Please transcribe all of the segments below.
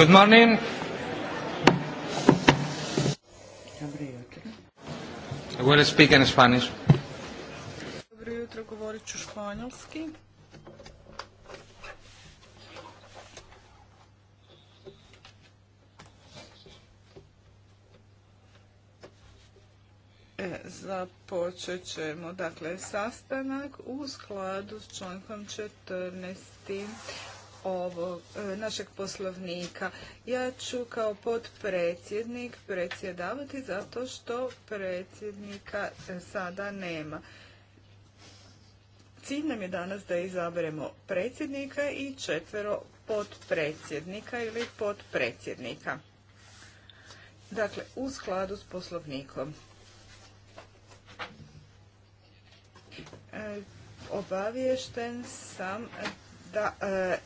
Good morning. I will speak in Spanish. Dobro jutro, govorit ću španjolski. E, započet ćemo dakle sastanak u skladu s člankom 14 ovog e, našeg poslovnika. Ja ću kao potpredsjednik predsjedavati zato što predsjednika e, sada nema. Cilj nam je danas da izaberemo predsjednika i četvero podpredsjednika ili podpredsjednika. Dakle, u skladu s poslovnikom. Obavješten obaviješten sam da e,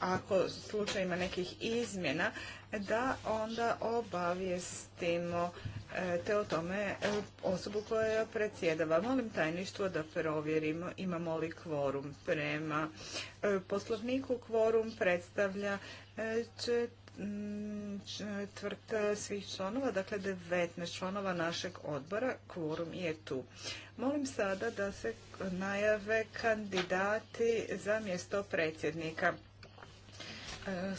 ako slučaj ima nekih izmjena, da onda obavijestimo e, te o tome e, osobu koja predsjedava. Molim tajništvo da provjerimo imamo li kvorum prema poslovniku. Kvorum predstavlja Mm, četvrt eh, svih članova, dakle 19 članova našeg odbora, kvorum je tu. Molim sada da se najave kandidati za mjesto predsjednika. Eh,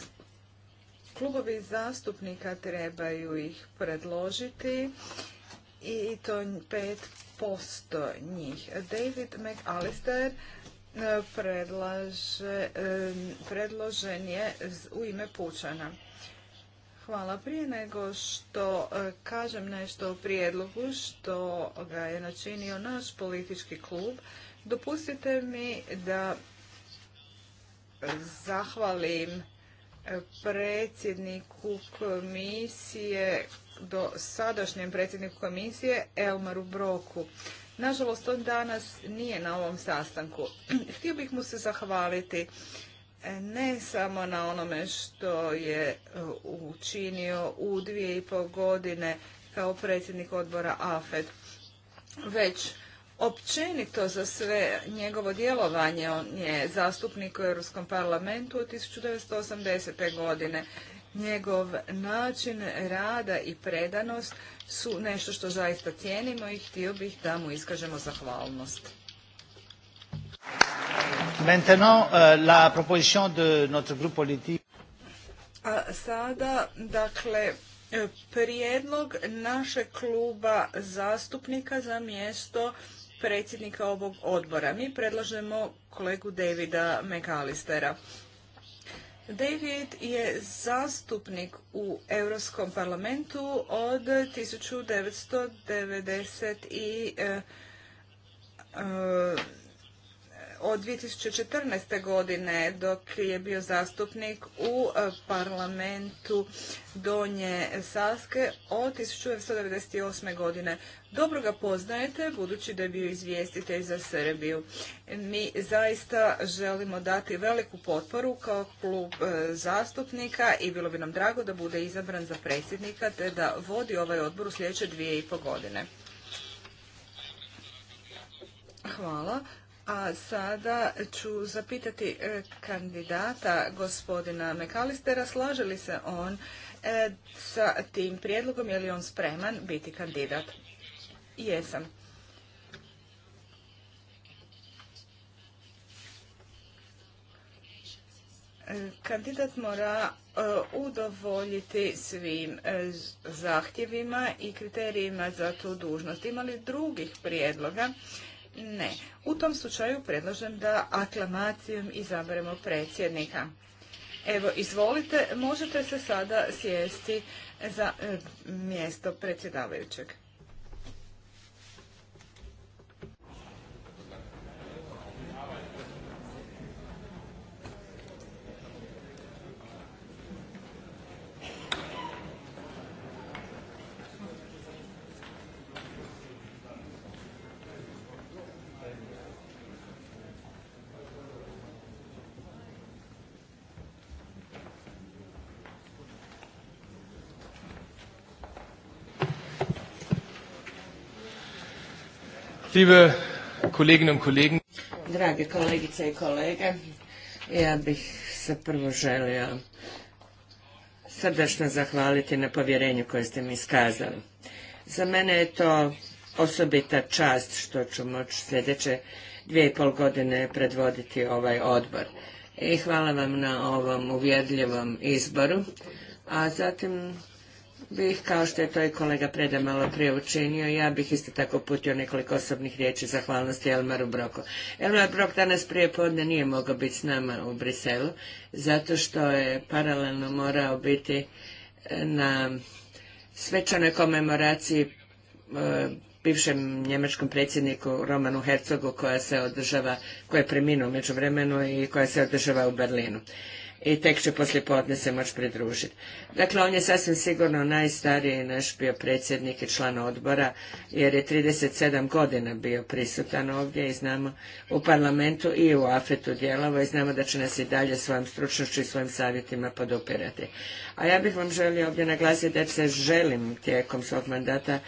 klubovi zastupnika trebaju ih predložiti i to posto njih. David McAllister predložen je u ime Pučana. Hvala. Prije nego što e, kažem nešto o prijedlogu što ga je načinio naš politički klub, dopustite mi da zahvalim e, predsjedniku komisije, do sadašnjem predsjedniku komisije Elmaru Broku. Nažalost, on danas nije na ovom sastanku. Htio bih mu se zahvaliti e, ne samo na onome što je e, učinio u dvije i pol godine kao predsjednik odbora AFED, već općenito za sve njegovo djelovanje. On je zastupnik u Europskom parlamentu od 1980. godine Njegov način rada i predanost su nešto što zaista cijenimo i htio bih da mu iskažemo zahvalnost. Euh, A sada, dakle, prijedlog našeg kluba zastupnika za mjesto predsjednika ovog odbora. Mi predlažemo kolegu Davida McAllistera. David je zastupnik u Europskom parlamentu od 1990 i eh, eh, od 2014. godine dok je bio zastupnik u e, parlamentu Donje Saske od 1998. godine. Dobro ga poznajete, budući da je bio izvjestitelj za Srbiju. Mi zaista želimo dati veliku potporu kao klub e, zastupnika i bilo bi nam drago da bude izabran za predsjednika te da vodi ovaj odbor u sljedeće dvije i po godine. Hvala. A sada ću zapitati e, kandidata gospodina Mekalistera, slaže li se on e, sa tim prijedlogom, je li on spreman biti kandidat? Jesam. E, kandidat mora udovoljiti svim zahtjevima i kriterijima za tu dužnost. Ima li drugih prijedloga? Ne. U tom slučaju predlažem da aklamacijom izaberemo predsjednika. Evo, izvolite, možete se sada sjesti za e, mjesto predsjedavajućeg. Liebe Kolleginnen und Drage kolegice i kolege, ja bih se prvo želio srdačno zahvaliti na povjerenju koje ste mi iskazali. Za mene je to osobita čast što ću moći sljedeće dvije i pol godine predvoditi ovaj odbor. I hvala vam na ovom uvjedljivom izboru. A zatim bih, kao što je to i kolega Preda malo prije učinio, ja bih isto tako putio nekoliko osobnih riječi zahvalnosti Elmaru Broku. Elmar Brok danas prije podne nije mogao biti s nama u Briselu, zato što je paralelno morao biti e, na svečanoj komemoraciji e, bivšem njemačkom predsjedniku Romanu Hercogu koja se održava, koja je preminuo među vremenu i koja se održava u Berlinu i tek će podne se moći pridružiti. Dakle, on je sasvim sigurno najstariji naš bio predsjednik i član odbora, jer je 37 godina bio prisutan ovdje i znamo u parlamentu i u afetu djelovo i znamo da će nas i dalje svojom stručnošću i svojim savjetima podupirati. A ja bih vam želio ovdje naglasiti da se želim tijekom svog mandata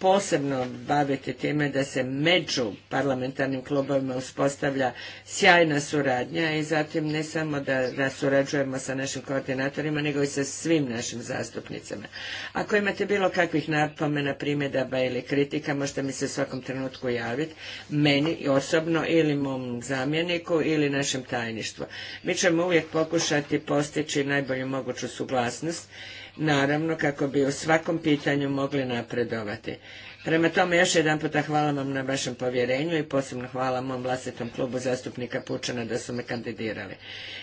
posebno baviti time da se među parlamentarnim klubovima uspostavlja sjajna suradnja i zatim ne samo da, surađujemo sa našim koordinatorima, nego i sa svim našim zastupnicama. Ako imate bilo kakvih napomena, primjedaba ili kritika, možete mi se u svakom trenutku javiti, meni osobno ili mom zamjeniku ili našem tajništvu. Mi ćemo uvijek pokušati postići najbolju moguću suglasnost naravno kako bi u svakom pitanju mogli napredovati. Prema tome, još jedan puta hvala vam na vašem povjerenju i posebno hvala mom vlastitom klubu zastupnika Pučana da su me kandidirali.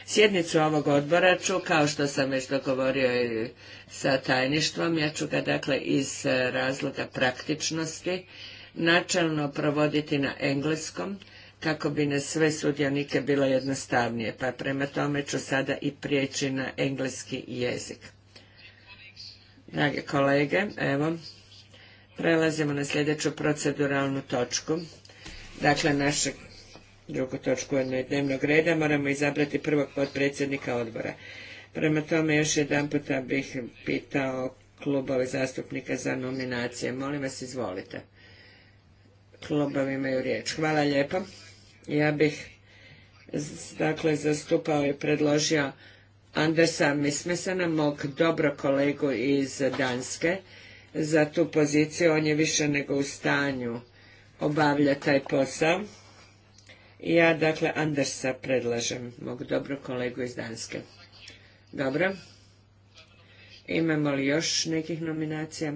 Sjednicu ovog odbora ću, kao što sam već dogovorio i sa tajništvom, ja ću ga dakle iz e, razloga praktičnosti načalno provoditi na engleskom kako bi na sve sudionike bilo jednostavnije, pa prema tome ću sada i prijeći na engleski jezik. Drage kolege, evo, prelazimo na sljedeću proceduralnu točku. Dakle, našu drugu točku dnevnog reda moramo izabrati prvog potpredsjednika odbora. Prema tome, još jedan puta bih pitao klubove zastupnika za nominacije. Molim vas, izvolite. Klubovi imaju riječ. Hvala lijepo. Ja bih, dakle, zastupao i predložio Andersa Mismesena, mog dobro kolegu iz Danske, za tu poziciju. On je više nego u stanju obavlja taj posao. Ja, dakle, Andersa predlažem, mog dobro kolegu iz Danske. Dobro. Imamo li još nekih nominacija?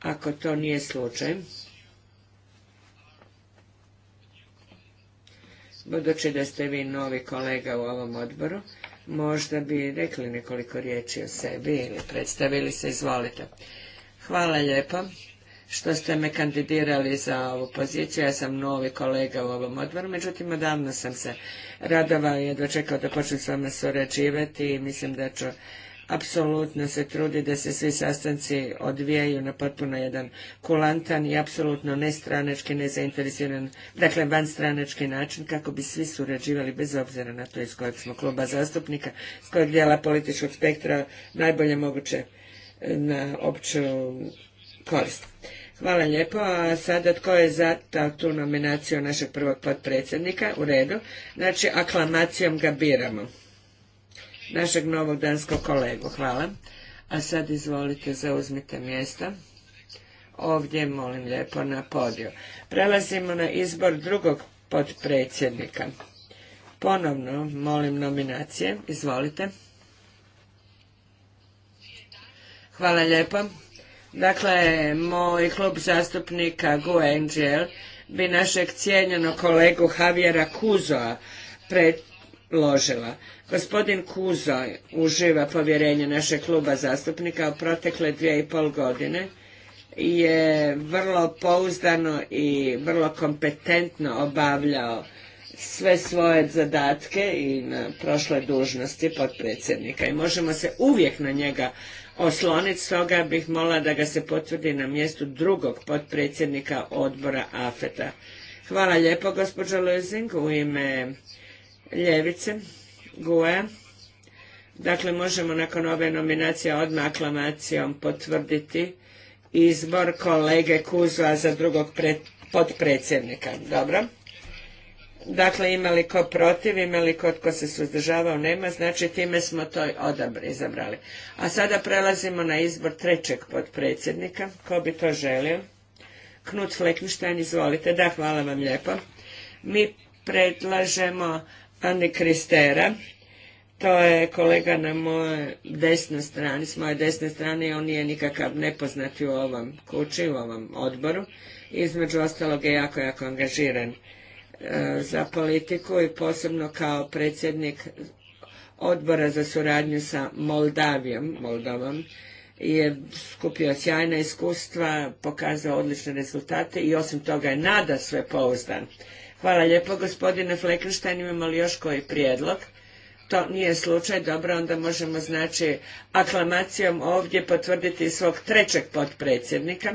Ako to nije slučaj, Budući da ste vi novi kolega u ovom odboru, možda bi rekli nekoliko riječi o sebi ili predstavili se, izvolite. Hvala lijepo što ste me kandidirali za ovu poziciju. Ja sam novi kolega u ovom odboru, međutim, odavno sam se radovao i jedva čekao da počnem s vama surađivati i mislim da ću apsolutno se trudi da se svi sastanci odvijaju na potpuno jedan kulantan i apsolutno nestranački, nezainteresiran, dakle vanstranački način kako bi svi surađivali bez obzira na to iz kojeg smo kluba zastupnika, iz kojeg dijela političkog spektra najbolje moguće e, na opću korist. Hvala lijepo. A sada tko je za tu nominaciju našeg prvog potpredsjednika? U redu. Znači, aklamacijom ga biramo našeg novog danskog kolegu. Hvala. A sad izvolite, zauzmite mjesta. Ovdje, molim lijepo, na podiju. Prelazimo na izbor drugog potpredsjednika. Ponovno molim nominacije. Izvolite. Hvala lijepo. Dakle, moj klub zastupnika Go Angel e bi našeg cijenjenog kolegu Javjera Kuzoa predložila. Gospodin Kuzoj uživa povjerenje našeg kluba zastupnika u protekle dvije i pol godine je vrlo pouzdano i vrlo kompetentno obavljao sve svoje zadatke i na prošle dužnosti potpredsjednika i možemo se uvijek na njega osloniti, stoga bih molila da ga se potvrdi na mjestu drugog potpredsjednika odbora AFETA. Hvala lijepo gospođo Lozing u ime Ljevice. GUE. Dakle, možemo nakon ove nominacije odmah aklamacijom potvrditi izbor kolege Kuzva za drugog potpredsjednika. Dobro. Dakle, ima li ko protiv, ima li ko tko se suzdržavao, nema, znači time smo to odabri, izabrali. A sada prelazimo na izbor trećeg potpredsjednika. ko bi to želio. Knut Fleckenstein, izvolite. Da, hvala vam lijepo. Mi predlažemo Anne Kristera. To je kolega na moje desnoj strani, s moje desne strane on nije nikakav nepoznati u ovom kući, u ovom odboru. Između ostalog je jako, jako angažiran e, za politiku i posebno kao predsjednik odbora za suradnju sa Moldavijom, Moldovom, je skupio sjajna iskustva, pokazao odlične rezultate i osim toga je nada sve pouzdan. Hvala lijepo gospodine Fleckenstein, imamo li još koji prijedlog? To nije slučaj, dobro, onda možemo znači aklamacijom ovdje potvrditi svog trećeg potpredsjednika.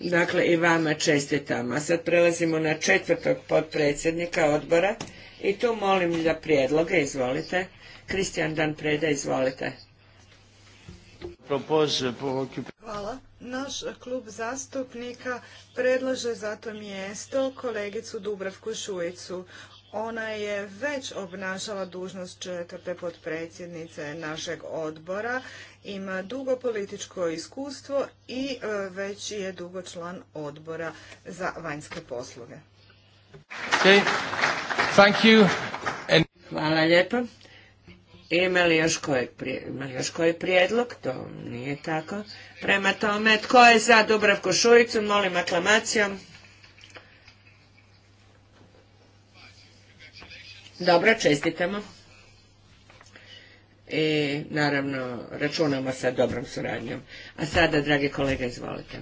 Dakle, i vama čestitam. A sad prelazimo na četvrtog potpredsjednika odbora i tu molim da prijedloge, izvolite. Kristijan Dan Preda, izvolite. Hvala. Naš klub zastupnika predlaže za to mjesto kolegicu Dubravku Šujicu. Ona je već obnašala dužnost četvrte potpredsjednice našeg odbora, ima dugo političko iskustvo i e, već je dugo član odbora za vanjske posluge. Hvala lijepo. Ima li još koji, prijedlog? To nije tako. Prema tome, tko je za Dubravku Šujicu? Molim aklamacijom. Dobro, čestitamo. I naravno računamo sa dobrom suradnjom. A sada, dragi kolega, izvolite.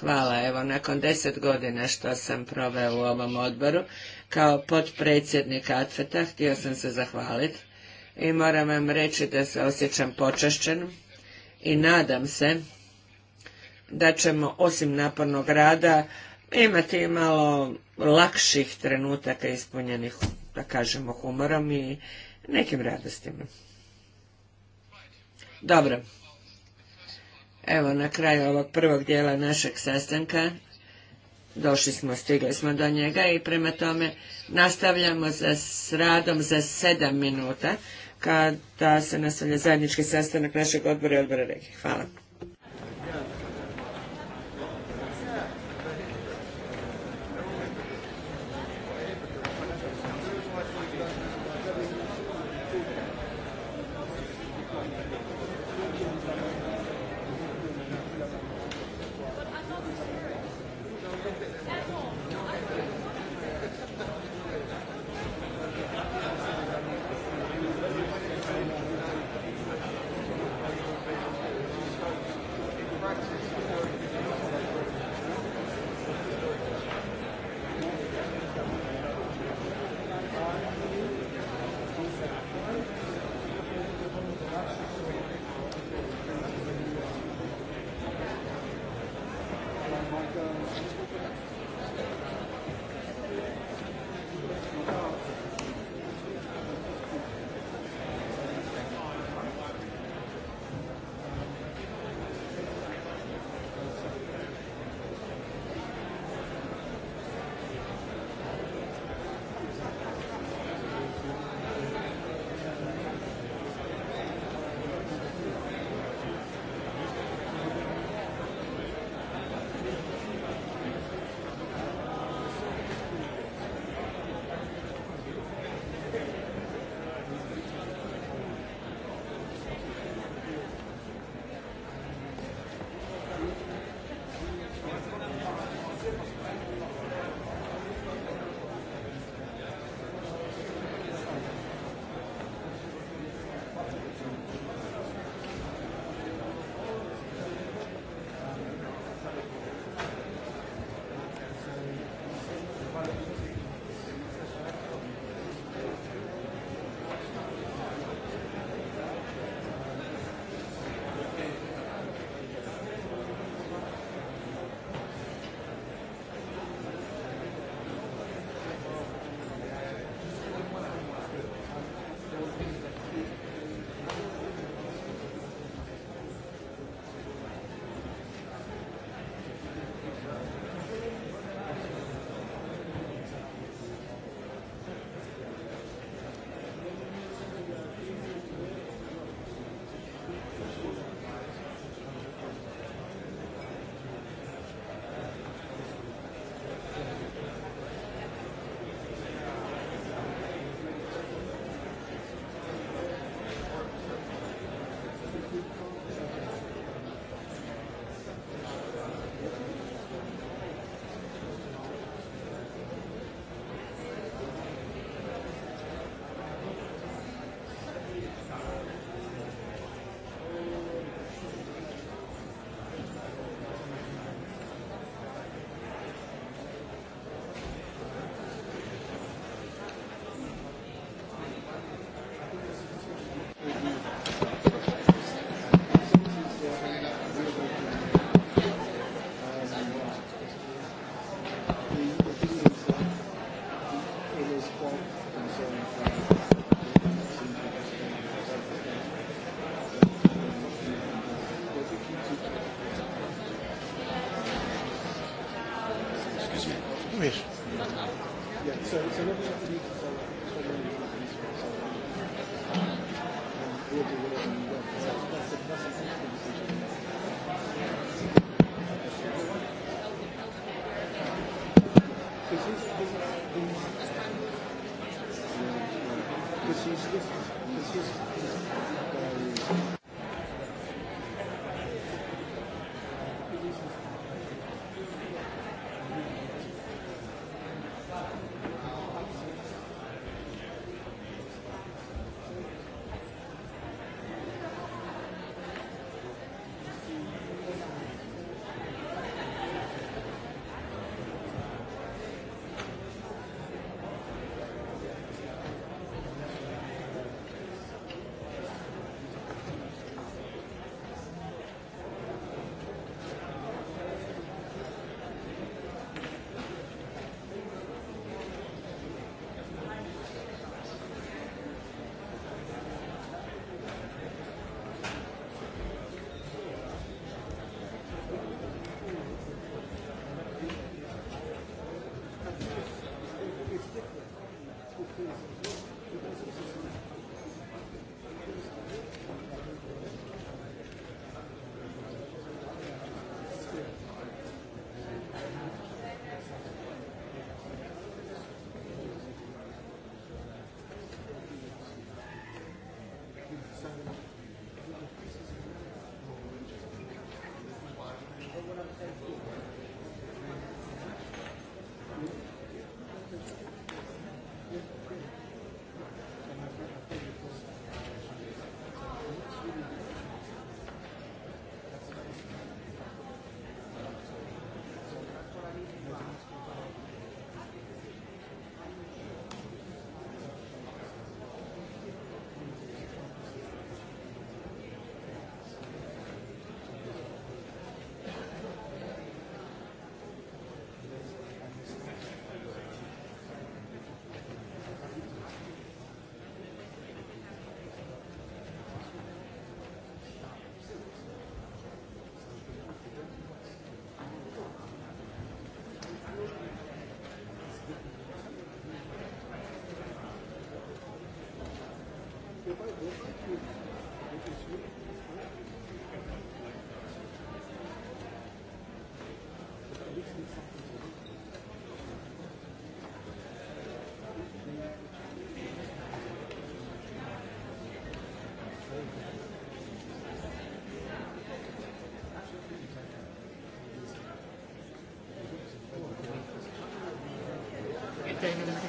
Hvala, evo, nakon deset godina što sam proveo u ovom odboru, kao potpredsjednik ATFETA htio sam se zahvaliti i moram vam reći da se osjećam počašćen i nadam se da ćemo osim napornog rada imati malo lakših trenutaka ispunjenih, da kažemo, humorom i nekim radostima. Dobro. Evo na kraju ovog prvog dijela našeg sastanka došli smo, stigli smo do njega i prema tome nastavljamo za, s radom za sedam minuta kada se nastavlja zajednički sastanak našeg odbora i odbora regije. Hvala. Hvala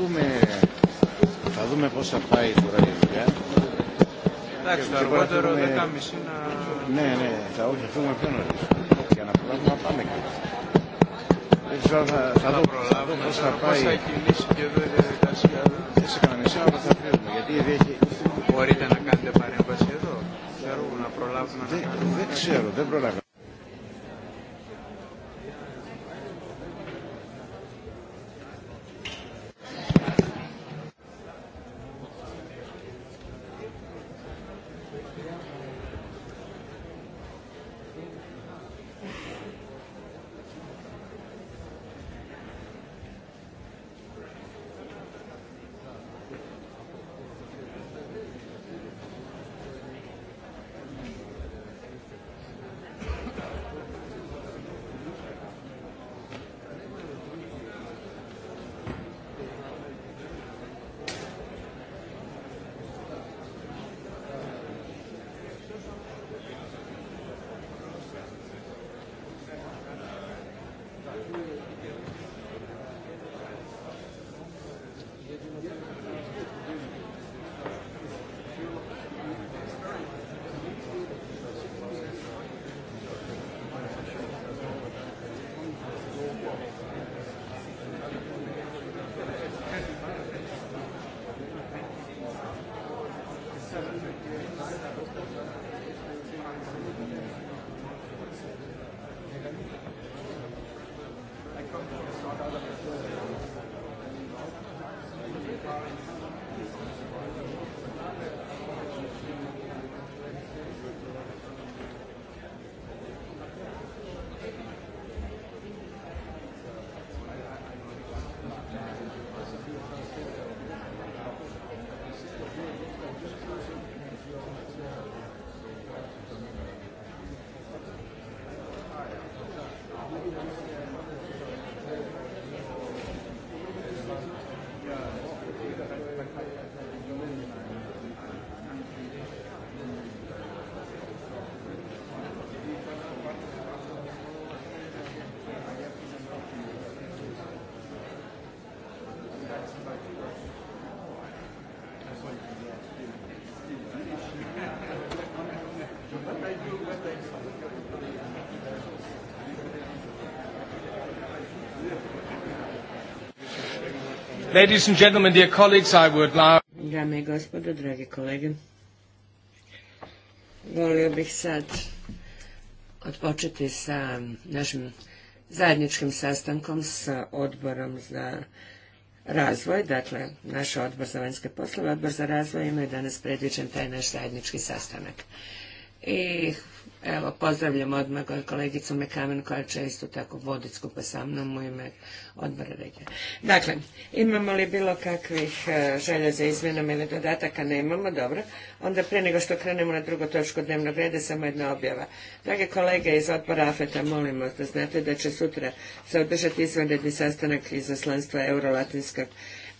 δούμε, θα δούμε πώς θα πάει τώρα η δουλειά. Εντάξει, το αργότερο δούμε... 10.30 να... Ναι, ναι, θα όχι, θα φύγουμε πιο νωρίς. Για να προλάβουμε να πάμε καλά. Έτσι θα, θα, θα, δω, θα πώς θα πάει. Πώς θα κινήσει και εδώ η διαδικασία. Δεν σε κανένα μισή αλλά θα φύγουμε, γιατί ήδη έχει... Μπορείτε να κάνετε παρέμβαση εδώ. Θέλω να προλάβουμε να κάνουμε. Δεν ξέρω, δεν προλάβουμε. Ladies and gentlemen, dear colleagues, I would Dame i gospodo, dragi kolege, volio bih sad odpočeti sa našim zajedničkim sastankom sa odborom za razvoj, dakle naš odbor za vanjske poslove, odbor za razvoj ima je danas predviđen taj naš zajednički sastanak i evo pozdravljam odmah kolegicu Mekamen koja će isto tako voditi skupa sa mnom u ime odbora regija. Dakle, imamo li bilo kakvih e, želja za izmjenom ili dodataka? Nemamo, dobro. Onda prije nego što krenemo na drugu točku dnevnog reda, samo jedna objava. Drage kolege iz odbora AFETA, molim da znate da će sutra se održati izvanredni sastanak izaslanstva latinskog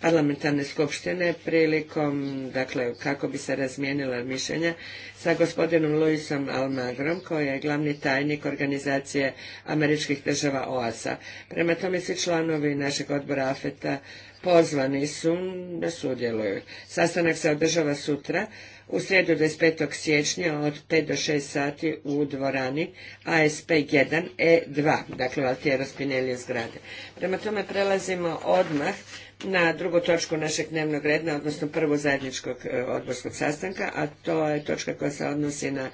parlamentarne skupštine prilikom, dakle, kako bi se razmijenila mišljenja sa gospodinom Luisom Almagrom, koji je glavni tajnik organizacije američkih država OAS-a. Prema tome, svi članovi našeg odbora AFETA pozvani su da sudjeluju. Sastanak se održava sutra, u srijedu 25. siječnja od 5 do 6 sati u dvorani ASP 1 E2, dakle Valtiero Spinelli zgrade. Prema tome prelazimo odmah na drugu točku našeg dnevnog reda, odnosno prvo zajedničkog e, odborskog sastanka, a to je točka koja se odnosi na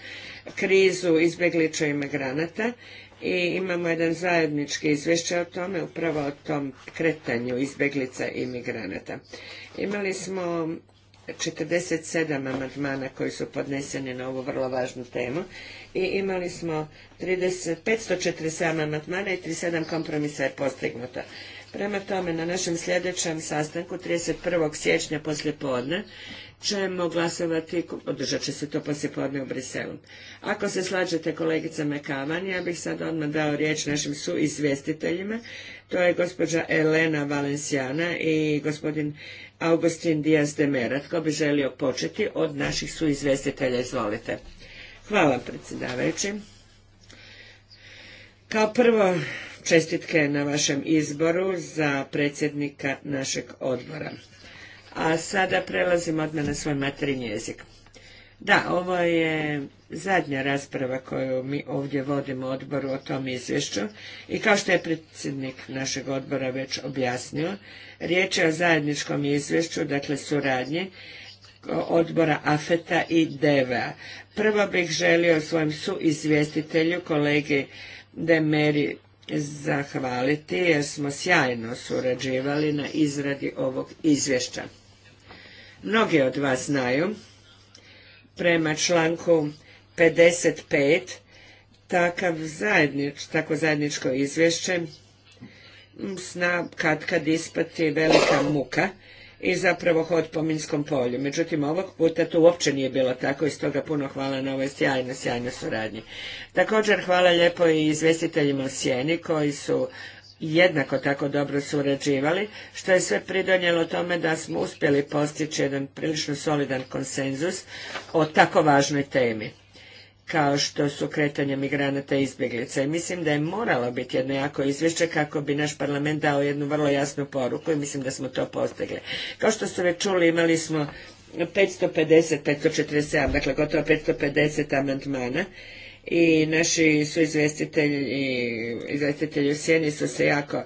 krizu izbjeglića i migranata i imamo jedan zajednički izvješće o tome, upravo o tom kretanju izbjeglica i migranata. Imali smo 47 amandmana koji su podneseni na ovu vrlo važnu temu i imali smo 30, 547 amandmana i 37 kompromisa je postignuto. Prema tome, na našem sljedećem sastanku 31. siječnja poslijepodne ćemo glasovati, održat će se to poslijepodne u Briselu. Ako se slađete kolegica Mekavan, ja bih sad odmah dao riječ našim suizvjestiteljima. To je gospođa Elena Valencijana i gospodin Augustin Diaz de Merat, ko bi želio početi od naših suizvjestitelja? Izvolite. Hvala predsjedavajući. Kao prvo čestitke na vašem izboru za predsjednika našeg odbora. A sada prelazimo odmah na svoj materinji jezik. Da, ovo je zadnja rasprava koju mi ovdje vodimo odboru o tom izvješću i kao što je predsjednik našeg odbora već objasnio, riječ je o zajedničkom izvješću, dakle suradnji odbora AFETA i DEVA. Prvo bih želio svojem suizvjestitelju, kolegi Demeri zahvaliti jer smo sjajno surađivali na izradi ovog izvješća. Mnogi od vas znaju, prema članku 55 takav zajednič, tako zajedničko izvješće sna kad kad ispati velika muka i zapravo hod po Minskom polju. Međutim, ovog puta to uopće nije bilo tako i stoga puno hvala na ovoj sjajno, sjajnoj suradnji. Također hvala lijepo i izvjestiteljima Sjeni koji su jednako tako dobro surađivali, što je sve pridonijelo tome da smo uspjeli postići jedan prilično solidan konsenzus o tako važnoj temi kao što su kretanje migranata i izbjeglica. I mislim da je moralo biti jedno jako izvješće kako bi naš parlament dao jednu vrlo jasnu poruku i mislim da smo to postigli. Kao što ste već čuli imali smo 550, 547, dakle gotovo 550 amandmana i naši su izvestitelji i izvjestitelji u sjeni su se jako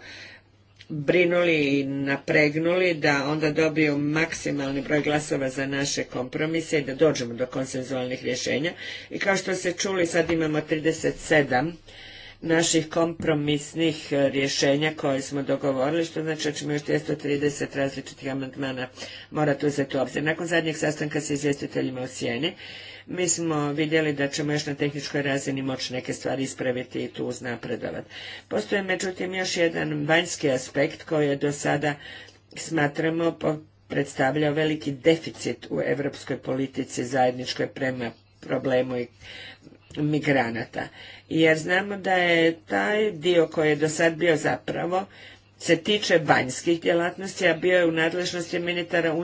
brinuli i napregnuli da onda dobiju maksimalni broj glasova za naše kompromise i da dođemo do konsenzualnih rješenja. I kao što ste čuli, sad imamo 37 naših kompromisnih e, rješenja koje smo dogovorili, što znači da ćemo još 230 različitih amandmana morati uzeti u obzir. Nakon zadnjeg sastanka sa izvjestiteljima u Sjeni, mi smo vidjeli da ćemo još na tehničkoj razini moći neke stvari ispraviti i tu uznapredovati. Postoji međutim još jedan vanjski aspekt koji je do sada smatramo predstavljao veliki deficit u europskoj politici zajedničkoj prema problemu i migranata. Jer znamo da je taj dio koji je do sad bio zapravo se tiče vanjskih djelatnosti, a bio je u nadležnosti ministara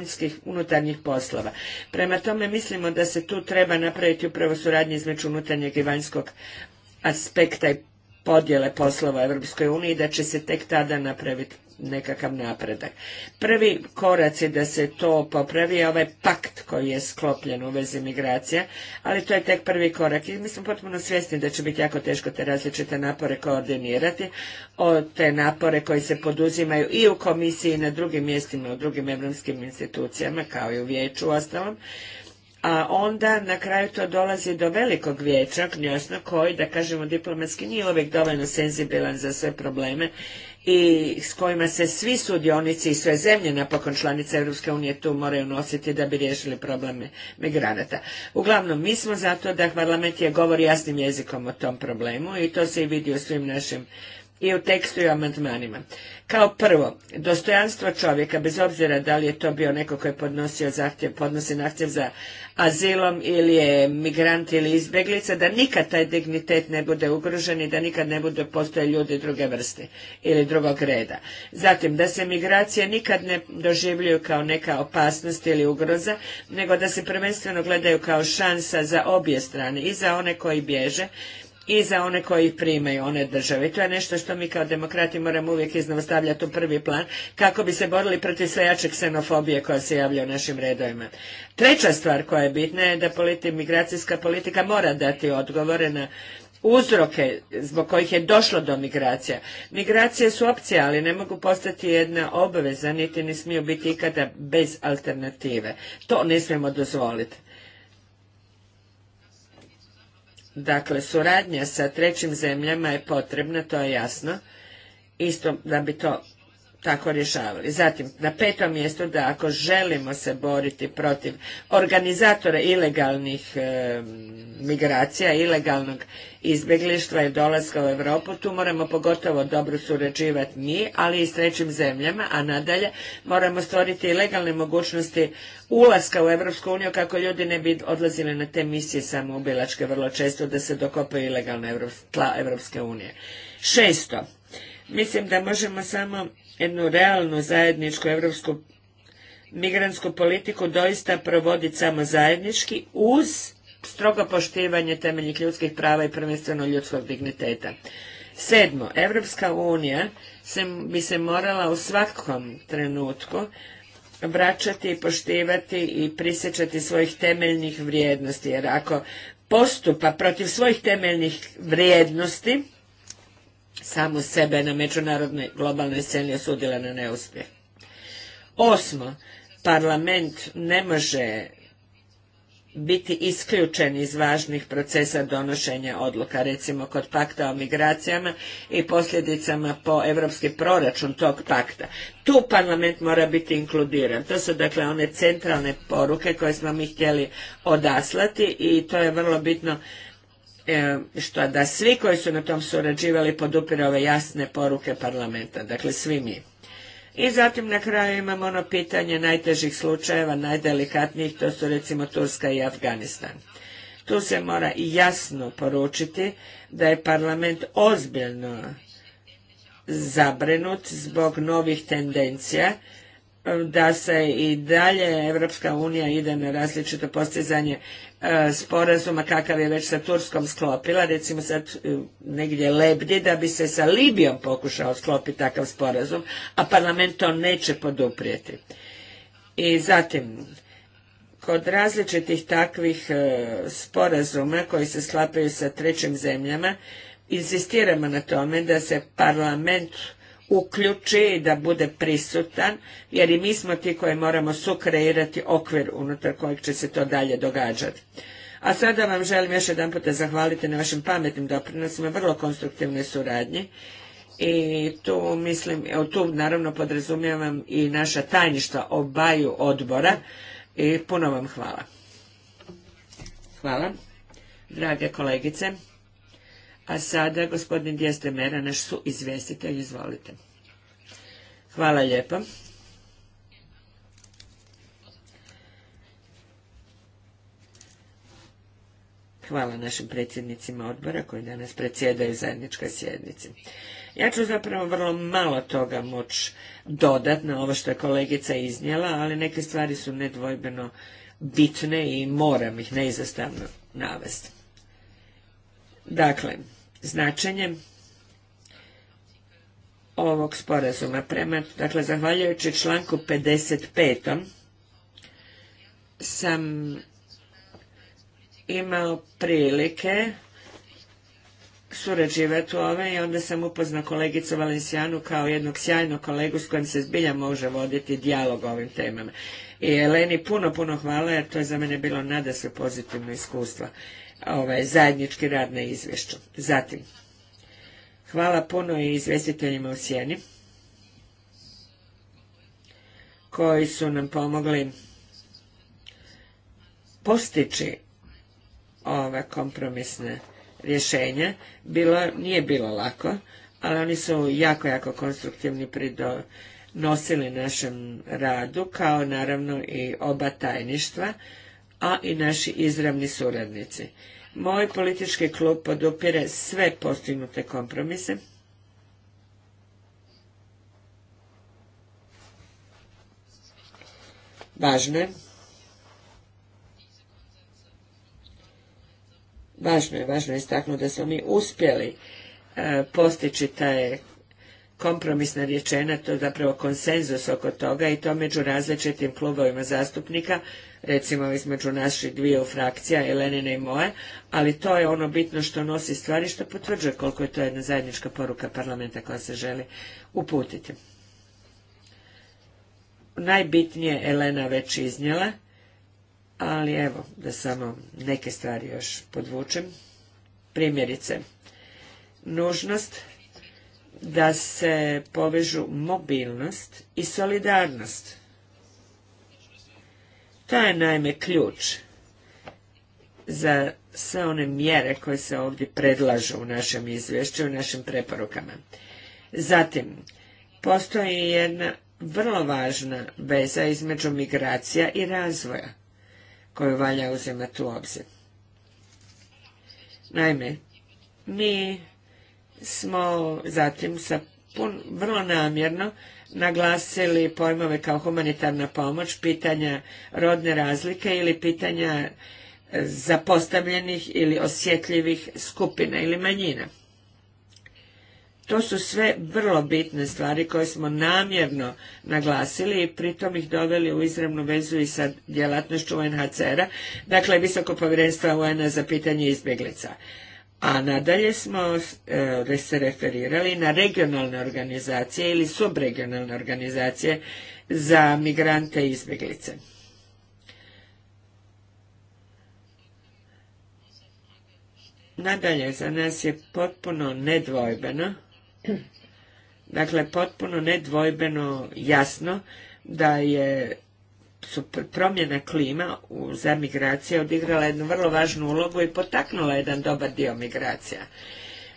unutarnjih poslova. Prema tome mislimo da se tu treba napraviti upravo suradnja između unutarnjeg i vanjskog aspekta i podjele poslova u Europskoj uniji i da će se tek tada napraviti nekakav napredak. Prvi korac je da se to popravi, je ovaj pakt koji je sklopljen u vezi migracija, ali to je tek prvi korak i mi smo potpuno svjesni da će biti jako teško te različite napore koordinirati, o te napore koji se poduzimaju i u komisiji i na drugim mjestima, u drugim evropskim institucijama, kao i u vijeću ostalom, a onda na kraju to dolazi do velikog vijeća knjosno koji, da kažemo diplomatski, nije uvijek dovoljno senzibilan za sve probleme i s kojima se svi sudionici i sve zemlje napokon članice Europske unije tu moraju nositi da bi riješili probleme migranata. Uglavnom, mi smo zato da parlament je govori jasnim jezikom o tom problemu i to se i vidi u svim našim i u tekstu i u amandmanima. Kao prvo, dostojanstvo čovjeka, bez obzira da li je to bio neko koji je podnosio zahtjev, podnosi nahtjev za azilom ili je migrant ili izbjeglica, da nikad taj dignitet ne bude ugrožen i da nikad ne bude postoje ljudi druge vrste ili drugog reda. Zatim, da se migracije nikad ne doživljuju kao neka opasnost ili ugroza, nego da se prvenstveno gledaju kao šansa za obje strane, i za one koji bježe, i za one koji ih primaju, one države. to je nešto što mi kao demokrati moramo uvijek iznova stavljati u prvi plan kako bi se borili protiv sve jače ksenofobije koja se javlja u našim redovima. Treća stvar koja je bitna je da politi, migracijska politika mora dati odgovore na uzroke zbog kojih je došlo do migracija. Migracije su opcije, ali ne mogu postati jedna obaveza, niti ne smiju biti ikada bez alternative. To ne smijemo dozvoliti. Dakle, suradnja sa trećim zemljama je potrebna, to je jasno, isto da bi to tako rješavali. Zatim, na petom mjestu da ako želimo se boriti protiv organizatora ilegalnih migracija, ilegalnog izbjeglištva i dolaska u Europu, tu moramo pogotovo dobro surađivati mi, ali i s trećim zemljama, a nadalje moramo stvoriti i legalne mogućnosti ulaska u Europsku uniju kako ljudi ne bi odlazili na te misije samoubilačke vrlo često da se dokopaju ilegalne tla Europske unije. Šesto, mislim da možemo samo jednu realnu zajedničku europsku migrantsku politiku doista provoditi samo zajednički uz strogo poštivanje temeljnih ljudskih prava i prvenstveno ljudskog digniteta. Sedmo, Evropska unija se, bi se morala u svakom trenutku vraćati i poštivati i prisjećati svojih temeljnih vrijednosti, jer ako postupa protiv svojih temeljnih vrijednosti, samu sebe na međunarodnoj globalnoj sceni osudila na neuspjeh. Osmo, parlament ne može biti isključen iz važnih procesa donošenja odluka, recimo kod pakta o migracijama i posljedicama po europski proračun tog pakta. Tu parlament mora biti inkludiran. To su dakle one centralne poruke koje smo mi htjeli odaslati i to je vrlo bitno E, što da svi koji su na tom surađivali podupire ove jasne poruke parlamenta, dakle svi mi. I zatim na kraju imamo ono pitanje najtežih slučajeva, najdelikatnijih, to su recimo Turska i Afganistan. Tu se mora jasno poručiti da je parlament ozbiljno zabrenut zbog novih tendencija da se i dalje Evropska unija ide na različito postizanje E, sporazuma kakav je već sa Turskom sklopila, recimo sad e, negdje lebdje da bi se sa Libijom pokušao sklopiti takav sporazum, a parlament to neće poduprijeti. I zatim, kod različitih takvih e, sporazuma koji se sklapaju sa trećim zemljama, insistiramo na tome da se parlament uključi i da bude prisutan, jer i mi smo ti koji moramo sukreirati okvir unutar kojeg će se to dalje događati. A sada vam želim još jedan puta zahvaliti na vašim pametnim doprinosima, vrlo konstruktivne suradnje. I tu mislim, tu naravno podrazumijevam i naša tajništva obaju odbora i puno vam hvala. Hvala, drage kolegice. A sada gospodin Djeste Mera, naš su izvjestitelj, izvolite. Hvala lijepo. Hvala našim predsjednicima odbora koji danas predsjedaju zajedničkoj sjednici. Ja ću zapravo vrlo malo toga moć dodat na ovo što je kolegica iznijela, ali neke stvari su nedvojbeno bitne i moram ih neizostavno navesti. Dakle, značenjem ovog sporazuma. Prema, dakle, zahvaljujući članku 55. sam imao prilike surađivati u ove i onda sam upozna kolegicu Valencijanu kao jednog sjajnog kolegu s kojim se zbilja može voditi dijalog o ovim temama. I Eleni puno, puno hvala jer to je za mene bilo nada se pozitivno iskustva ovaj, zajednički rad na izvješću. Zatim, hvala puno i izvjestiteljima u Sjeni koji su nam pomogli postići ova kompromisna rješenja. nije bilo lako, ali oni su jako, jako konstruktivni pridonosili našem radu, kao naravno i oba tajništva, a i naši izravni suradnici. Moj politički klub podupire sve postignute kompromise. Važno je. Važno je, važno je istaknuti da smo mi uspjeli e, postići taj kompromisna rječena, to je zapravo konsenzus oko toga i to među različitim klubovima zastupnika recimo između naših dvije frakcija, Elenine i moje, ali to je ono bitno što nosi stvari, što potvrđuje koliko je to jedna zajednička poruka parlamenta koja se želi uputiti. Najbitnije Elena već iznijela, ali evo, da samo neke stvari još podvučem. Primjerice, nužnost da se povežu mobilnost i solidarnost to je naime ključ za sve one mjere koje se ovdje predlažu u našem izvješću i u našim preporukama. Zatim, postoji jedna vrlo važna veza između migracija i razvoja koju valja uzimati u obzir. Naime, mi smo zatim sa vrlo namjerno naglasili pojmove kao humanitarna pomoć, pitanja rodne razlike ili pitanja zapostavljenih ili osjetljivih skupina ili manjina. To su sve vrlo bitne stvari koje smo namjerno naglasili i pritom ih doveli u izravnu vezu i sa djelatnošću UNHCR-a, dakle Visoko povjerenstva UN-a za pitanje izbjeglica a nadalje smo e, se referirali na regionalne organizacije ili subregionalne organizacije za migrante i izbjeglice. Nadalje, za nas je potpuno nedvojbeno, dakle potpuno nedvojbeno jasno da je su promjena klima za migracije odigrala jednu vrlo važnu ulogu i potaknula jedan dobar dio migracija.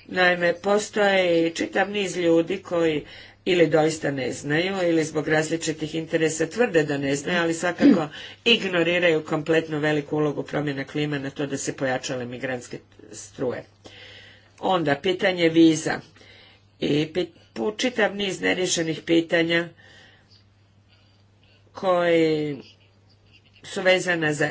Naime, postoje čitav niz ljudi koji ili doista ne znaju ili zbog različitih interesa tvrde da ne znaju, ali svakako ignoriraju kompletno veliku ulogu promjena klima na to da se pojačale migrantske struje. Onda, pitanje viza i čitav niz nerješenih pitanja koji su vezane za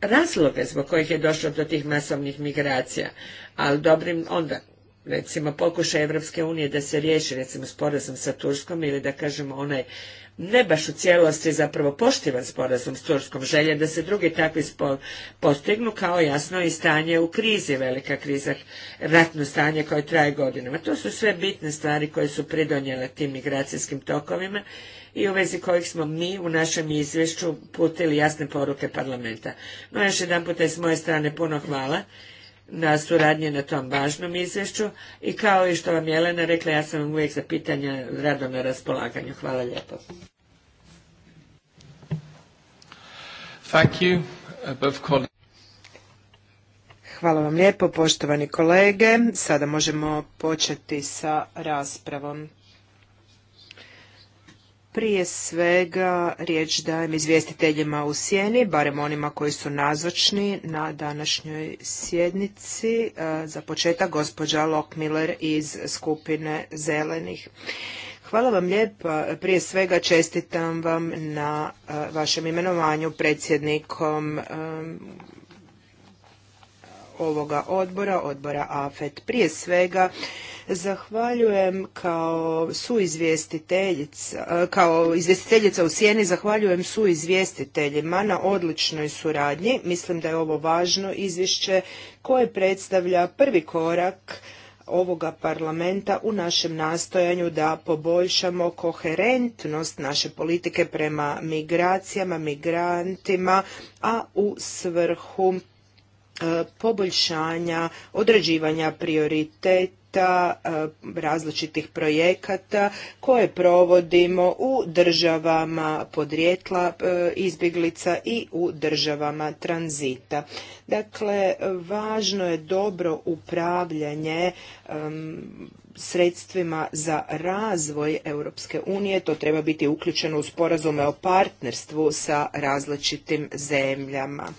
razloge zbog kojih je došlo do tih masovnih migracija, ali dobrim onda recimo pokušaj Evropske unije da se riješi recimo sporazum sa Turskom ili da kažemo onaj ne baš u cijelosti zapravo poštivan sporazum s Turskom, želje da se drugi takvi postignu, kao jasno i stanje u krizi, velika kriza, ratno stanje koje traje godinama. To su sve bitne stvari koje su pridonjele tim migracijskim tokovima i u vezi kojih smo mi u našem izvješću putili jasne poruke parlamenta. No još jedan puta s moje strane puno hvala na suradnje na tom važnom izvješću i kao i što vam je Jelena rekla, ja sam vam uvijek za pitanja rado na raspolaganju. Hvala lijepo. Hvala vam lijepo, poštovani kolege. Sada možemo početi sa raspravom. Prije svega riječ dajem izvjestiteljima u sjeni, barem onima koji su nazočni na današnjoj sjednici. E, za početak gospođa Miller iz skupine Zelenih. Hvala vam lijepa. Prije svega čestitam vam na e, vašem imenovanju predsjednikom e, ovoga odbora, odbora AFET. Prije svega zahvaljujem kao suizvjestiteljica, kao izvjestiteljica u Sjeni, zahvaljujem suizvjestiteljima na odličnoj suradnji. Mislim da je ovo važno izvješće koje predstavlja prvi korak ovoga parlamenta u našem nastojanju da poboljšamo koherentnost naše politike prema migracijama, migrantima, a u svrhu E, poboljšanja, određivanja prioriteta e, različitih projekata koje provodimo u državama podrijetla e, izbjeglica i u državama tranzita. Dakle, važno je dobro upravljanje sredstvima za razvoj Europske unije. To treba biti uključeno u sporazume o partnerstvu sa različitim zemljama.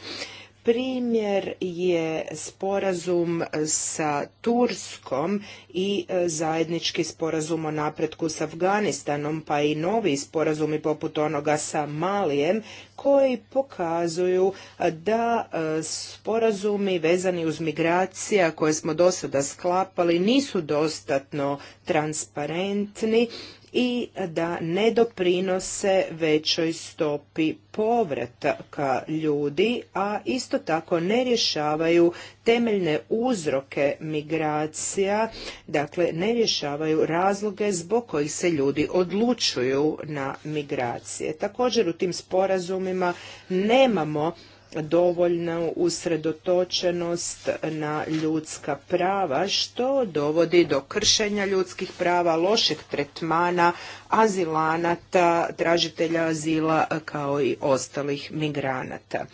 Primjer je sporazum sa Turskom i e, zajednički sporazum o napretku s Afganistanom, pa i novi sporazumi poput onoga sa Malijem, koji pokazuju e, da e, sporazumi vezani uz migracija koje smo do sada sklapali nisu dostatno transparentni i da ne doprinose većoj stopi povrataka ljudi, a isto tako ne rješavaju temeljne uzroke migracija, dakle ne rješavaju razloge zbog kojih se ljudi odlučuju na migracije. Također u tim sporazumima nemamo dovoljnu usredotočenost na ljudska prava, što dovodi do kršenja ljudskih prava, lošeg tretmana, azilanata, tražitelja azila kao i ostalih migranata.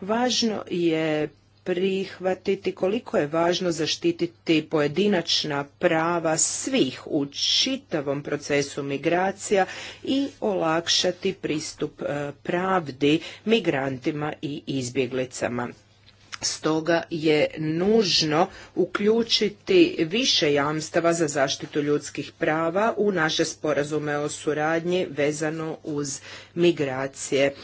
Važno je prihvatiti koliko je važno zaštititi pojedinačna prava svih u čitavom procesu migracija i olakšati pristup e, pravdi migrantima i izbjeglicama. Stoga je nužno uključiti više jamstava za zaštitu ljudskih prava u naše sporazume o suradnji vezano uz migracije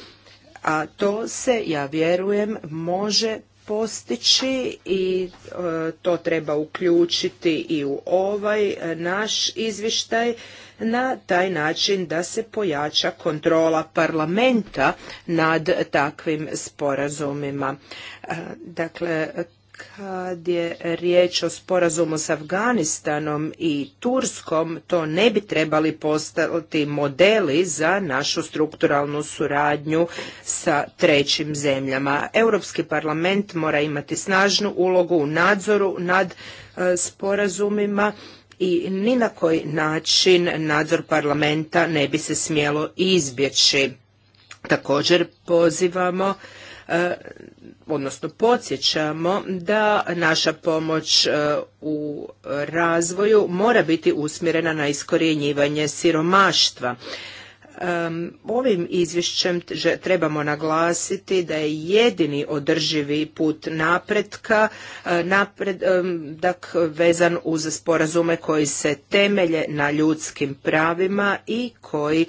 a to se, ja vjerujem, može postići i e, to treba uključiti i u ovaj e, naš izvještaj na taj način da se pojača kontrola parlamenta nad takvim sporazumima. E, dakle, kad je riječ o sporazumu s Afganistanom i Turskom, to ne bi trebali postati modeli za našu strukturalnu suradnju sa trećim zemljama. Europski parlament mora imati snažnu ulogu u nadzoru nad e, sporazumima i ni na koji način nadzor parlamenta ne bi se smjelo izbjeći. Također pozivamo e, odnosno podsjećamo da naša pomoć e, u razvoju mora biti usmjerena na iskorjenjivanje siromaštva Ovim izvješćem trebamo naglasiti da je jedini održivi put napretka e, napred, vezan uz sporazume koji se temelje na ljudskim pravima i koji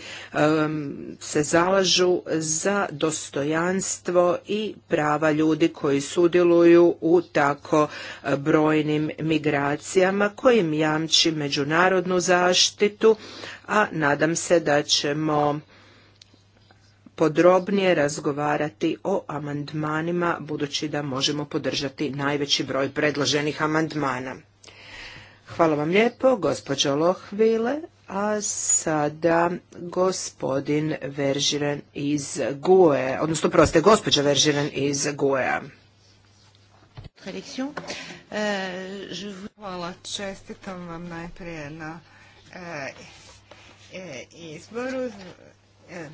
se zalažu za dostojanstvo i prava ljudi koji sudjeluju u tako e, brojnim migracijama kojim jamči međunarodnu zaštitu a nadam se da ćemo podrobnije razgovarati o amandmanima budući da možemo podržati najveći broj predloženih amandmana. Hvala vam lijepo, gospođo Lohvile, a sada gospodin Veržiren iz GUE, odnosno proste, gospođa Veržiren iz guea e, Hvala, čestitam vam najprije na e, E, izboru e,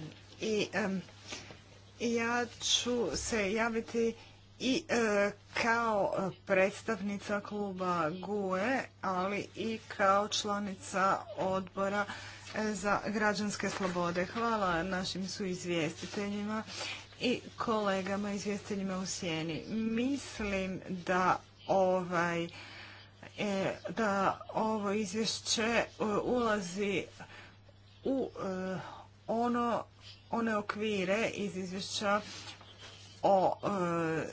i ja ću se javiti i e, kao predstavnica kluba GUE, ali i kao članica odbora za građanske slobode. Hvala našim su izvjestiteljima i kolegama izvjestiteljima u sjeni. Mislim da ovaj da ovo izvješće ulazi u e, ono, one okvire iz izvješća o e,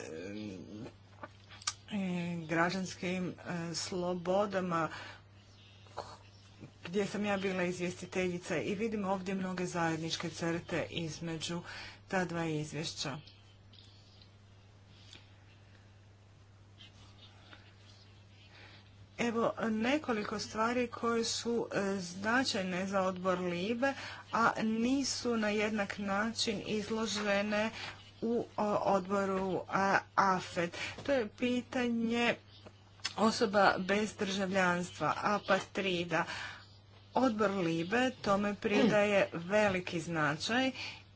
e, građanskim slobodama gdje sam ja bila izvjestiteljica i vidim ovdje mnoge zajedničke crte između ta dva izvješća. Evo nekoliko stvari koje su e, značajne za odbor LIBE, a nisu na jednak način izložene u odboru AFED. To je pitanje osoba bez državljanstva, apatrida. Odbor LIBE tome pridaje veliki značaj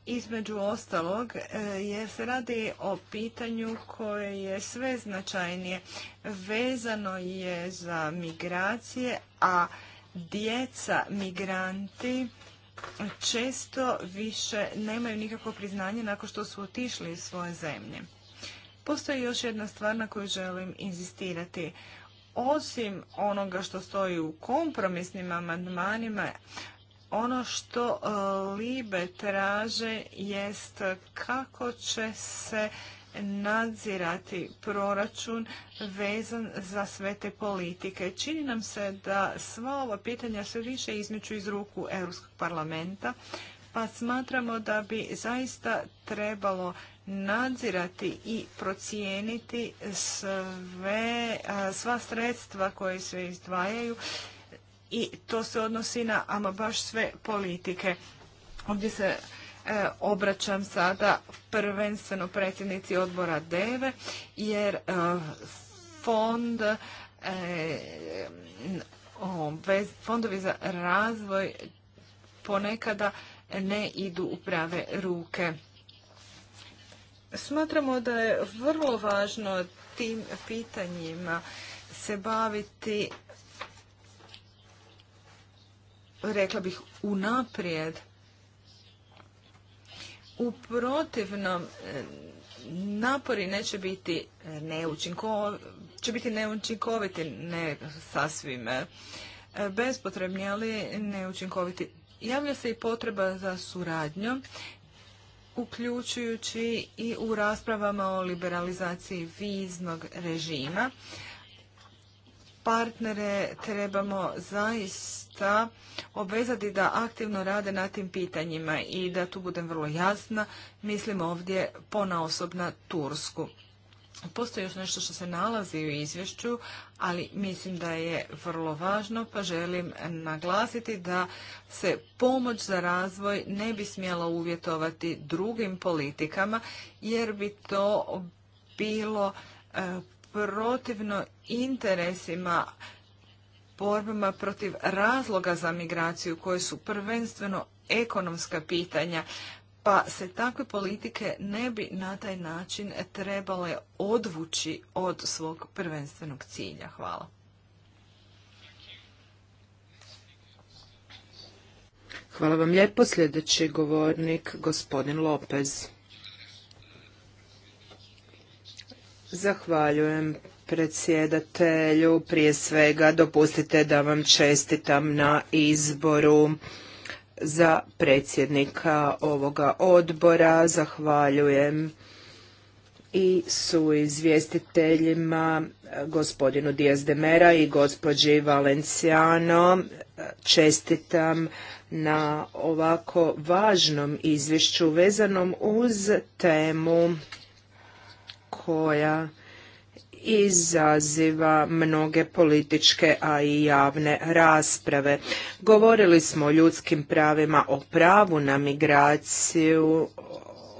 između ostalog e, jer se radi o pitanju koje je sve značajnije. Vezano je za migracije, a djeca migranti često više nemaju nikakvo priznanje nakon što su otišli iz svoje zemlje. Postoji još jedna stvar na koju želim inzistirati. Osim onoga što stoji u kompromisnim amandmanima, ono što e, Libe traže jest kako će se nadzirati proračun vezan za sve te politike. Čini nam se da sva ova pitanja sve više izmiču iz ruku Europskog parlamenta, pa smatramo da bi zaista trebalo nadzirati i procijeniti sve, sva sredstva koje se izdvajaju i to se odnosi na ama baš sve politike. Ovdje se e, obraćam sada prvenstveno predsjednici odbora DEVE jer e, fond e, fondovi za razvoj ponekada ne idu u prave ruke. Smatramo da je vrlo važno tim pitanjima se baviti rekla bih, unaprijed. U protivnom, e, napori neće biti e, neučinkoviti, će biti neučinkoviti, ne sasvim e, bespotrebni, ali neučinkoviti. Javlja se i potreba za suradnjom, uključujući i u raspravama o liberalizaciji viznog režima. Partnere trebamo zaista zaista obvezati da aktivno rade na tim pitanjima i da tu budem vrlo jasna, mislim ovdje ponaosob na Tursku. Postoji još nešto što se nalazi u izvješću, ali mislim da je vrlo važno, pa želim naglasiti da se pomoć za razvoj ne bi smjela uvjetovati drugim politikama, jer bi to bilo e, protivno interesima borbama protiv razloga za migraciju koje su prvenstveno ekonomska pitanja, pa se takve politike ne bi na taj način trebale odvući od svog prvenstvenog cilja. Hvala. Hvala vam lijepo. Sljedeći govornik, gospodin Lopez. Zahvaljujem predsjedatelju. Prije svega dopustite da vam čestitam na izboru za predsjednika ovoga odbora. Zahvaljujem i su izvjestiteljima eh, gospodinu Dijaz i gospođi Valenciano. Čestitam na ovako važnom izvješću vezanom uz temu koja izaziva mnoge političke, a i javne rasprave. Govorili smo o ljudskim pravima, o pravu na migraciju,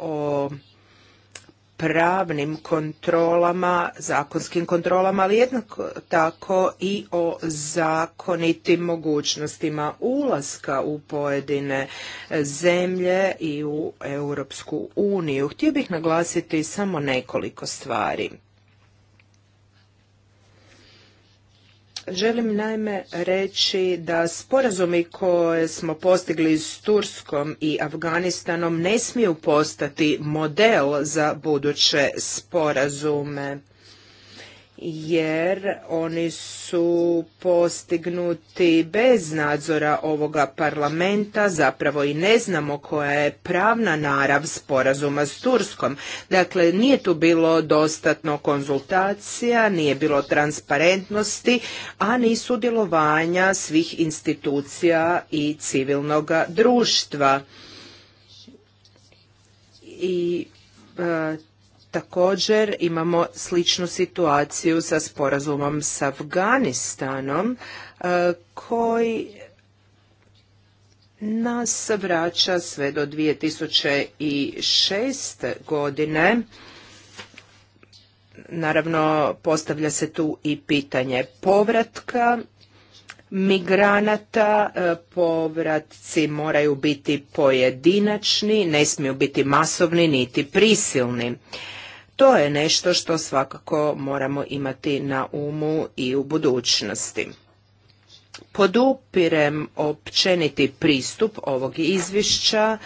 o pravnim kontrolama, zakonskim kontrolama, ali jednako tako i o zakonitim mogućnostima ulaska u pojedine zemlje i u Europsku uniju. Htio bih naglasiti samo nekoliko stvari. Želim naime reći da sporazumi koje smo postigli s Turskom i Afganistanom ne smiju postati model za buduće sporazume jer oni su postignuti bez nadzora ovoga parlamenta, zapravo i ne znamo koja je pravna narav sporazuma s Turskom. Dakle, nije tu bilo dostatno konzultacija, nije bilo transparentnosti, a ni sudjelovanja svih institucija i civilnog društva. I e, Također imamo sličnu situaciju sa sporazumom s Afganistanom e, koji nas vraća sve do 2006. godine. Naravno, postavlja se tu i pitanje povratka migranata, e, povratci moraju biti pojedinačni, ne smiju biti masovni niti prisilni. To je nešto što svakako moramo imati na umu i u budućnosti. Podupirem općeniti pristup ovog izvješća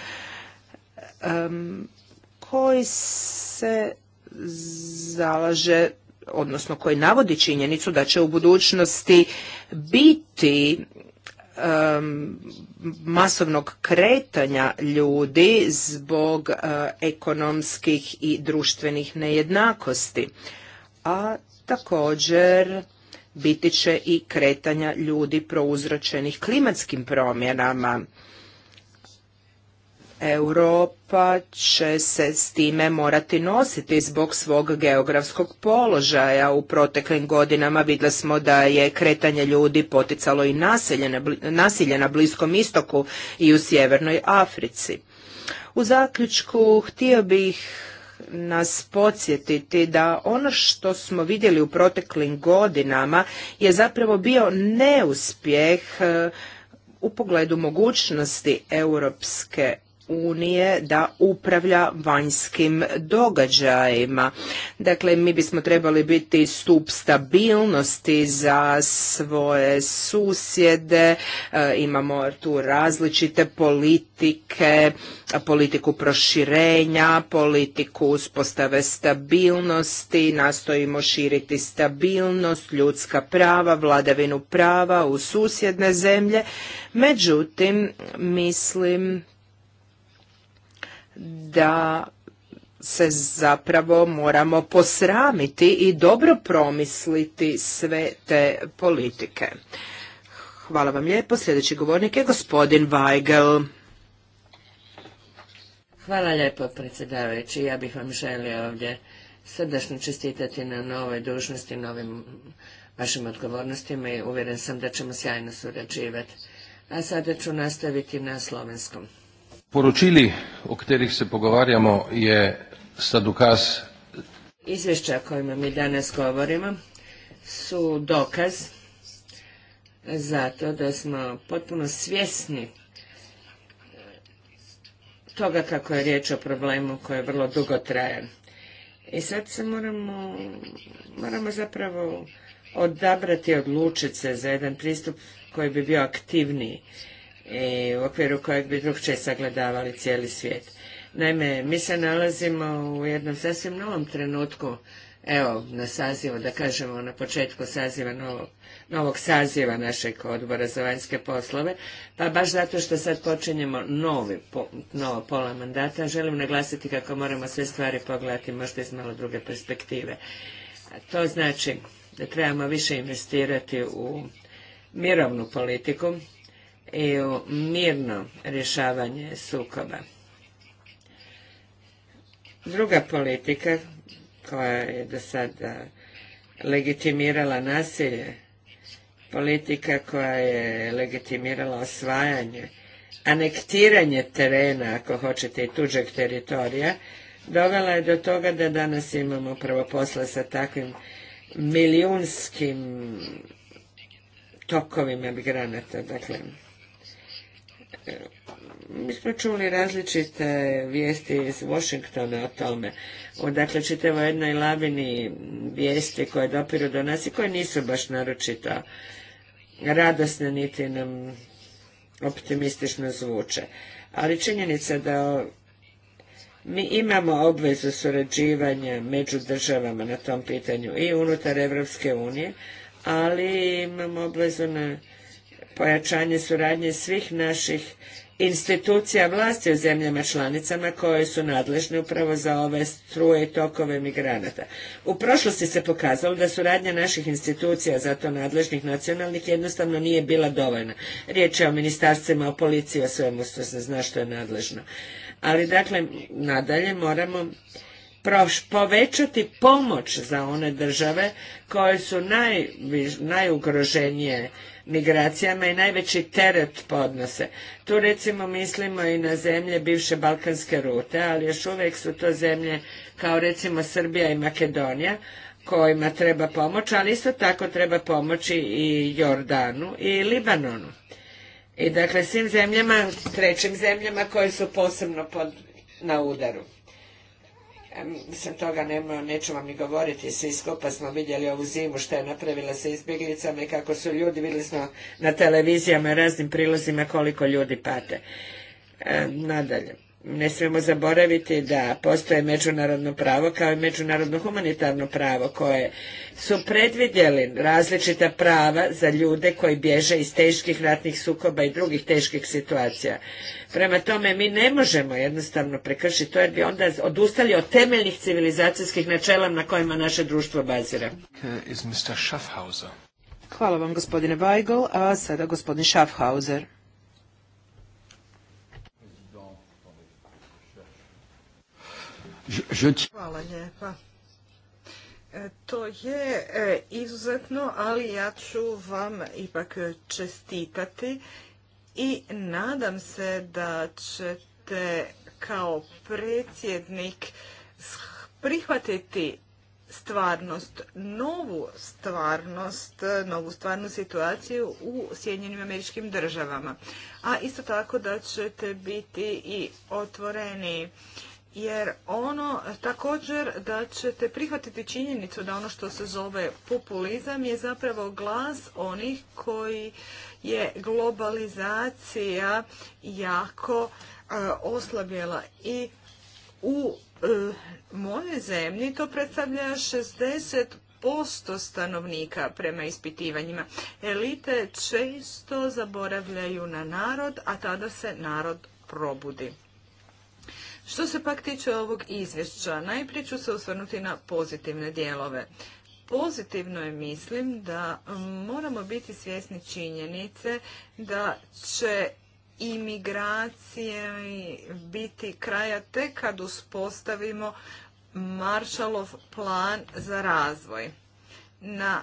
koji se zalaže odnosno koji navodi činjenicu da će u budućnosti biti masovnog kretanja ljudi zbog eh, ekonomskih i društvenih nejednakosti. A također biti će i kretanja ljudi prouzročenih klimatskim promjenama. Europa će se s time morati nositi zbog svog geografskog položaja. U proteklim godinama vidjeli smo da je kretanje ljudi poticalo i nasilje na Bliskom istoku i u Sjevernoj Africi. U zaključku htio bih nas podsjetiti da ono što smo vidjeli u proteklim godinama je zapravo bio neuspjeh e, u pogledu mogućnosti Europske unije da upravlja vanjskim događajima. Dakle, mi bismo trebali biti stup stabilnosti za svoje susjede, e, imamo tu različite politike, politiku proširenja, politiku uspostave stabilnosti, nastojimo širiti stabilnost, ljudska prava, vladavinu prava u susjedne zemlje. Međutim, mislim da se zapravo moramo posramiti i dobro promisliti sve te politike. Hvala vam lijepo. Sljedeći govornik je gospodin Weigel. Hvala lijepo predsjedavajući. Ja bih vam želio ovdje srdačno čestitati na novoj dužnosti, novim vašim odgovornostima i uvjeren sam da ćemo sjajno surađivati. A sada ću nastaviti na slovenskom. Poručili o katerih se pogovarjamo je sad ukaz Izvješća o kojima mi danas govorimo su dokaz za to da smo potpuno svjesni toga kako je riječ o problemu koji je vrlo dugo trajan. I sad se moramo, moramo zapravo odabrati, odlučiti se za jedan pristup koji bi bio aktivniji i e, u okviru kojeg bi drugče sagledavali cijeli svijet. Naime, mi se nalazimo u jednom sasvim novom trenutku, evo, na sazivu, da kažemo, na početku saziva novog, novog saziva našeg odbora za vanjske poslove, pa baš zato što sad počinjemo novo pola mandata, želim naglasiti kako moramo sve stvari pogledati možda iz malo druge perspektive. to znači da trebamo više investirati u mirovnu politiku, i u mirno rješavanje sukoba. Druga politika koja je do sada legitimirala nasilje, politika koja je legitimirala osvajanje, anektiranje terena, ako hoćete, i tuđeg teritorija, dovela je do toga da danas imamo prvo posla sa takvim milijunskim tokovima migranata, dakle, mi smo čuli različite vijesti iz Washingtona o tome. Odakle o jednoj lavini vijesti koje dopiru do nas i koje nisu baš naročito radosne niti nam optimistično zvuče. Ali činjenica da mi imamo obvezu surađivanja među državama na tom pitanju i unutar Evropske unije, ali imamo obvezu na pojačanje suradnje svih naših institucija vlasti u zemljama članicama koje su nadležne upravo za ove struje i tokove migranata. U prošlosti se pokazalo da suradnja naših institucija za nadležnih nacionalnih jednostavno nije bila dovoljna. Riječ je o ministarstvima, o policiji, o svemu što se zna što je nadležno. Ali dakle, nadalje moramo povećati pomoć za one države koje su najugroženije migracijama i najveći teret podnose. Tu recimo mislimo i na zemlje bivše balkanske rute, ali još uvijek su to zemlje kao recimo Srbija i Makedonija kojima treba pomoć, ali isto tako treba pomoći i Jordanu i Libanonu. I dakle svim zemljama, trećim zemljama koje su posebno na udaru. Mislim, toga neću vam ni govoriti, svi skupa smo vidjeli ovu zimu što je napravila sa izbjeglicama i kako su ljudi, vidjeli smo na televizijama i raznim prilozima koliko ljudi pate. nadalje ne smijemo zaboraviti da postoje međunarodno pravo kao i međunarodno humanitarno pravo koje su predvidjeli različita prava za ljude koji bježe iz teških ratnih sukoba i drugih teških situacija. Prema tome mi ne možemo jednostavno prekršiti to jer bi onda odustali od temeljnih civilizacijskih načela na kojima naše društvo bazira. Hvala vam gospodine Weigl, a sada gospodin Schaffhauser. Hvala lijepa. E, to je e, izuzetno, ali ja ću vam ipak čestitati i nadam se da ćete kao predsjednik prihvatiti stvarnost, novu stvarnost, e, novu stvarnu situaciju u Sjedinjenim američkim državama. A isto tako da ćete biti i otvoreni jer ono također da ćete prihvatiti činjenicu da ono što se zove populizam je zapravo glas onih koji je globalizacija jako e, oslabjela i u e, mojoj zemlji to predstavlja 60 posto stanovnika prema ispitivanjima. Elite često zaboravljaju na narod, a tada se narod probudi. Što se pak tiče ovog izvješća, najprije ću se osvrnuti na pozitivne dijelove. Pozitivno je mislim da moramo biti svjesni činjenice da će imigracije biti kraja te kad uspostavimo Maršalov plan za razvoj. Na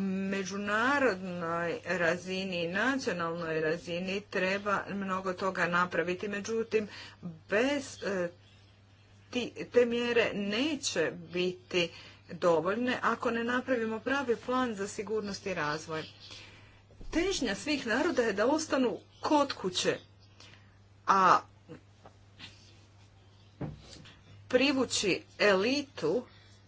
međunarodnoj razini i nacionalnoj razini treba mnogo toga napraviti. Međutim, bez e, te mjere neće biti dovoljne ako ne napravimo pravi plan za sigurnost i razvoj. Težnja svih naroda je da ostanu kod kuće, a privući elitu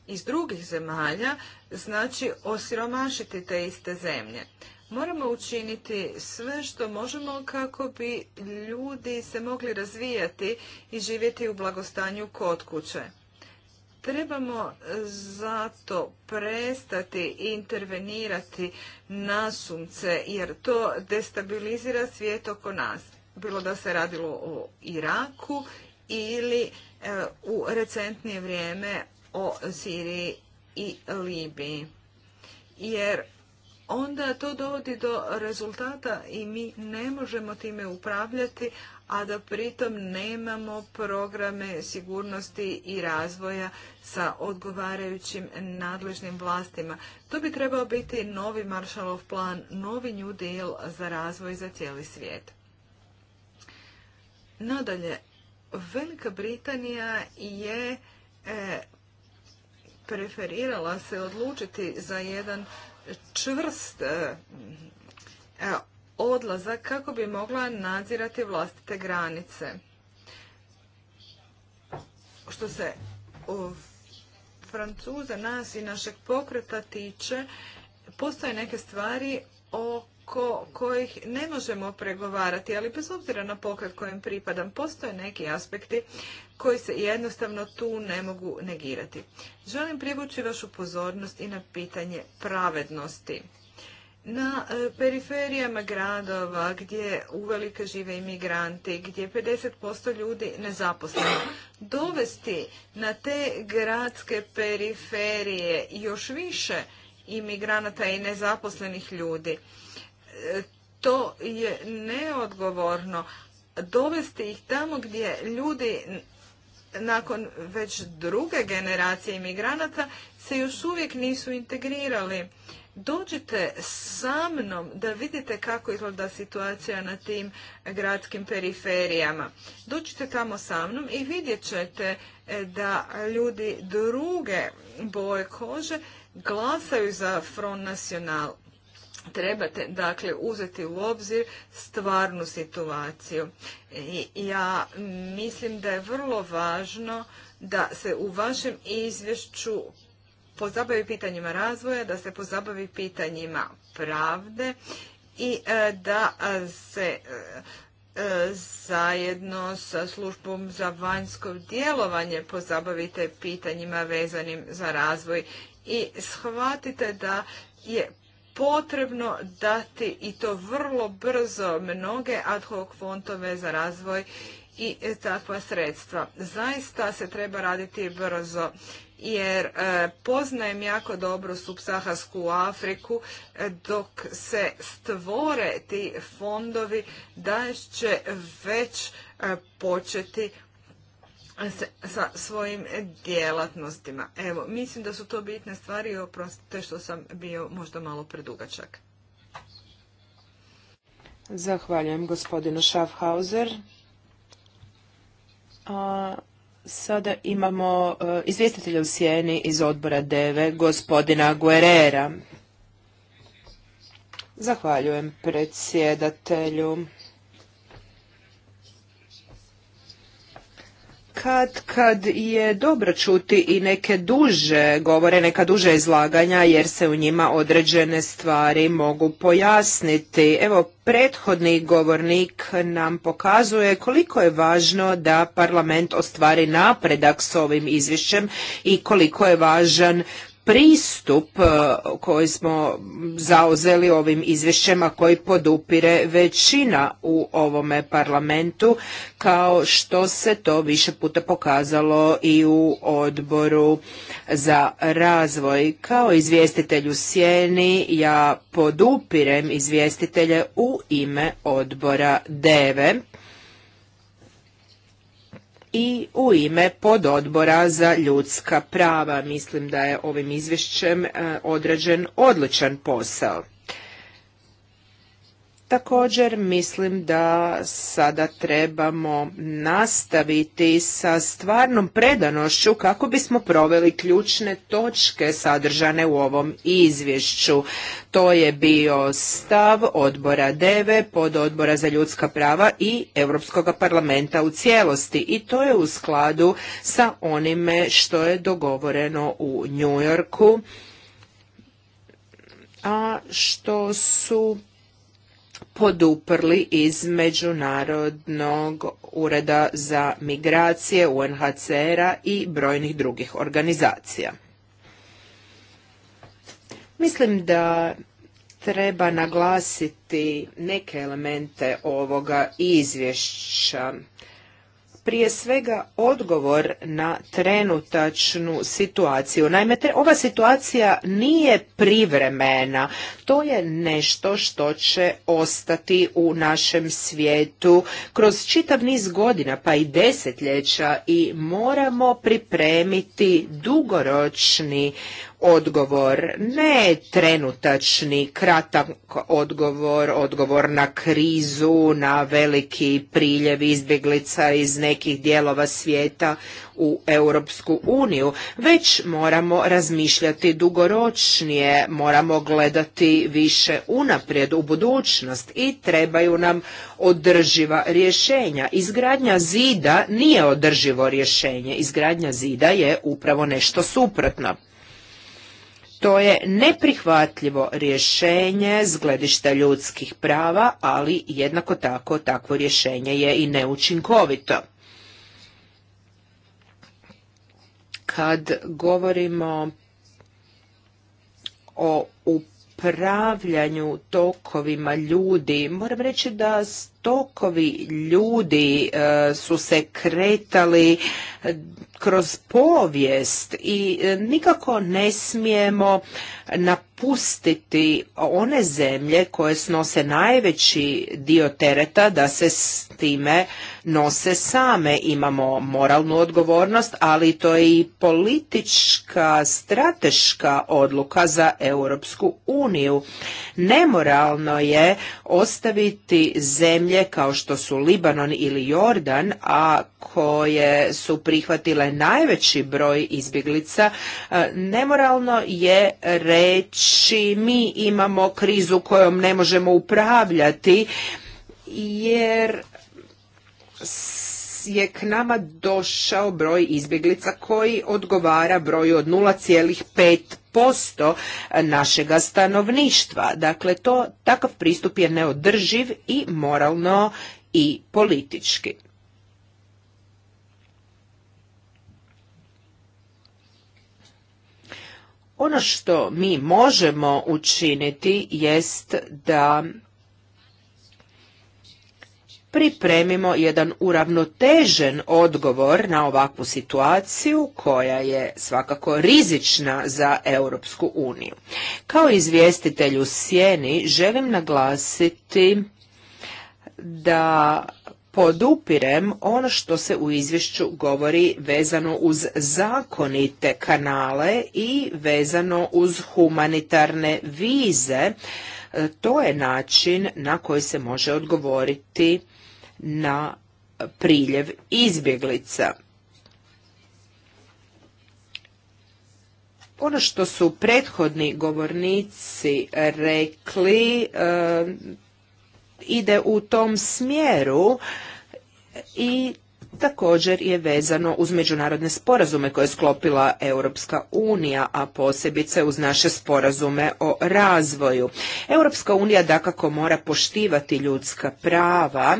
iz drugih zemalja znači osiromašiti te iste zemlje. Moramo učiniti sve što možemo kako bi ljudi se mogli razvijati i živjeti u blagostanju kod kuće. Trebamo zato prestati intervenirati na sunce, jer to destabilizira svijet oko nas. Bilo da se radilo o Iraku ili e, u recentnije vrijeme o Siriji i Libiji. Jer onda to dovodi do rezultata i mi ne možemo time upravljati, a da pritom nemamo programe sigurnosti i razvoja sa odgovarajućim nadležnim vlastima. To bi trebao biti novi Marshallov plan, novi New Deal za razvoj za cijeli svijet. Nadalje, Velika Britanija je e, preferirala se odlučiti za jedan čvrst e, e, odlazak kako bi mogla nadzirati vlastite granice. Što se u Francuza, nas i našeg pokreta tiče, postoje neke stvari o ko, kojih ne možemo pregovarati, ali bez obzira na pokret kojem pripadam, postoje neki aspekti koji se jednostavno tu ne mogu negirati. Želim privući vašu pozornost i na pitanje pravednosti. Na e, periferijama gradova gdje uvelike žive imigranti, gdje 50% ljudi nezaposleno, dovesti na te gradske periferije još više imigranata i nezaposlenih ljudi to je neodgovorno dovesti ih tamo gdje ljudi nakon već druge generacije imigranata se još uvijek nisu integrirali. Dođite sa mnom da vidite kako izgleda situacija na tim gradskim periferijama. Dođite tamo sa mnom i vidjet ćete e, da ljudi druge boje kože glasaju za Front National trebate dakle uzeti u obzir stvarnu situaciju. I ja mislim da je vrlo važno da se u vašem izvješću pozabavi pitanjima razvoja, da se pozabavi pitanjima pravde i e, da se e, zajedno sa službom za vanjsko djelovanje pozabavite pitanjima vezanim za razvoj i shvatite da je potrebno dati i to vrlo brzo mnoge ad hoc fontove za razvoj i takva sredstva. Zaista se treba raditi brzo jer e, poznajem jako dobro subsaharsku Afriku e, dok se stvore ti fondovi da će već e, početi sa svojim djelatnostima. Evo, mislim da su to bitne stvari i oprostite što sam bio možda malo predugačak. Zahvaljujem gospodinu Schaffhauser. A, sada imamo e, izvjestitelja u sjeni iz odbora DEVE, gospodina Guerrera. Zahvaljujem predsjedatelju. kad kad je dobro čuti i neke duže govore, neka duže izlaganja jer se u njima određene stvari mogu pojasniti. Evo, prethodni govornik nam pokazuje koliko je važno da parlament ostvari napredak s ovim izvješćem i koliko je važan pristup e, koji smo zauzeli ovim izvješćima koji podupire većina u ovome parlamentu kao što se to više puta pokazalo i u odboru za razvoj. Kao izvjestitelj u Sjeni ja podupirem izvjestitelje u ime odbora DEVE i u ime pododbora za ljudska prava. Mislim da je ovim izvješćem e, odrađen odličan posao. Također mislim da sada trebamo nastaviti sa stvarnom predanošću kako bismo proveli ključne točke sadržane u ovom izvješću. To je bio stav odbora DEVE, pod odbora za ljudska prava i Europskog parlamenta u cijelosti i to je u skladu sa onime što je dogovoreno u Njujorku a što su poduprli iz Međunarodnog ureda za migracije UNHCR-a i brojnih drugih organizacija. Mislim da treba naglasiti neke elemente ovoga izvješća prije svega odgovor na trenutačnu situaciju. Naime, ova situacija nije privremena. To je nešto što će ostati u našem svijetu kroz čitav niz godina, pa i desetljeća i moramo pripremiti dugoročni odgovor, ne trenutačni kratak odgovor, odgovor na krizu, na veliki priljev izbjeglica iz nekih dijelova svijeta u Europsku uniju, već moramo razmišljati dugoročnije, moramo gledati više unaprijed u budućnost i trebaju nam održiva rješenja. Izgradnja zida nije održivo rješenje, izgradnja zida je upravo nešto suprotno. To je neprihvatljivo rješenje s gledišta ljudskih prava, ali jednako tako takvo rješenje je i neučinkovito. Kad govorimo o upravljanju tokovima ljudi. Moram reći da tokovi ljudi e, su se kretali e, kroz povijest i e, nikako ne smijemo napustiti one zemlje koje snose najveći dio tereta da se s time nose same. Imamo moralnu odgovornost, ali to je i politička, strateška odluka za Europsku uniju. Nemoralno je ostaviti zemlje kao što su Libanon ili Jordan, a koje su prihvatile najveći broj izbjeglica, e, nemoralno je reći mi imamo krizu kojom ne možemo upravljati jer je k nama došao broj izbjeglica koji odgovara broju od 0,5% našega stanovništva. Dakle, to, takav pristup je neodrživ i moralno i politički. Ono što mi možemo učiniti jest da pripremimo jedan uravnotežen odgovor na ovakvu situaciju koja je svakako rizična za Europsku uniju. Kao izvjestitelj u Sjeni želim naglasiti da podupirem ono što se u izvješću govori vezano uz zakonite kanale i vezano uz humanitarne vize. E, to je način na koji se može odgovoriti na priljev izbjeglica. Ono što su prethodni govornici rekli eh, ide u tom smjeru i također je vezano uz međunarodne sporazume koje je sklopila Europska unija, a posebice uz naše sporazume o razvoju. Europska unija dakako mora poštivati ljudska prava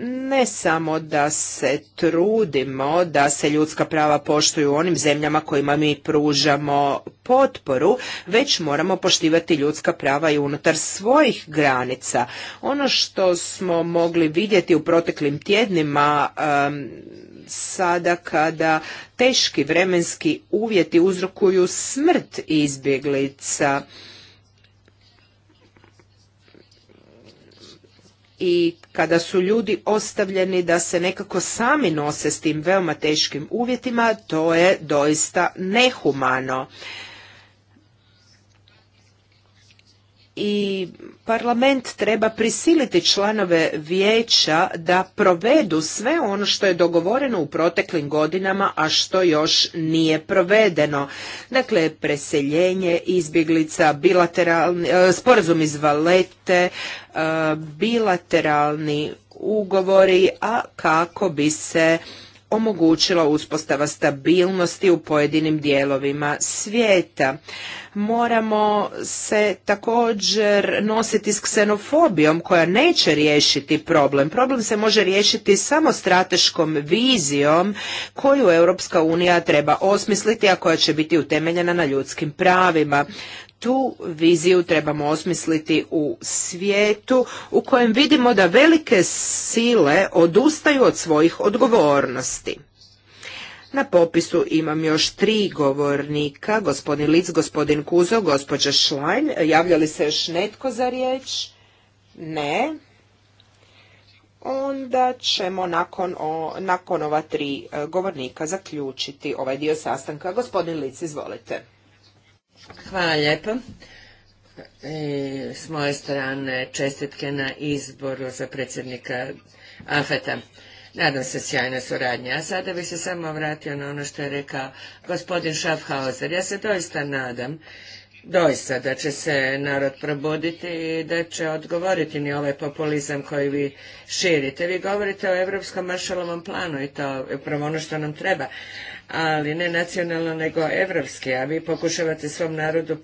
ne samo da se trudimo da se ljudska prava poštuju u onim zemljama kojima mi pružamo potporu, već moramo poštivati ljudska prava i unutar svojih granica. Ono što smo mogli vidjeti u proteklim tjednima sada kada teški vremenski uvjeti uzrokuju smrt izbjeglica i kada su ljudi ostavljeni da se nekako sami nose s tim veoma teškim uvjetima, to je doista nehumano. i parlament treba prisiliti članove vijeća da provedu sve ono što je dogovoreno u proteklim godinama, a što još nije provedeno. Dakle, preseljenje, izbjeglica, bilateralni, e, sporazum iz valete, e, bilateralni ugovori, a kako bi se omogućila uspostava stabilnosti u pojedinim dijelovima svijeta. Moramo se također nositi s ksenofobijom koja neće riješiti problem. Problem se može riješiti samo strateškom vizijom koju Europska unija treba osmisliti, a koja će biti utemeljena na ljudskim pravima tu viziju trebamo osmisliti u svijetu u kojem vidimo da velike sile odustaju od svojih odgovornosti. Na popisu imam još tri govornika, gospodin Lic, gospodin Kuzo, gospođa Šlajn. Javlja li se još netko za riječ? Ne. Onda ćemo nakon, nakon ova tri e, govornika zaključiti ovaj dio sastanka. Gospodin Lic, izvolite. Hvala lijepo. I e, s moje strane čestitke na izboru za predsjednika AFET-a. Nadam se sjajna suradnja. A sada bih se samo vratio na ono što je rekao gospodin Schaffhauser. Ja se doista nadam doista da će se narod probuditi i da će odgovoriti ni ovaj populizam koji vi širite. Vi govorite o Europskom maršalovom planu i to je upravo ono što nam treba ali ne nacionalno nego evropski, a vi pokušavate svom narodu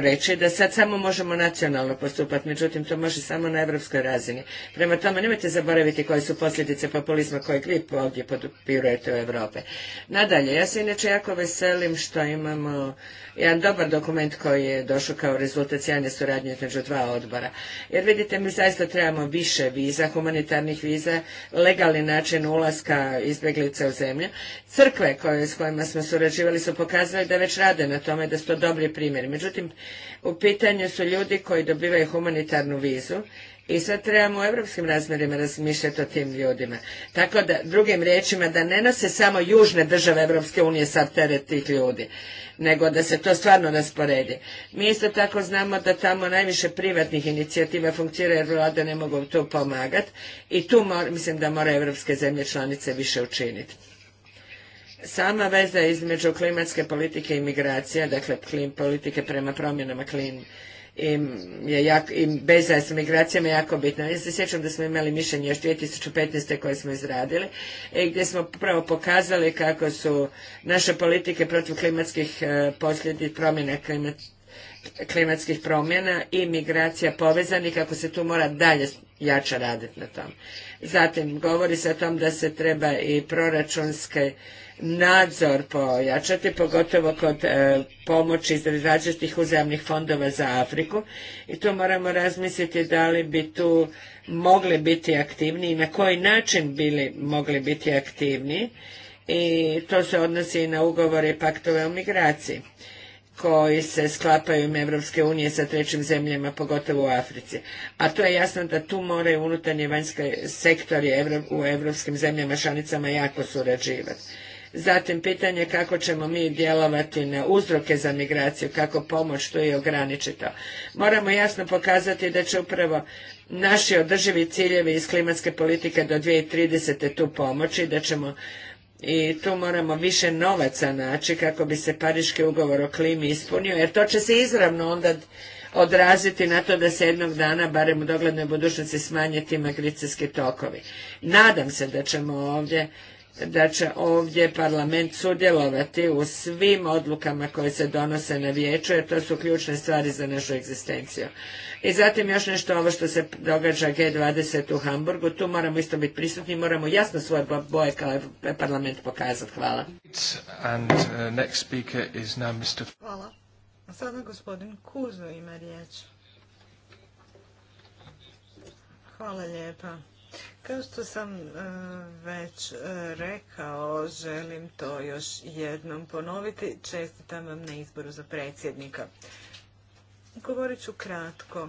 reći da sad samo možemo nacionalno postupati, međutim to može samo na europskoj razini. Prema tome nemojte zaboraviti koje su posljedice populizma kojeg vi ovdje podupirujete u Europe. Nadalje, ja se inače jako veselim što imamo jedan dobar dokument koji je došao kao rezultat sjajne suradnje između dva odbora. Jer vidite, mi zaista trebamo više viza, humanitarnih viza, legalni način ulaska izbjeglica u zemlju. Crkve koje, s kojima smo surađivali su pokazali da već rade na tome da su to dobri primjeri međutim u pitanju su ljudi koji dobivaju humanitarnu vizu i sad trebamo u europskim razmjerima razmišljati o tim ljudima. Tako da, drugim riječima, da ne nose samo južne države Europske unije sav teret tih ljudi, nego da se to stvarno rasporedi. Mi isto tako znamo da tamo najviše privatnih inicijativa funkcionira jer vlade ne mogu tu pomagati i tu mislim da mora europske zemlje članice više učiniti sama veza između klimatske politike i migracija, dakle klim, politike prema promjenama klima, i, je jak, veza s migracijama je jako bitna. Ja se sjećam da smo imali mišljenje još 2015. koje smo izradili i e, gdje smo upravo pokazali kako su naše politike protiv klimatskih e, posljedica promjena klimatskih klimatskih promjena i migracija povezanih, kako se tu mora dalje jače raditi na tom. Zatim, govori se o tom da se treba i proračunski nadzor pojačati, pogotovo kod e, pomoći iz različitih uzajamnih fondova za Afriku. I tu moramo razmisliti da li bi tu mogli biti aktivni i na koji način bili mogli biti aktivni. I to se odnosi i na ugovore i paktove o migraciji koji se sklapaju im Evropske unije sa trećim zemljama, pogotovo u Africi. A to je jasno da tu moraju unutarnji vanjski sektori u evropskim zemljama šanicama jako surađivati. Zatim pitanje kako ćemo mi djelovati na uzroke za migraciju, kako pomoć tu je ograničito. Moramo jasno pokazati da će upravo naši održivi ciljevi iz klimatske politike do 2030. tu pomoći, da ćemo i tu moramo više novaca naći kako bi se Pariški ugovor o klimi ispunio, jer to će se izravno onda odraziti na to da se jednog dana, barem u doglednoj budućnosti, smanje ti magricijski tokovi. Nadam se da ćemo ovdje da će ovdje parlament sudjelovati u svim odlukama koje se donose na vijeću, jer to su ključne stvari za našu egzistenciju. I zatim još nešto ovo što se događa G20 u Hamburgu, tu moramo isto biti prisutni, moramo jasno svoje boje kao parlament pokazati. Hvala. And, uh, Hvala. A sada gospodin Kuzo ima riječ. Hvala lijepa. Kao što sam e, već e, rekao, želim to još jednom ponoviti. Čestitam vam na izboru za predsjednika. Govorit ću kratko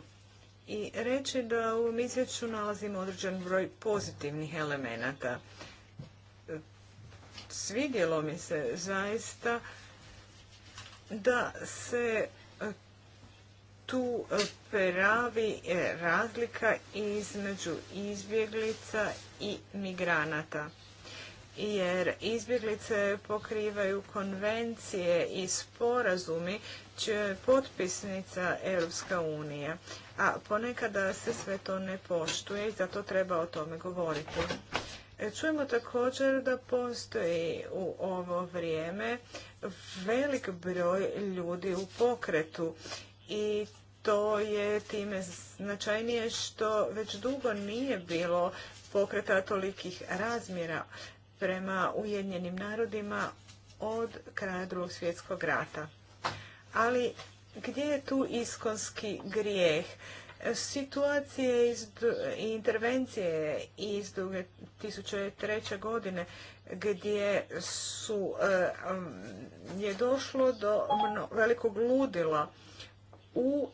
i reći da u ovom izvješću nalazimo određen broj pozitivnih elemenata. Svidjelo mi se zaista da se tu e, pravi e, razlika između izbjeglica i migranata. Jer izbjeglice pokrivaju konvencije i sporazumi čija je potpisnica Europska unija. A ponekada se sve to ne poštuje i zato treba o tome govoriti. E, čujemo također da postoji u ovo vrijeme velik broj ljudi u pokretu i to je time značajnije što već dugo nije bilo pokreta tolikih razmjera prema Ujedinjenim narodima od kraja drugog svjetskog rata. Ali gdje je tu iskonski grijeh? Situacije i intervencije iz 2003. godine gdje su, e, je došlo do velikog ludila u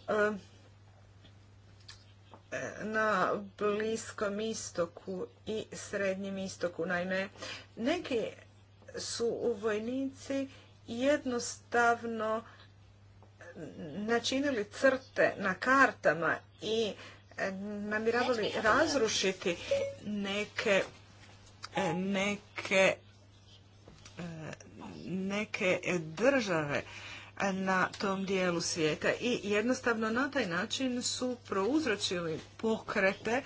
e, na Bliskom istoku i Srednjem istoku. Naime, neki su u vojnici jednostavno načinili crte na kartama i e, namiravali razrušiti neke e, neke neke države na tom dijelu svijeta i jednostavno na taj način su prouzročili pokrete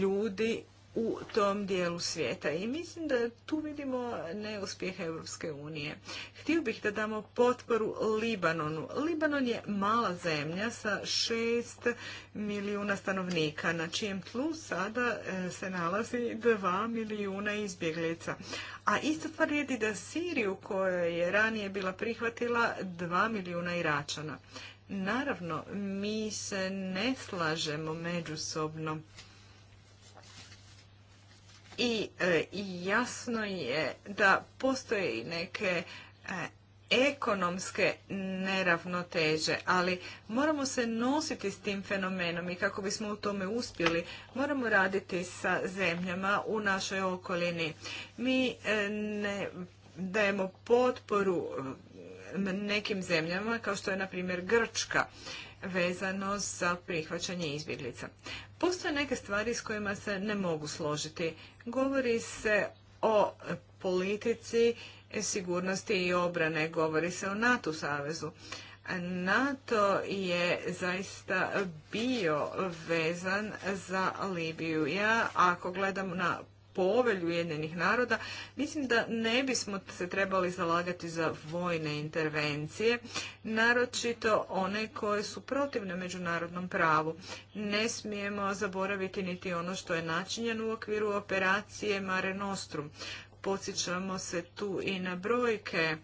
ljudi u tom dijelu svijeta i mislim da tu vidimo neuspjeh Europske unije. Htio bih da damo potporu Libanonu. Libanon je mala zemlja sa 6 milijuna stanovnika, na čijem tlu sada e, se nalazi 2 milijuna izbjeglica. A isto stvar vrijedi da Siriju koja je ranije bila prihvatila 2 milijuna Iračana. Naravno, mi se ne slažemo međusobno E, i jasno je da postoje i neke e, ekonomske neravnoteže, ali moramo se nositi s tim fenomenom i kako bismo u tome uspjeli, moramo raditi sa zemljama u našoj okolini. Mi e, ne dajemo potporu nekim zemljama, kao što je, na primjer, Grčka vezano za prihvaćanje izbjeglica. Postoje neke stvari s kojima se ne mogu složiti. Govori se o politici sigurnosti i obrane, govori se o NATO savezu. NATO je zaista bio vezan za Libiju. Ja ako gledam na povelju Jedinih naroda, mislim da ne bismo se trebali zalagati za vojne intervencije, naročito one koje su protivne međunarodnom pravu. Ne smijemo zaboraviti niti ono što je načinjeno u okviru operacije Mare Nostrum. Podsjećamo se tu i na brojke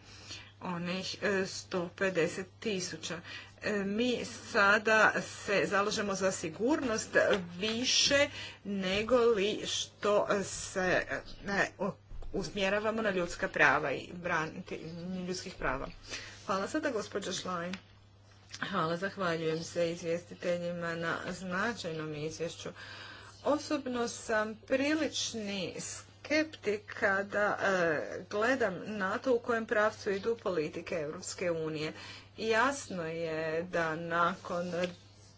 onih 150 e, tisuća mi sada se zalažemo za sigurnost više nego li što se usmjeravamo na ljudska prava i ljudskih prava. Hvala sada gospođa Šlajn. Hvala, zahvaljujem se izvjestiteljima na značajnom izvješću. Osobno sam prilični skeptik kada e, gledam na to u kojem pravcu idu politike Europske unije Jasno je da nakon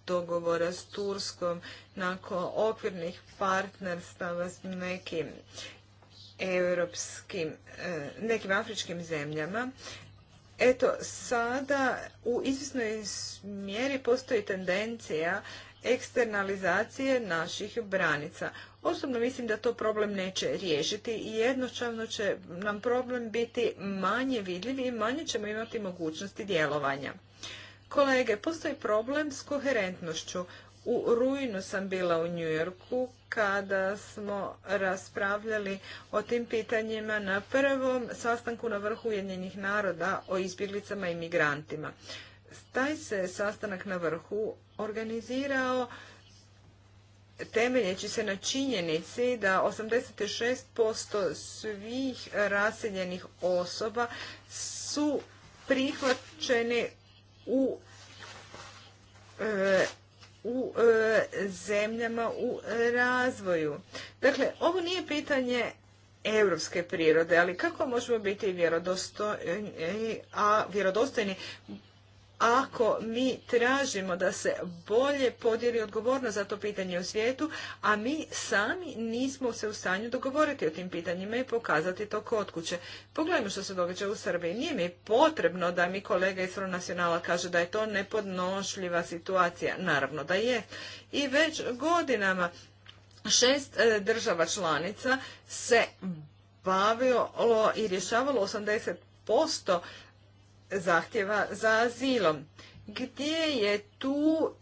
dogovora s Turskom, nakon okvirnih partnerstava s nekim europskim, e, nekim afričkim zemljama, Eto, sada u izvisnoj mjeri postoji tendencija eksternalizacije naših branica. Osobno mislim da to problem neće riješiti i jednočavno će nam problem biti manje vidljiv i manje ćemo imati mogućnosti djelovanja. Kolege, postoji problem s koherentnošću. U rujnu sam bila u Njujorku kada smo raspravljali o tim pitanjima na prvom sastanku na vrhu Ujedinjenih naroda o izbjeglicama i migrantima taj se sastanak na vrhu organizirao temeljeći se na činjenici da 86% svih raseljenih osoba su prihvaćene u e, u e, zemljama u razvoju. Dakle, ovo nije pitanje europske prirode, ali kako možemo biti vjerodostojni, a vjerodostojni ako mi tražimo da se bolje podijeli odgovornost za to pitanje u svijetu, a mi sami nismo se u stanju dogovoriti o tim pitanjima i pokazati to kod kuće. Pogledajmo što se događa u Srbiji. Nije mi potrebno da mi kolega iz Nacionala kaže da je to nepodnošljiva situacija. Naravno da je. I već godinama šest e, država članica se bavilo i rješavalo 80% zahtjeva za azilom gdje je tu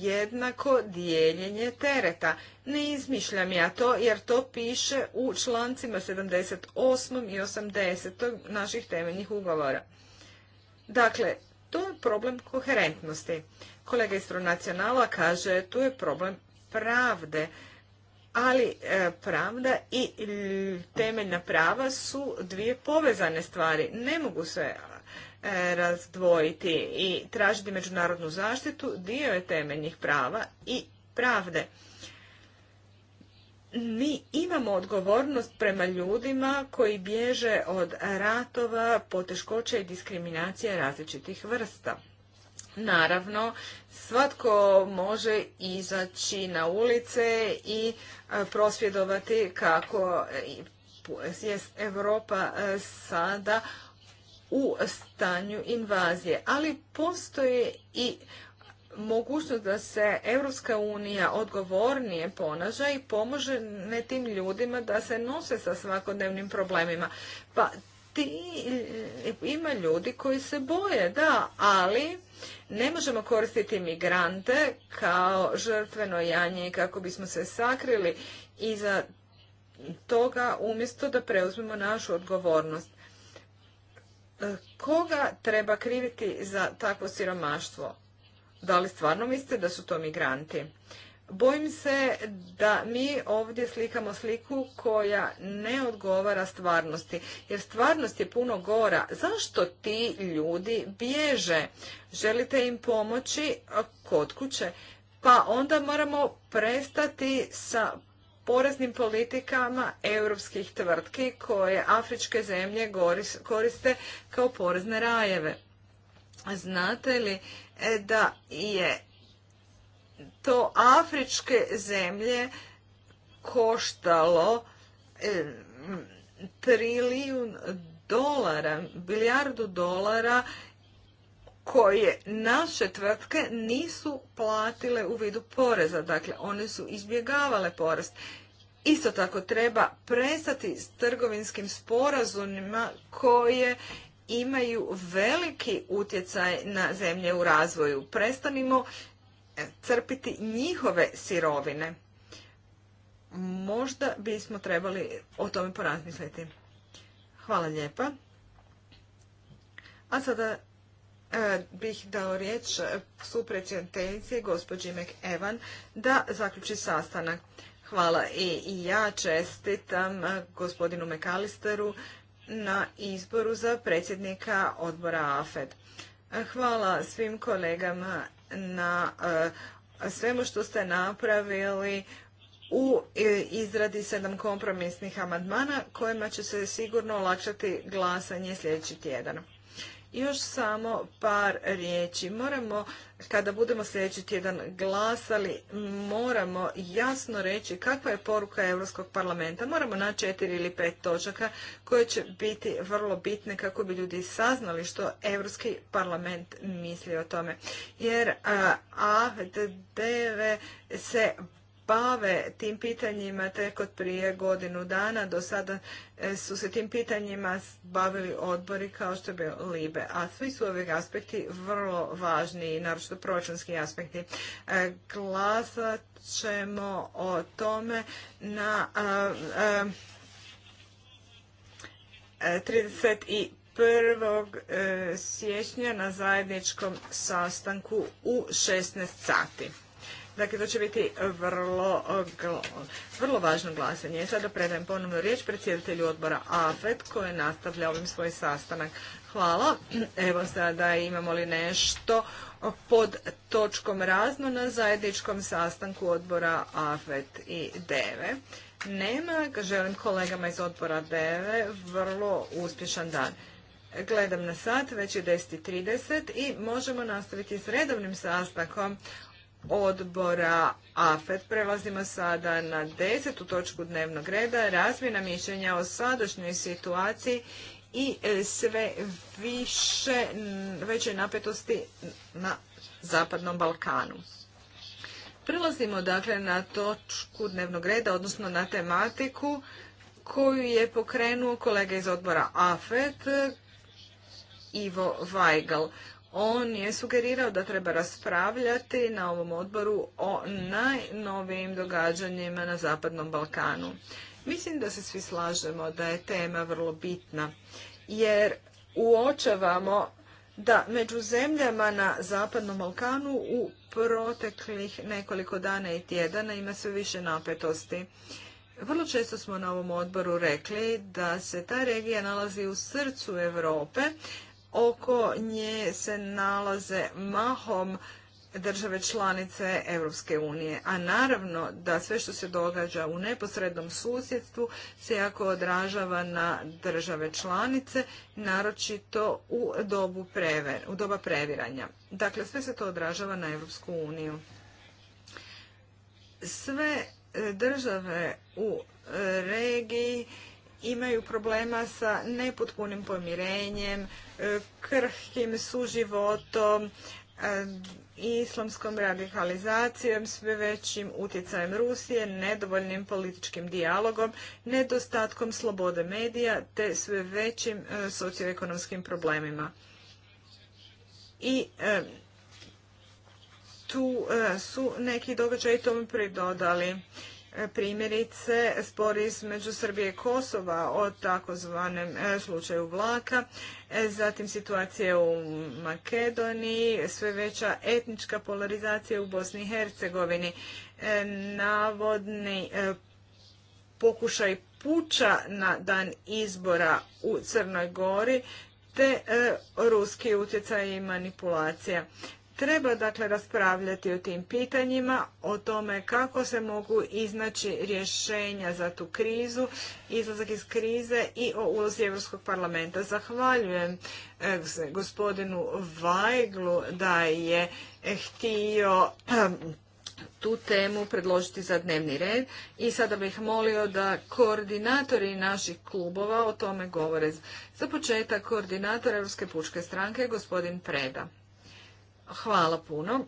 jednako dijeljenje tereta. Ne izmišljam ja to jer to piše u člancima 78. i 80. naših temeljnih ugovora. Dakle, to je problem koherentnosti. Kolega iz Pronacionala kaže tu je problem pravde, ali e, pravda i temeljna prava su dvije povezane stvari. Ne mogu se E, razdvojiti i tražiti međunarodnu zaštitu dio je temeljnih prava i pravde. Mi imamo odgovornost prema ljudima koji bježe od ratova, poteškoća i diskriminacije različitih vrsta. Naravno, svatko može izaći na ulice i e, prosvjedovati kako e, je Europa sada u stanju invazije. Ali postoji i mogućnost da se Europska unija odgovornije ponaša i pomože ne tim ljudima da se nose sa svakodnevnim problemima. Pa ti, ima ljudi koji se boje, da, ali ne možemo koristiti migrante kao žrtveno janje i kako bismo se sakrili iza toga umjesto da preuzmemo našu odgovornost. E, koga treba kriviti za takvo siromaštvo? Da li stvarno mislite da su to migranti? Bojim se da mi ovdje slikamo sliku koja ne odgovara stvarnosti, jer stvarnost je puno gora. Zašto ti ljudi bježe? Želite im pomoći kod kuće? Pa onda moramo prestati sa poreznim politikama europskih tvrtki koje afričke zemlje koriste kao porezne rajeve. Znate li e, da je to afričke zemlje koštalo e, trilijun dolara, bilijardu dolara koje naše tvrtke nisu platile u vidu poreza, dakle one su izbjegavale porez. Isto tako treba prestati s trgovinskim sporazumima koje imaju veliki utjecaj na zemlje u razvoju. Prestanimo e, crpiti njihove sirovine. Možda bismo trebali o tome porazmisliti. Hvala lijepa. A sada bih dao riječ supredsjedencije gospođi McEvan da zaključi sastanak. Hvala i ja čestitam eh, gospodinu McAllisteru na izboru za predsjednika odbora AFED. Eh, hvala svim kolegama na eh, svemu što ste napravili u izradi sedam kompromisnih amandmana kojima će se sigurno olakšati glasanje sljedeći tjedan. Još samo par riječi. Moramo, kada budemo sljedeći tjedan glasali, moramo jasno reći kakva je poruka Europskog parlamenta. Moramo na četiri ili pet točaka koje će biti vrlo bitne kako bi ljudi saznali što Europski parlament misli o tome. Jer AFDV se bave tim pitanjima tek od prije godinu dana. Do sada e, su se tim pitanjima bavili odbori kao što je LIBE. A svi su ovi aspekti vrlo važni, naročito proračunski aspekti. E, glasat ćemo o tome na 31. E, siječnja na zajedničkom sastanku u 16 sati. Dakle, to će biti vrlo, vrlo važno glasanje. Sada predajem ponovno riječ predsjedatelju odbora AFET koji nastavlja ovim svoj sastanak. Hvala. Evo sada imamo li nešto pod točkom razno na zajedničkom sastanku odbora AFET i DEVE. Nema, želim kolegama iz odbora DEVE vrlo uspješan dan. Gledam na sat, već je 10.30 i možemo nastaviti s redovnim sastankom odbora AFET. Prelazimo sada na desetu točku dnevnog reda, razmjena mišljenja o sadašnjoj situaciji i sve više veće napetosti na Zapadnom Balkanu. Prelazimo dakle na točku dnevnog reda, odnosno na tematiku koju je pokrenuo kolega iz odbora AFET, Ivo Vajgal on je sugerirao da treba raspravljati na ovom odboru o najnovijim događanjima na Zapadnom Balkanu. Mislim da se svi slažemo da je tema vrlo bitna, jer uočavamo da među zemljama na Zapadnom Balkanu u proteklih nekoliko dana i tjedana ima sve više napetosti. Vrlo često smo na ovom odboru rekli da se ta regija nalazi u srcu Europe, oko nje se nalaze mahom države članice Europske unije. A naravno da sve što se događa u neposrednom susjedstvu se jako odražava na države članice, naročito u, dobu u doba previranja. Dakle, sve se to odražava na Europsku uniju. Sve e, države u e, regiji imaju problema sa nepotpunim pomirenjem, e, krhkim suživotom, e, islamskom radikalizacijom, sve većim utjecajem Rusije, nedovoljnim političkim dijalogom, nedostatkom slobode medija te sve većim e, socioekonomskim problemima. I tu su neki događaji tome pridodali E, primjerice spori između Srbije i Kosova o takozvanem e, slučaju vlaka, e, zatim situacije u Makedoniji, sve veća etnička polarizacija u Bosni i Hercegovini, navodni pokušaj puča na dan izbora u Crnoj Gori, te ruski utjecaj i manipulacija. Treba dakle raspravljati o tim pitanjima, o tome kako se mogu iznaći rješenja za tu krizu, izlazak iz krize i o ulozi Europskog parlamenta. Zahvaljujem eh, gospodinu Vajglu da je eh, htio eh, tu temu predložiti za dnevni red i sada bih molio da koordinatori naših klubova o tome govore. Za početak koordinator Europske pučke stranke gospodin Preda. Hvala puno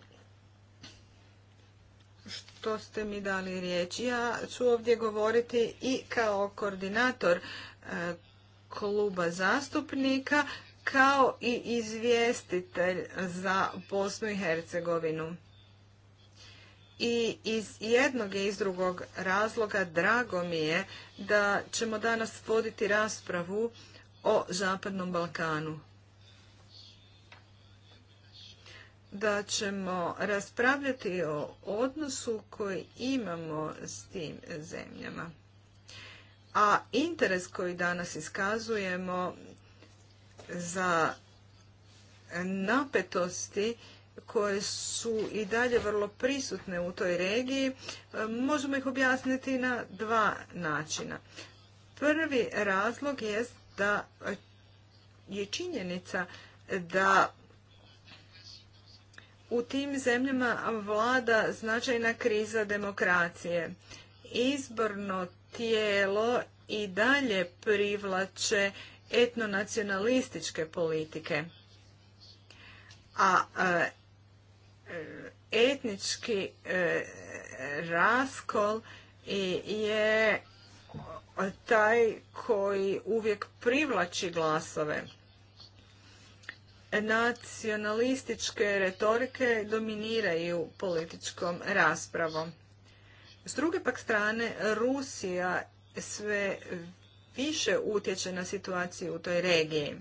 što ste mi dali riječ. Ja ću ovdje govoriti i kao koordinator e, kluba zastupnika, kao i izvjestitelj za Bosnu i Hercegovinu. I iz jednog i iz drugog razloga drago mi je da ćemo danas voditi raspravu o Zapadnom Balkanu. da ćemo raspravljati o odnosu koji imamo s tim zemljama. A interes koji danas iskazujemo za napetosti koje su i dalje vrlo prisutne u toj regiji, možemo ih objasniti na dva načina. Prvi razlog jest da je činjenica da u tim zemljama vlada značajna kriza demokracije. Izborno tijelo i dalje privlače etnonacionalističke politike. A e, etnički e, raskol je taj koji uvijek privlači glasove nacionalističke retorike dominiraju političkom raspravom. S druge pak strane, Rusija sve više utječe na situaciju u toj regiji.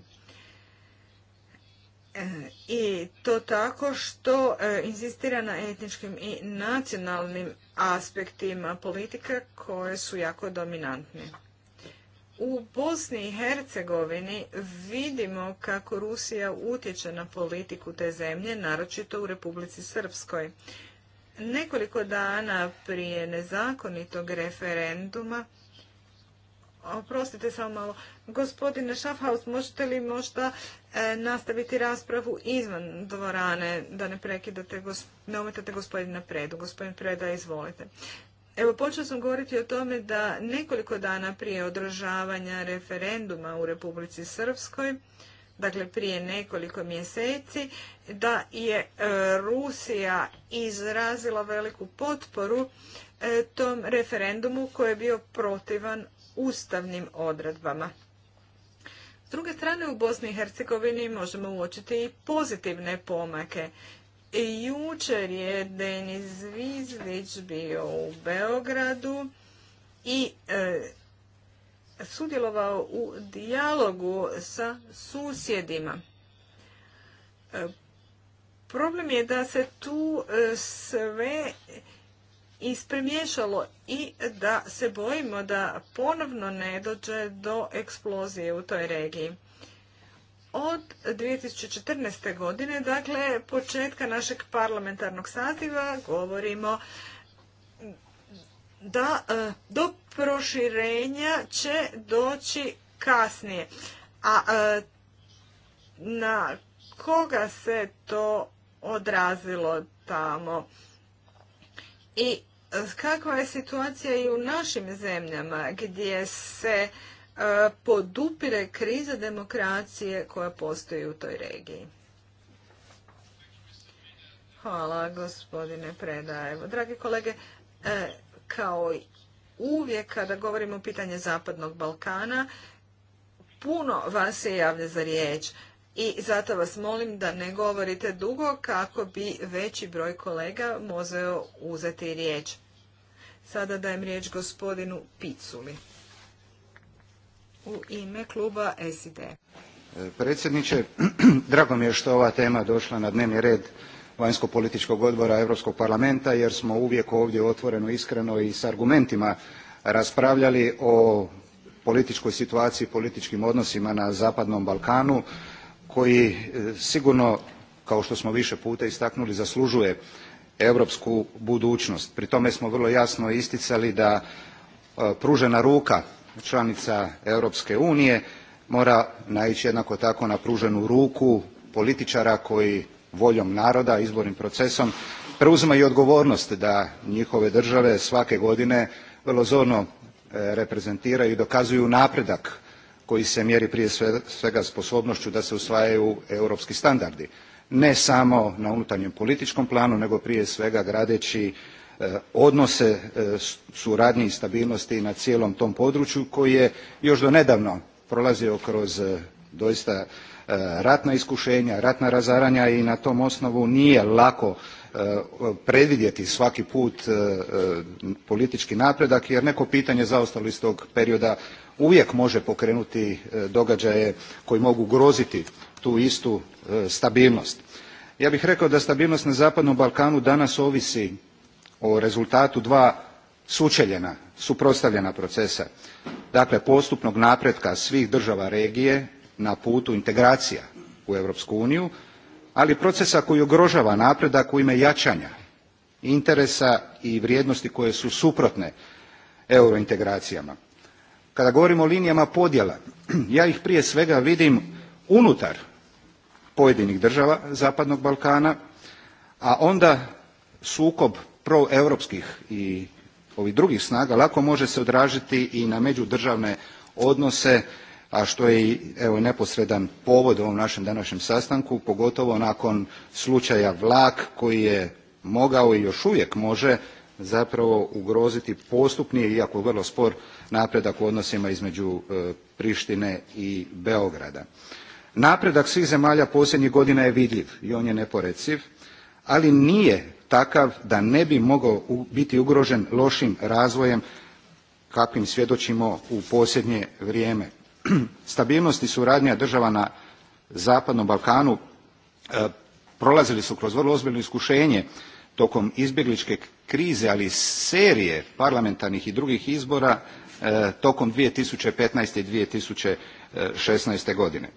E, I to tako što e, insistira na etničkim i nacionalnim aspektima politike koje su jako dominantne. U Bosni i Hercegovini vidimo kako Rusija utječe na politiku te zemlje, naročito u Republici Srpskoj. Nekoliko dana prije nezakonitog referenduma, oprostite samo malo, gospodine Schaffhaus, možete li možda e, nastaviti raspravu izvan dvorane, da ne prekidate, ne ometate gospodina Predu. Gospodin Preda, izvolite. Evo, počela sam govoriti o tome da nekoliko dana prije održavanja referenduma u Republici Srpskoj, dakle prije nekoliko mjeseci, da je e, Rusija izrazila veliku potporu e, tom referendumu koji je bio protivan ustavnim odredbama. S druge strane, u Bosni i Hercegovini možemo uočiti i pozitivne pomake. Jučer je Denis Vizlić bio u Beogradu i e, sudjelovao u dijalogu sa susjedima. E, problem je da se tu e, sve ispremješalo i da se bojimo da ponovno ne dođe do eksplozije u toj regiji od 2014. godine, dakle početka našeg parlamentarnog saziva, govorimo da e, do proširenja će doći kasnije. A e, na koga se to odrazilo tamo? I e, kakva je situacija i u našim zemljama gdje se E, podupire kriza demokracije koja postoji u toj regiji. Hvala gospodine Predajevo. Dragi kolege, e, kao uvijek kada govorimo o pitanje Zapadnog Balkana, puno vas se javlja za riječ i zato vas molim da ne govorite dugo kako bi veći broj kolega mozeo uzeti riječ. Sada dajem riječ gospodinu Piculi u ime kluba e, Predsjedniče, drago mi je što je ova tema došla na dnevni red Vajnsko-političkog odbora Europskog parlamenta jer smo uvijek ovdje otvoreno, iskreno i s argumentima raspravljali o političkoj situaciji, političkim odnosima na Zapadnom Balkanu koji e, sigurno, kao što smo više puta istaknuli, zaslužuje europsku budućnost. Pri tome smo vrlo jasno isticali da e, pružena ruka članica europske unije mora naići jednako tako na pruženu ruku političara koji voljom naroda izbornim procesom preuzimaju odgovornost da njihove države svake godine vrlo zorno e, reprezentiraju i dokazuju napredak koji se mjeri prije svega sposobnošću da se usvajaju europski standardi ne samo na unutarnjem političkom planu nego prije svega gradeći E, odnose e, suradnje i stabilnosti na cijelom tom području koji je još do nedavno prolazio kroz e, doista ratna iskušenja, ratna razaranja i na tom osnovu nije lako predvidjeti svaki put politički napredak jer neko pitanje zaostalo iz tog perioda uvijek može pokrenuti događaje koji mogu ugroziti tu istu stabilnost. Ja bih rekao da stabilnost na Zapadnom Balkanu danas ovisi o rezultatu dva sučeljena suprotstavljena procesa dakle postupnog napretka svih država regije na putu integracija u europsku uniju ali procesa koji ugrožava napredak u ime jačanja interesa i vrijednosti koje su suprotne eurointegracijama. kada govorimo o linijama podjela ja ih prije svega vidim unutar pojedinih država zapadnog balkana a onda sukob proeuropskih i ovih drugih snaga lako može se odražiti i na međudržavne odnose a što je i neposredan povod ovom našem današnjem sastanku pogotovo nakon slučaja vlak koji je mogao i još uvijek može zapravo ugroziti postupni iako vrlo spor napredak u odnosima između e, prištine i beograda napredak svih zemalja posljednjih godina je vidljiv i on je neporeciv ali nije takav da ne bi mogao biti ugrožen lošim razvojem kakvim svjedočimo u posljednje vrijeme. Stabilnost i suradnja država na Zapadnom Balkanu e, prolazili su kroz vrlo ozbiljno iskušenje tokom izbjegličke krize, ali i serije parlamentarnih i drugih izbora e, tokom 2015. i 2016. godine.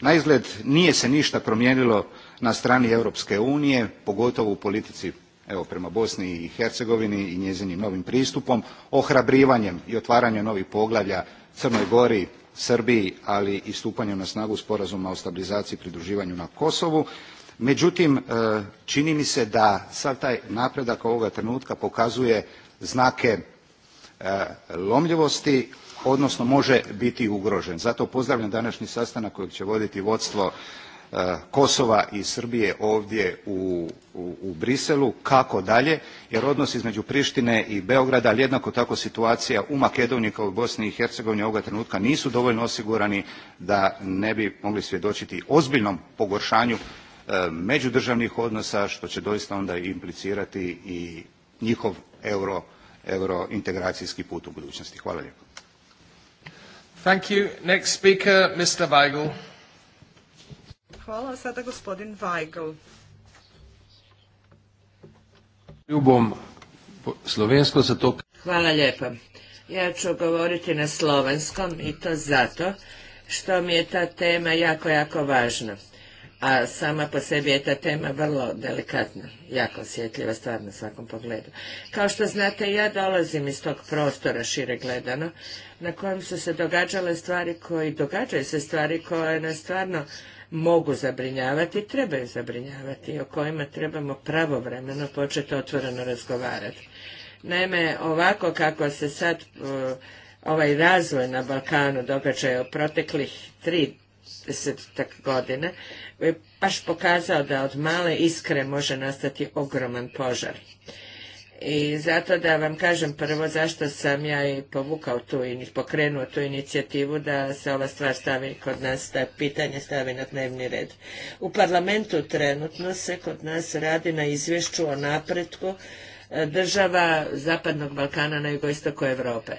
Naizgled nije se ništa promijenilo na strani Europske unije, pogotovo u politici evo prema Bosni i Hercegovini i njezinim novim pristupom, ohrabrivanjem i otvaranjem novih poglavlja Crnoj Gori, Srbiji, ali i stupanjem na snagu sporazuma o stabilizaciji i pridruživanju na Kosovu. Međutim, e, čini mi se da sav taj napredak ovoga trenutka pokazuje znake e, lomljivosti, odnosno može biti ugrožen. Zato pozdravljam današnji sastanak kojeg će voditi vodstvo Kosova i Srbije ovdje u, Briselu, kako dalje, jer odnos između Prištine i Beograda, ali jednako tako situacija u Makedoniji kao i u Bosni i Hercegovini ovoga trenutka nisu dovoljno osigurani da ne bi mogli svjedočiti ozbiljnom pogoršanju e, međudržavnih odnosa, što će doista onda implicirati i njihov euro, integracijski put u budućnosti. Hvala lijepo. Thank you. Mr. Hvala. Sada gospodin Ljubom slovensko Hvala lijepa. Ja ću govoriti na slovenskom i to zato što mi je ta tema jako, jako važna. A sama po sebi je ta tema vrlo delikatna, jako osjetljiva stvar na svakom pogledu. Kao što znate, ja dolazim iz tog prostora šire gledano, na kojem su se događale stvari koji, događaju se stvari koje nas stvarno mogu zabrinjavati i trebaju zabrinjavati i o kojima trebamo pravovremeno početi otvoreno razgovarati. Naime, ovako kako se sad ovaj razvoj na Balkanu događa u proteklih 30 desetak godina, baš pokazao da od male iskre može nastati ogroman požar. I zato da vam kažem prvo zašto sam ja i povukao tu i pokrenuo tu inicijativu da se ova stvar stavi kod nas, da pitanje stavi na dnevni red. U parlamentu trenutno se kod nas radi na izvješću o napretku e, država Zapadnog Balkana na jugoistoku Europe.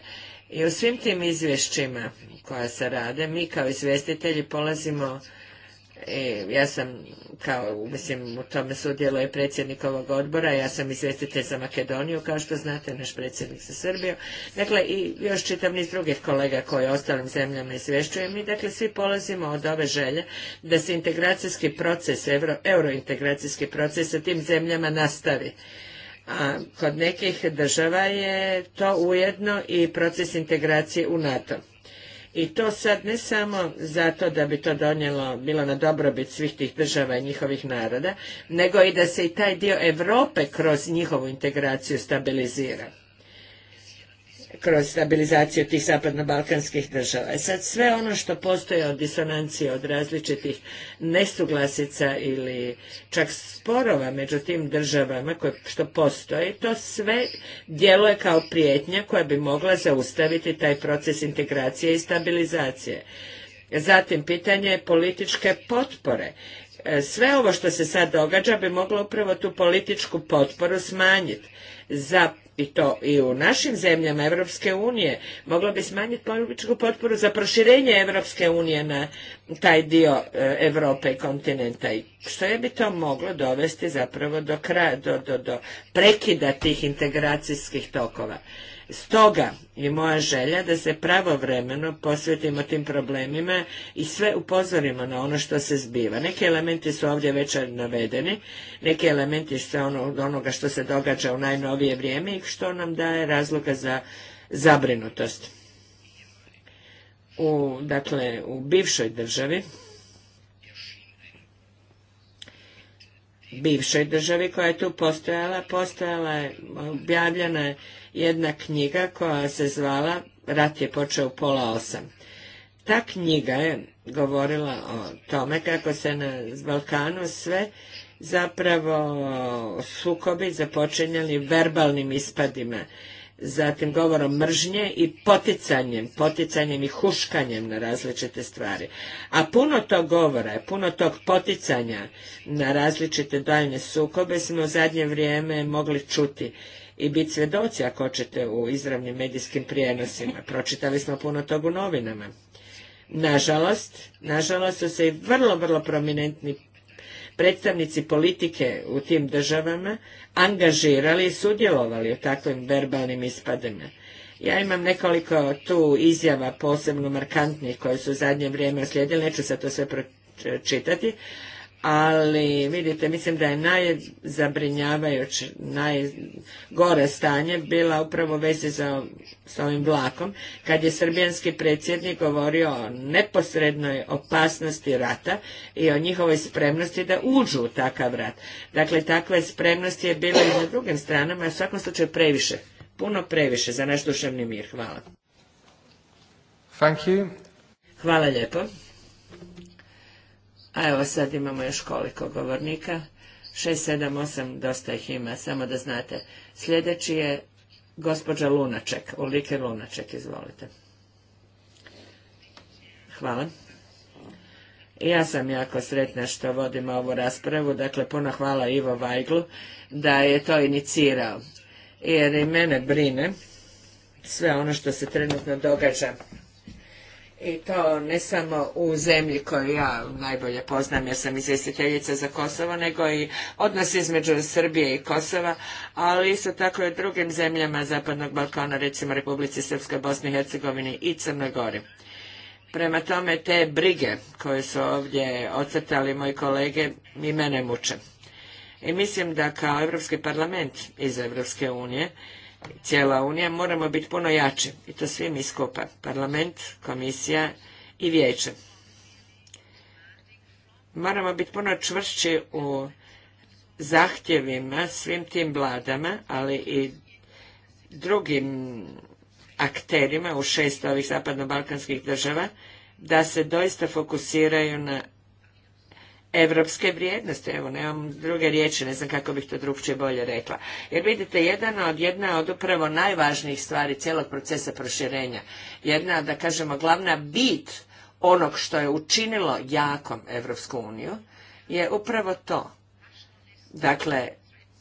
I u svim tim izvješćima koja se rade, mi kao izvjestitelji polazimo E, ja sam, kao, mislim, u tome sudjeluje predsjednik ovog odbora, ja sam izvjestitelj za Makedoniju, kao što znate, naš predsjednik za Srbiju. Dakle, i još čitav niz drugih kolega koje ostalim zemljama izvješćuje. Mi, dakle, svi polazimo od ove želje da se integracijski proces, eurointegracijski proces sa tim zemljama nastavi. A kod nekih država je to ujedno i proces integracije u NATO. I to sad ne samo zato da bi to donijelo, bilo na dobrobit svih tih država i njihovih naroda, nego i da se i taj dio Europe kroz njihovu integraciju stabilizira kroz stabilizaciju tih zapadno-balkanskih država. E sad sve ono što postoje od disonancije, od različitih nesuglasica ili čak sporova među tim državama koje, što postoji, to sve djeluje kao prijetnja koja bi mogla zaustaviti taj proces integracije i stabilizacije. Zatim pitanje političke potpore e, sve ovo što se sad događa bi moglo upravo tu političku potporu smanjiti za i to i u našim zemljama Evropske unije moglo bi smanjiti političku potporu za proširenje Evropske unije na taj dio Europe i kontinenta i što je bi to moglo dovesti zapravo do, kraja, do, do, do prekida tih integracijskih tokova. Stoga je moja želja da se pravovremeno posvetimo tim problemima i sve upozorimo na ono što se zbiva. Neki elementi su ovdje već navedeni, neki elementi su ono, onoga što se događa u najnovije vrijeme i što nam daje razloga za zabrinutost. U, dakle, u bivšoj državi bivšoj državi koja je tu postojala. Postojala je, objavljena je jedna knjiga koja se zvala Rat je počeo pola osam. Ta knjiga je govorila o tome kako se na Balkanu sve zapravo sukobi započinjali verbalnim ispadima zatim govorom mržnje i poticanjem, poticanjem i huškanjem na različite stvari. A puno tog govora, puno tog poticanja na različite daljnje sukobe smo u zadnje vrijeme mogli čuti i biti svjedoci, ako hoćete, u izravnim medijskim prijenosima. Pročitali smo puno tog u novinama. Nažalost, nažalost su se i vrlo, vrlo prominentni predstavnici politike u tim državama angažirali i sudjelovali u takvim verbalnim ispadima. Ja imam nekoliko tu izjava posebno markantnih koje su u zadnje vrijeme uslijedile, neću sad to sve pročitati, ali vidite, mislim da je najzabrinjavajuće, najgore stanje bila upravo u za, sa ovim vlakom, kad je srbijanski predsjednik govorio o neposrednoj opasnosti rata i o njihovoj spremnosti da uđu u takav rat. Dakle, takve spremnosti je bila i na drugim stranama, u svakom slučaju previše, puno previše za naš duševni mir. Hvala. Hvala lijepo. A evo sad imamo još koliko govornika. šest, sedam, osam, dosta ih ima, samo da znate. Sljedeći je gospođa Lunaček, Ulike Lunaček, izvolite. Hvala. Ja sam jako sretna što vodim ovu raspravu, dakle puno hvala Ivo Vajglu da je to inicirao, jer i mene brine sve ono što se trenutno događa i to ne samo u zemlji koju ja najbolje poznam jer sam izvjestiteljica za Kosovo, nego i odnos između Srbije i Kosova, ali isto tako i drugim zemljama Zapadnog Balkana, recimo Republici Srpskoj, Bosni i Hercegovini i Crnoj Gori. Prema tome te brige koje su ovdje ocrtali moji kolege i mene muče. I mislim da kao Europski parlament iz Evropske unije cijela Unija, moramo biti puno jači. I to svi mi skupa. Parlament, komisija i vijeće. Moramo biti puno čvršći u zahtjevima svim tim vladama, ali i drugim akterima u šest ovih zapadno-balkanskih država, da se doista fokusiraju na evropske vrijednosti, evo nemam druge riječi, ne znam kako bih to drugčije bolje rekla. Jer vidite, jedna od, jedna od upravo najvažnijih stvari cijelog procesa proširenja, jedna, da kažemo, glavna bit onog što je učinilo jakom Evropsku uniju, je upravo to. Dakle,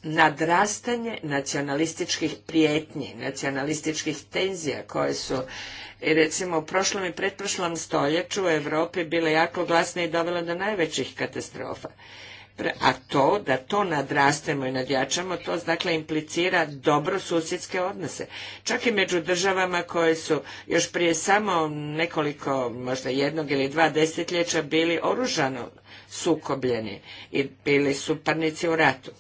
nadrastanje nacionalističkih prijetnji, nacionalističkih tenzija koje su i recimo u prošlom i pretprošlom stoljeću u Europi bile jako glasne i dovele do najvećih katastrofa. A to, da to nadrastemo i nadjačamo, to dakle implicira dobro susjedske odnose. Čak i među državama koje su još prije samo nekoliko, možda jednog ili dva desetljeća bili oružano sukobljeni i bili su parnici u ratu.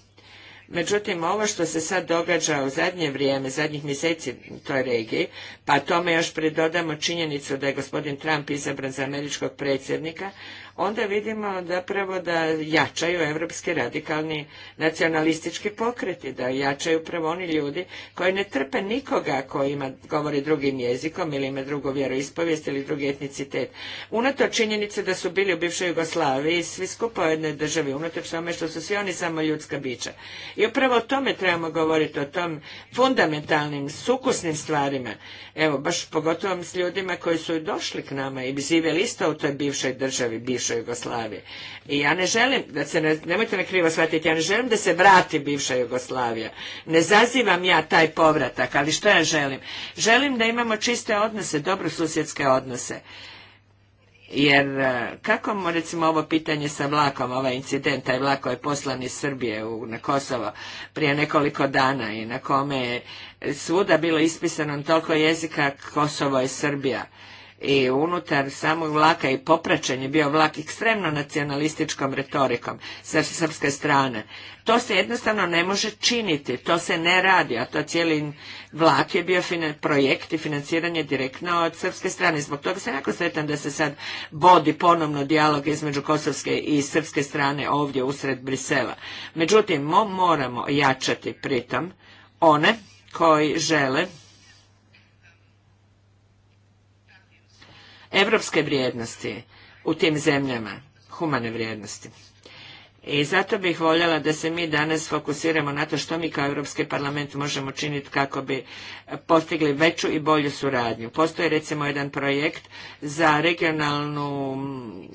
Međutim, ovo što se sad događa u zadnje vrijeme, zadnjih mjeseci toj regiji, pa tome još pridodamo činjenicu da je gospodin Trump izabran za američkog predsjednika, onda vidimo zapravo da jačaju evropski radikalni nacionalistički pokreti, da jačaju upravo oni ljudi koji ne trpe nikoga koji ima, govori drugim jezikom ili ima drugu vjeroispovijest ili drugi etnicitet. Unato činjenice da su bili u bivšoj Jugoslaviji svi skupa u jednoj državi, unatoč tome što su svi oni samo ljudska bića. I upravo o tome trebamo govoriti, o tom fundamentalnim, sukusnim stvarima. Evo, baš pogotovo s ljudima koji su došli k nama i živjeli isto u toj bivšoj državi, bivšoj i ja ne želim, da se ne, nemojte me krivo shvatiti, ja ne želim da se vrati bivša Jugoslavija. Ne zazivam ja taj povratak, ali što ja želim? Želim da imamo čiste odnose, susjedske odnose. Jer e, kako recimo ovo pitanje sa vlakom, ovaj incident, taj vlak koji je poslan iz Srbije u, na Kosovo prije nekoliko dana i na kome je svuda bilo ispisano toliko jezika Kosovo i Srbija i unutar samog vlaka i popraćen je bio vlak ekstremno nacionalističkom retorikom sa srpske strane. To se jednostavno ne može činiti, to se ne radi, a to cijeli vlak je bio projekt i financiranje direktno od srpske strane. Zbog toga sam jako sretan da se sad vodi ponovno dijalog između kosovske i srpske strane ovdje usred Brisela. Međutim, moramo jačati pritom one koji žele evropske vrijednosti u tim zemljama, humane vrijednosti. I zato bih voljela da se mi danas fokusiramo na to što mi kao Europski parlament možemo činiti kako bi postigli veću i bolju suradnju. Postoji recimo jedan projekt za regionalnu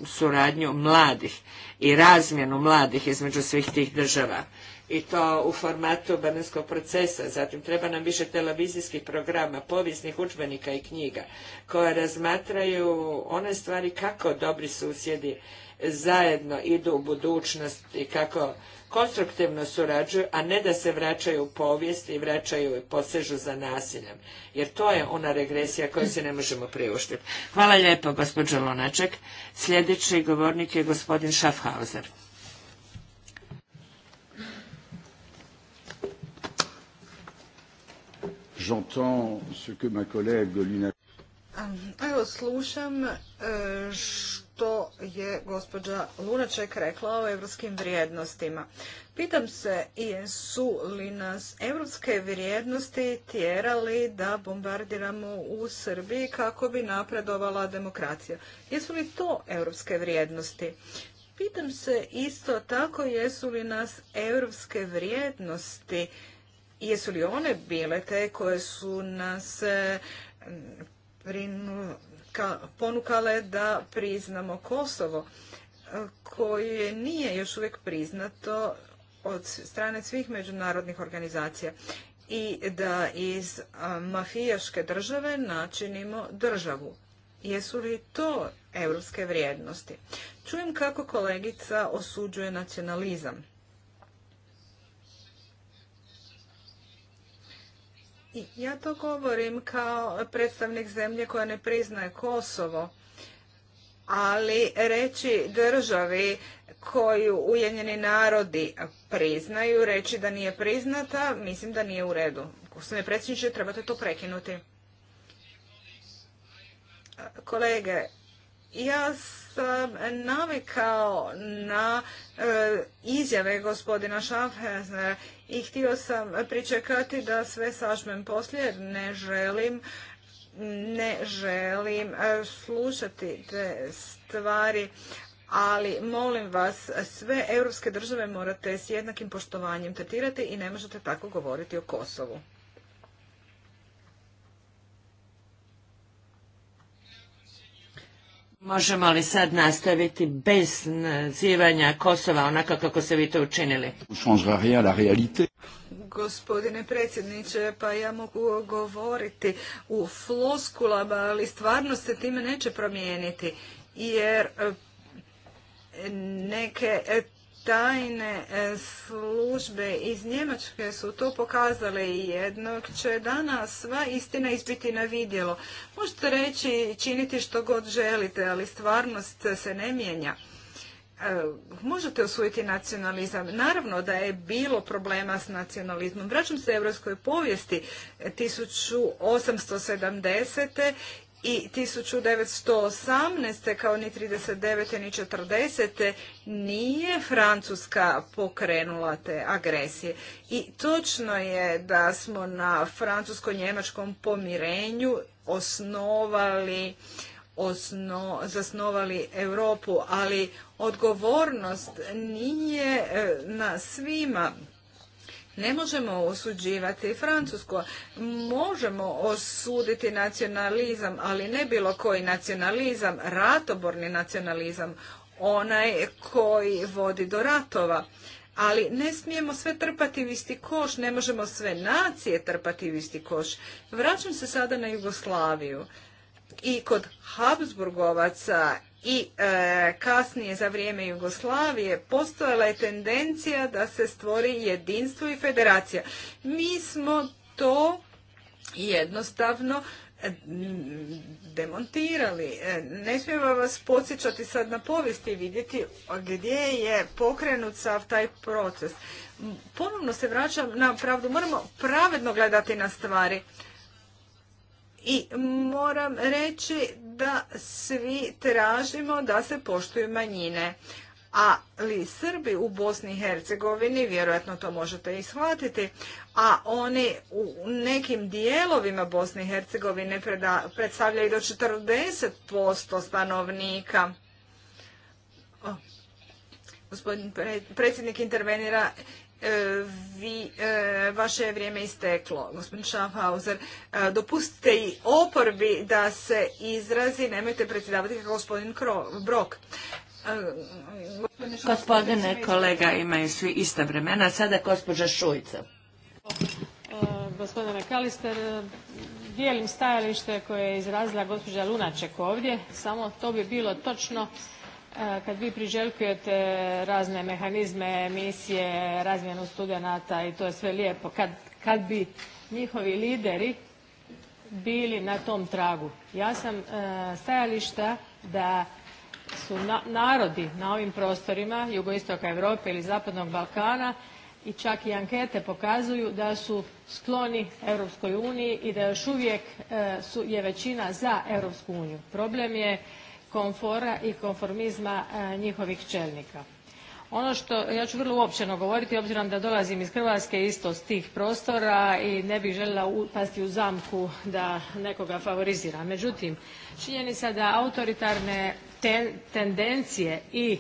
suradnju mladih i razmjenu mladih između svih tih država i to u formatu Berlinskog procesa. Zatim treba nam više televizijskih programa, povijesnih udžbenika i knjiga koje razmatraju one stvari kako dobri susjedi zajedno idu u budućnost i kako konstruktivno surađuju, a ne da se vraćaju u povijest i vraćaju i posežu za nasiljem. Jer to je ona regresija koju se ne možemo priuštiti. Hvala lijepo, gospođo Lunaček. Sljedeći govornik je gospodin Schaffhauser. J'entends Evo, slušam e, što je gospođa Lunaček rekla o evropskim vrijednostima. Pitam se, jesu li nas evropske vrijednosti tjerali da bombardiramo u Srbiji kako bi napredovala demokracija? Jesu li to evropske vrijednosti? Pitam se isto tako, jesu li nas evropske vrijednosti Jesu li one bile te koje su nas e, ponukale da priznamo Kosovo, koje nije još uvijek priznato od strane svih međunarodnih organizacija i da iz mafijaške države načinimo državu. Jesu li to europske vrijednosti? Čujem kako kolegica osuđuje nacionalizam. Ja to govorim kao predstavnik zemlje koja ne priznaje Kosovo, ali reći državi koju ujenjeni narodi priznaju, reći da nije priznata, mislim da nije u redu. Gospodine predsjedniče, trebate to prekinuti. Kolege, ja sam navikao na e, izjave gospodina Schaffhäusnera i htio sam pričekati da sve sažmem poslije jer ne želim ne želim e, slušati te stvari ali molim vas, sve europske države morate s jednakim poštovanjem tretirati i ne možete tako govoriti o Kosovu. Možemo li sad nastaviti bez nazivanja Kosova onako kako se vi to učinili? Gospodine predsjedniče, pa ja mogu govoriti u floskulama, ali stvarno se time neće promijeniti, jer eh, neke eh, tajne e, službe iz Njemačke su to pokazale i jednog će danas sva istina izbiti na vidjelo. Možete reći činiti što god želite, ali stvarnost se ne mijenja. E, možete osvojiti nacionalizam. Naravno da je bilo problema s nacionalizmom. Vraćam se europskoj povijesti 1870. E, i 1918. kao ni 39. ni 40. nije Francuska pokrenula te agresije. I točno je da smo na francusko-njemačkom pomirenju osnovali osno, zasnovali Europu, ali odgovornost nije e, na svima ne možemo osuđivati Francusko, Možemo osuditi nacionalizam, ali ne bilo koji nacionalizam, ratoborni nacionalizam, onaj koji vodi do ratova. Ali ne smijemo sve trpati u isti koš, ne možemo sve nacije trpati u isti koš. Vraćam se sada na Jugoslaviju. I kod Habsburgovaca i e, kasnije za vrijeme Jugoslavije postojala je tendencija da se stvori jedinstvo i federacija. Mi smo to jednostavno e, demontirali. E, ne smijem vas podsjećati sad na povijest i vidjeti gdje je pokrenut sav taj proces. Ponovno se vraćam na pravdu. Moramo pravedno gledati na stvari. I moram reći da svi tražimo da se poštuju manjine. Ali Srbi u Bosni i Hercegovini, vjerojatno to možete i shvatiti, a oni u nekim dijelovima Bosni i Hercegovine predstavljaju do 40% stanovnika. gospodin predsjednik intervenira E, vi, e, vaše je vrijeme isteklo, gospodin Schaffhauser. E, dopustite i oporbi da se izrazi, nemojte predsjedavati kao gospodin Brok. Gospodine kolega, imaju svi ista vremena. Sada je gospođa Šujca. Gospodine Kalister, dijelim stajalište koje je izrazila gospođa Lunaček ovdje, samo to bi bilo točno kad vi priželjkujete razne mehanizme, emisije, razmjenu studenata i to je sve lijepo. Kad, bi njihovi lideri bili na tom tragu. Ja sam e, stajališta da su narodi na ovim prostorima jugoistoka Europe ili zapadnog Balkana i čak i ankete pokazuju da su skloni Europskoj uniji i da još uvijek e, je većina za Europsku uniju. Problem je komfora i konformizma e, njihovih čelnika. Ono što, ja ću vrlo uopćeno govoriti obzirom da dolazim iz Hrvatske isto s tih prostora i ne bih željela upasti u zamku da nekoga favoriziram. Međutim, činjenica da autoritarne tendencije i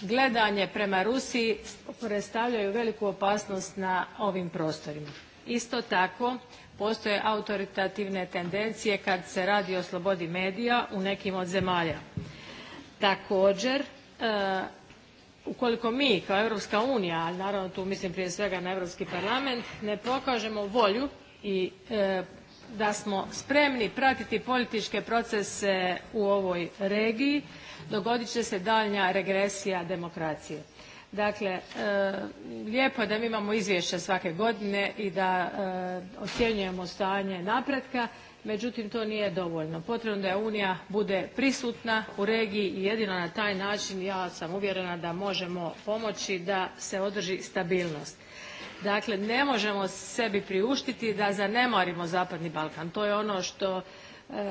gledanje prema Rusiji predstavljaju veliku opasnost na ovim prostorima. Isto tako postoje autoritativne tendencije kad se radi o slobodi medija u nekim od zemalja. Također, e, ukoliko mi kao Europska unija, ali naravno tu mislim prije svega na Europski parlament, ne pokažemo volju i e, da smo spremni pratiti političke procese u ovoj regiji dogodit će se daljnja regresija demokracije. Dakle, e, lijepo je da mi imamo izvješće svake godine i da e, ocjenjujemo stanje napretka, međutim to nije dovoljno. Potrebno je da Unija bude prisutna u regiji i jedino na taj način ja sam uvjerena da možemo pomoći da se održi stabilnost. Dakle, ne možemo sebi priuštiti da zanemarimo Zapadni Balkan. To je ono što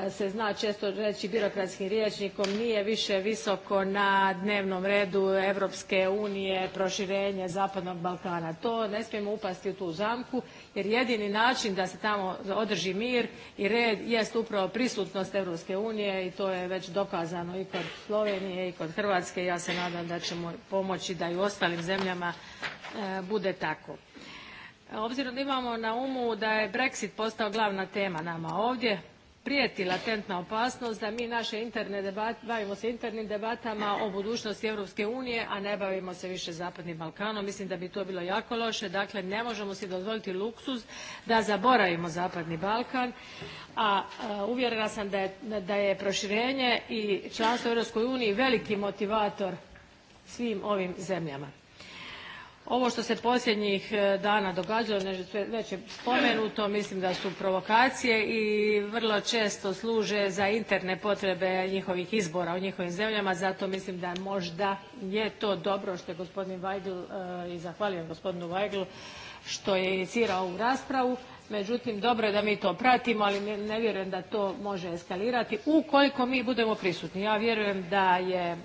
se zna često reći birokratskim rječnikom nije više visoko na dnevnom redu Europske unije proširenje Zapadnog Balkana. To ne smijemo upasti u tu zamku jer jedini način da se tamo održi mir i red jest upravo prisutnost Europske unije i to je već dokazano i kod Slovenije i kod Hrvatske i ja se nadam da ćemo pomoći da i u ostalim zemljama e, bude tako. Obzirom da imamo na umu da je Brexit postao glavna tema nama ovdje, prijeti latentna opasnost da mi naše interne bavimo se internim debatama o budućnosti Europske unije, a ne bavimo se više Zapadnim Balkanom. Mislim da bi to bilo jako loše. Dakle, ne možemo si dozvoliti luksuz da zaboravimo Zapadni Balkan, a uvjerena sam da je, da je proširenje i članstvo u Europskoj uniji veliki motivator svim ovim zemljama. Ovo što se posljednjih e, dana događalo, već je spomenuto, mislim da su provokacije i vrlo često služe za interne potrebe njihovih izbora u njihovim zemljama, zato mislim da možda je to dobro što je gospodin Vajgl e, i zahvaljujem gospodinu Vajglu što je inicirao ovu raspravu međutim dobro je da mi to pratimo ali ne, vjerujem da to može eskalirati ukoliko mi budemo prisutni. ja vjerujem da je e,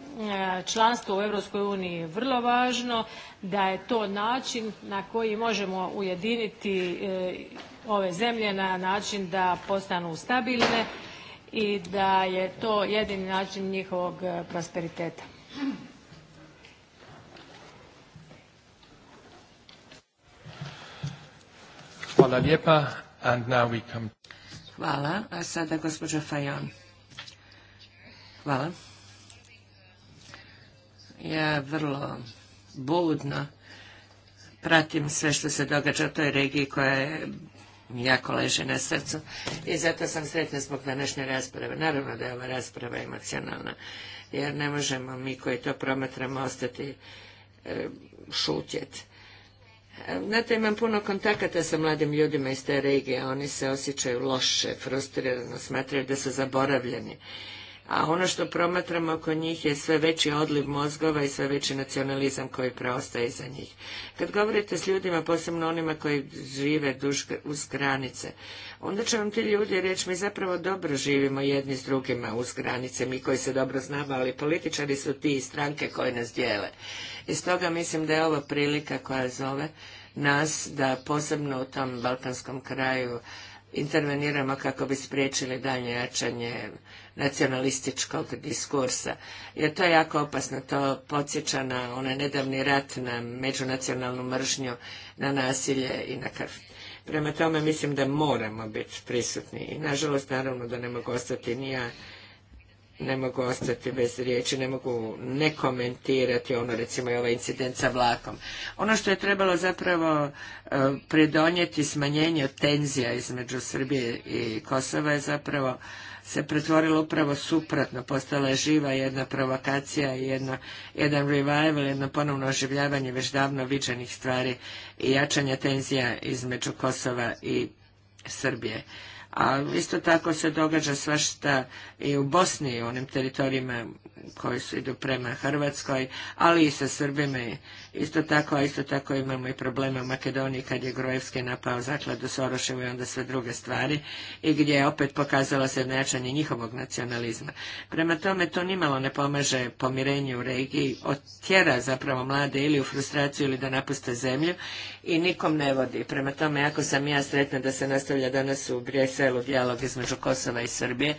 članstvo u europskoj uniji vrlo važno da je to način na koji možemo ujediniti e, ove zemlje na način da postanu stabilne i da je to jedini način njihovog e, prosperiteta. Hvala lijepa. Hvala. A sada Ja vrlo budno pratim sve što se događa u toj regiji koja je jako leže na srcu i zato sam sretna zbog današnje rasprave. Naravno da je ova rasprava emocionalna jer ne možemo mi koji to promatramo ostati e, šutjeti. Znate, imam puno kontakata sa mladim ljudima iz te regije, oni se osjećaju loše, frustrirano, smatraju da su zaboravljeni. A ono što promatramo oko njih je sve veći odliv mozgova i sve veći nacionalizam koji preostaje iza njih. Kad govorite s ljudima, posebno onima koji žive duž, uz granice, onda će vam ti ljudi reći mi zapravo dobro živimo jedni s drugima uz granice, mi koji se dobro znamo, ali političari su ti stranke koje nas dijele. I stoga mislim da je ovo prilika koja zove nas da posebno u tom balkanskom kraju interveniramo kako bi spriječili dalje jačanje nacionalističkog diskursa. Jer to je jako opasno, to podsjeća na onaj nedavni rat, na međunacionalnu mržnju, na nasilje i na krv. Prema tome mislim da moramo biti prisutni i nažalost naravno da ne mogu ostati ni ja ne mogu ostati bez riječi, ne mogu ne komentirati ono recimo i ovaj incident sa vlakom. Ono što je trebalo zapravo e, pridonijeti smanjenju tenzija između Srbije i Kosova je zapravo se pretvorilo upravo suprotno, postala je živa jedna provokacija i jedan revival, jedno ponovno oživljavanje već davno viđenih stvari i jačanja tenzija između Kosova i Srbije. A isto tako se događa svašta i u Bosni, u onim teritorijima koji su idu prema Hrvatskoj, ali i sa Srbima isto tako, a isto tako imamo i probleme u Makedoniji kad je Grojevski napao zakladu Soroševu i onda sve druge stvari i gdje je opet pokazalo se jačanje njihovog nacionalizma. Prema tome to nimalo ne pomaže pomirenju u regiji, otjera zapravo mlade ili u frustraciju ili da napuste zemlju i nikom ne vodi. Prema tome, ako sam ja sretna da se nastavlja danas u Briselu dijalog između Kosova i Srbije,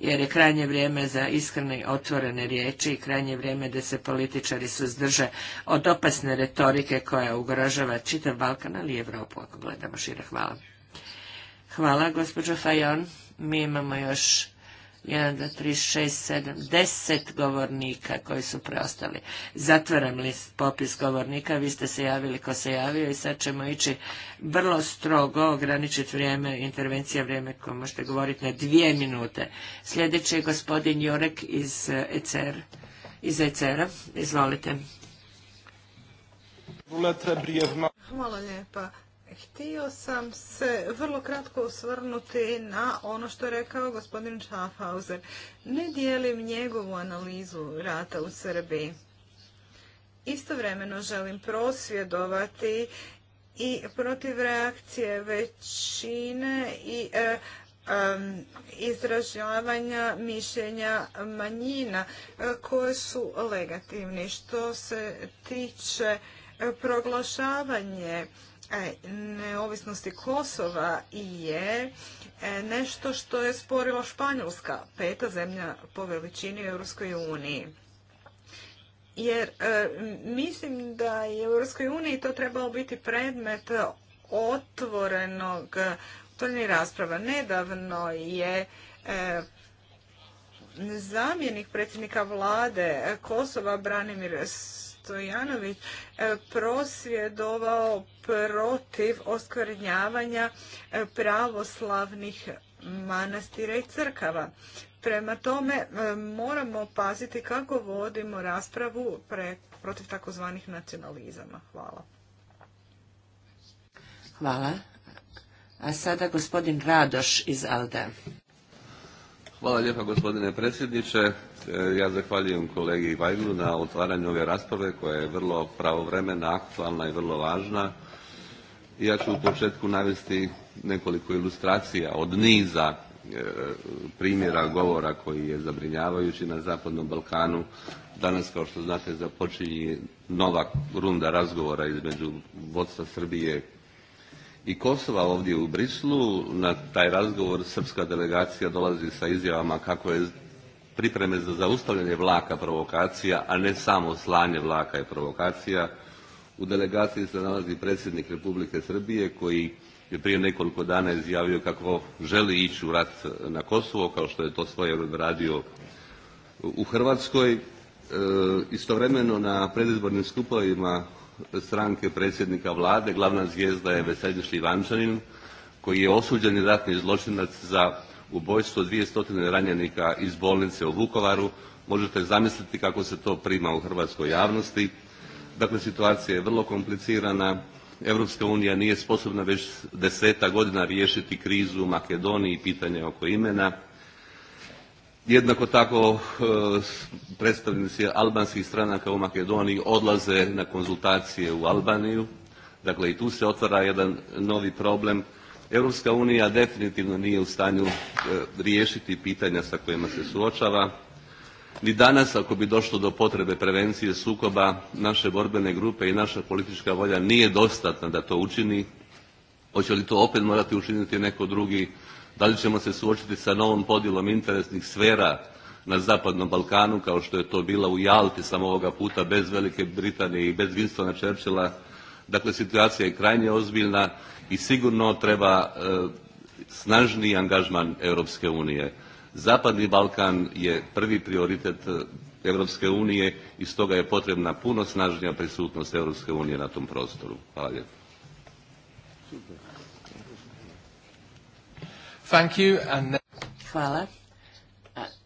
jer je krajnje vrijeme za iskrene otvorene riječi i krajnje vrijeme da se političari suzdrže od opasne retorike koja ugrožava čitav Balkan, ali i Europu ako gledamo šire. Hvala. Hvala, gospođo Fajon. Mi imamo još 1, 2, 3, 6, 7, 10 govornika koji su preostali. Zatvaram list popis govornika, vi ste se javili ko se javio i sad ćemo ići vrlo strogo ograničiti vrijeme, intervencija vrijeme koje možete govoriti na dvije minute. Sljedeći je gospodin Jurek iz ECR, iz ECR-a. Izvolite. Hvala lijepa. Htio sam se vrlo kratko osvrnuti na ono što je rekao gospodin Schaffhauser. Ne dijelim njegovu analizu rata u Srbiji. Istovremeno želim prosvjedovati i protiv reakcije većine i e, izražavanja mišljenja manjina e, koje su legativni. Što se tiče e, proglašavanje E, neovisnosti Kosova je e, nešto što je sporila Španjolska, peta zemlja po veličini u Europskoj uniji. Jer e, mislim da je u Europskoj uniji to trebalo biti predmet otvorenog otvorenih rasprava. Nedavno je zamjenik predsjednika vlade Kosova Branimir Stojanović e, prosvjedovao protiv oskvrnjavanja e, pravoslavnih manastira i crkava. Prema tome e, moramo paziti kako vodimo raspravu protiv takozvanih nacionalizama. Hvala. Hvala. A sada gospodin Radoš iz Alde. Hvala lijepa gospodine predsjedniče. E, ja zahvaljujem kolegi Vajglu na otvaranju ove rasprave koja je vrlo pravovremena, aktualna i vrlo važna. Ja ću u početku navesti nekoliko ilustracija od niza e, primjera govora koji je zabrinjavajući na Zapadnom Balkanu. Danas, kao što znate, započinje nova runda razgovora između vodstva Srbije i Kosova ovdje u Brislu. Na taj razgovor srpska delegacija dolazi sa izjavama kako je pripreme za zaustavljanje vlaka provokacija, a ne samo slanje vlaka je provokacija. U delegaciji se nalazi predsjednik Republike Srbije koji je prije nekoliko dana izjavio kako želi ići u rat na Kosovo, kao što je to svoje radio u Hrvatskoj. E, istovremeno na predizbornim skupovima stranke predsjednika vlade, glavna zvijezda je Veselin Ivančanin koji je osuđeni ratni zločinac za ubojstvo 200 ranjenika iz bolnice u Vukovaru. Možete zamisliti kako se to prima u hrvatskoj javnosti. Dakle, situacija je vrlo komplicirana. Europska unija nije sposobna već deseta godina riješiti krizu u Makedoniji, pitanje oko imena. Jednako tako eh, predstavnici albanskih stranaka u Makedoniji odlaze na konzultacije u Albaniju, dakle i tu se otvara jedan novi problem. Europska unija definitivno nije u stanju eh, riješiti pitanja sa kojima se suočava. Ni danas ako bi došlo do potrebe prevencije sukoba, naše borbene grupe i naša politička volja nije dostatna da to učini. Hoće li to opet morati učiniti neko drugi? Da li ćemo se suočiti sa novom podjelom interesnih sfera na Zapadnom Balkanu kao što je to bila u Jalti samo ovoga puta bez Velike Britanije i bez Winstona Churchilla. Dakle, situacija je krajnje ozbiljna i sigurno treba snažni e, snažniji angažman Europske unije. Zapadni Balkan je prvi prioritet e, Europske unije i stoga je potrebna puno snažnija prisutnost Europske unije na tom prostoru. Hvala Hvala.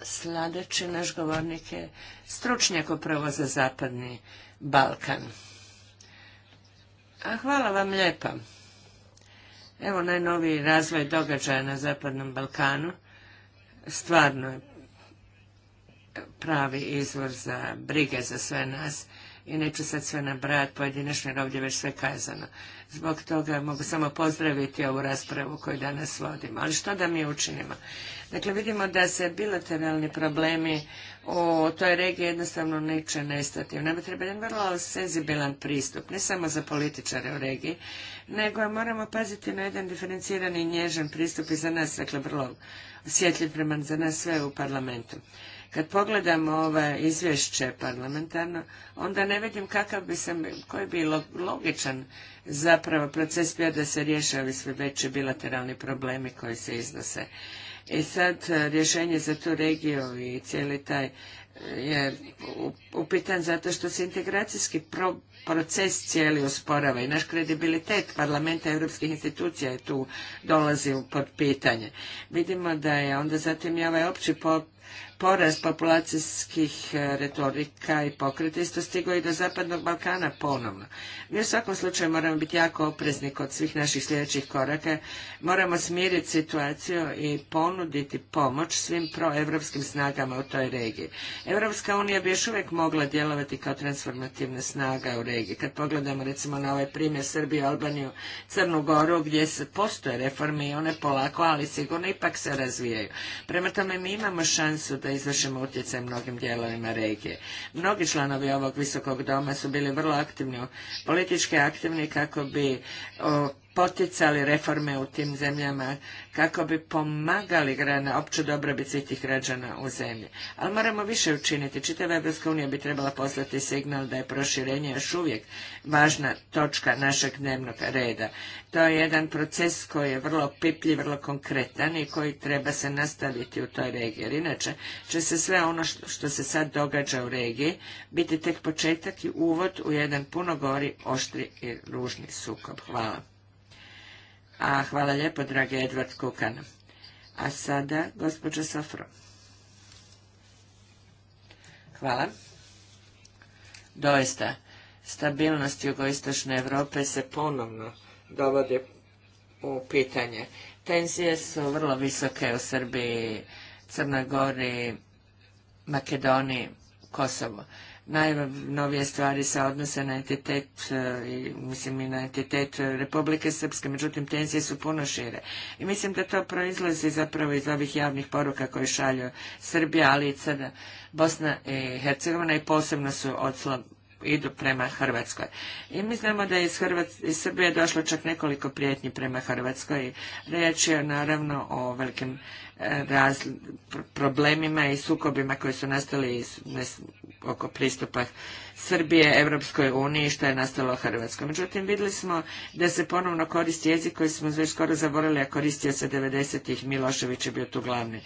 sljedeći naš govornik je stručnjak upravo za Zapadni Balkan. A hvala vam lijepa. Evo najnoviji razvoj događaja na Zapadnom Balkanu. Stvarno je pravi izvor za brige za sve nas i neću sad sve nabrajati pojedinačno jer ovdje već sve kazano. Zbog toga mogu samo pozdraviti ovu raspravu koju danas vodimo. Ali što da mi učinimo? Dakle, vidimo da se bilateralni problemi u toj regiji jednostavno neće nestati. Nama treba jedan vrlo senzibilan pristup, ne samo za političare u regiji, nego moramo paziti na jedan diferencirani i nježan pristup i za nas, dakle, vrlo osjetljiv prema za nas sve u parlamentu. Kad pogledamo ova izvješće parlamentarno, onda ne vidim kakav bi se koji bi logičan zapravo proces bio da se riješe sve veći bilateralni problemi koji se iznose. I e sad e, rješenje za tu regiju i cijeli taj e, je upitan zato što se integracijski proces cijeli usporava i naš kredibilitet parlamenta europskih institucija je tu dolazi pod pitanje. Vidimo da je onda zatim i ovaj opći porast populacijskih e, retorika i pokreta isto stigao i do Zapadnog Balkana ponovno. Mi u svakom slučaju moramo biti jako oprezni kod svih naših sljedećih koraka. Moramo smiriti situaciju i ponuditi pomoć svim proevropskim snagama u toj regiji. Evropska unija bi još uvijek mogla djelovati kao transformativna snaga u regiji. Kad pogledamo recimo na ovaj primjer Srbiju, Albaniju, Crnu Goru gdje se postoje reforme i one polako, ali sigurno ipak se razvijaju. Prema tome mi imamo šansu da da izvršimo utjecaj mnogim dijelovima regije. Mnogi članovi ovog visokog doma su bili vrlo aktivni, politički aktivni kako bi poticali reforme u tim zemljama kako bi pomagali grana opću dobrobit svih tih građana u zemlji. Ali moramo više učiniti. Čitava Evropska unija bi trebala poslati signal da je proširenje još uvijek važna točka našeg dnevnog reda. To je jedan proces koji je vrlo piplji, vrlo konkretan i koji treba se nastaviti u toj regiji. Jer inače će se sve ono što se sad događa u regiji biti tek početak i uvod u jedan puno gori, oštri i ružni sukob. Hvala. A hvala lijepo, dragi Edward Kukan. A sada, gospođa Sofro. Hvala. Doista, stabilnost jugoistočne Europe se ponovno dovodi u pitanje. Tenzije su vrlo visoke u Srbiji, Crnoj Gori, Makedoniji, Kosovo najnovije stvari se odnose na entitet e, i mislim i na entitet Republike Srpske, međutim tenzije su puno šire. I mislim da to proizlazi zapravo iz ovih javnih poruka koje šalju Srbija, ali i Crna, Bosna i Hercegovina i posebno su idu prema Hrvatskoj. I mi znamo da je iz, iz Srbije došlo čak nekoliko prijetnji prema Hrvatskoj. Riječ je naravno o velikim problemima i sukobima koji su nastali oko pristupa Srbije Europskoj uniji što je nastalo Hrvatskoj. Međutim, vidjeli smo da se ponovno koristi jezik koji smo već skoro zaboravili, a koristio se 90-ih, Milošević je bio tu glavni.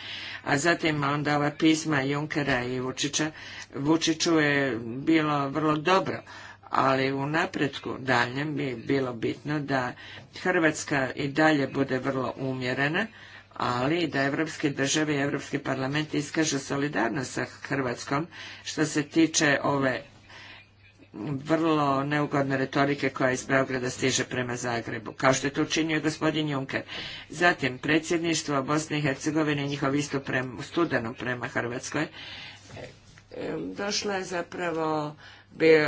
A zatim onda ova pisma Junkera i Vučića, Vučiću je bilo vrlo dobro ali u napretku daljem bi bilo bitno da Hrvatska i dalje bude vrlo umjerena ali da evropske države i Evropski parlament iskažu solidarnost sa Hrvatskom što se tiče ove vrlo neugodne retorike koja iz Beograda stiže prema Zagrebu, kao što je to učinio gospodin Juncker. Zatim, predsjedništvo Bosne i Hercegovine i njihov istup prema, studenom prema Hrvatskoj, e, došla je zapravo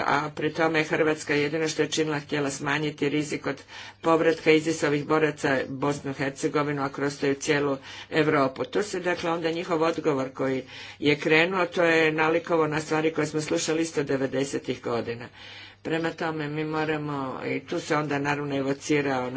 a pri tome je Hrvatska jedino što je činila htjela smanjiti rizik od povratka izisovih boraca Bosnu i Hercegovinu, a kroz to i cijelu Europu. To se dakle onda njihov odgovor koji je krenuo, to je nalikovo na stvari koje smo slušali isto 90. godina. Prema tome, mi moramo, i tu se onda naravno evocirao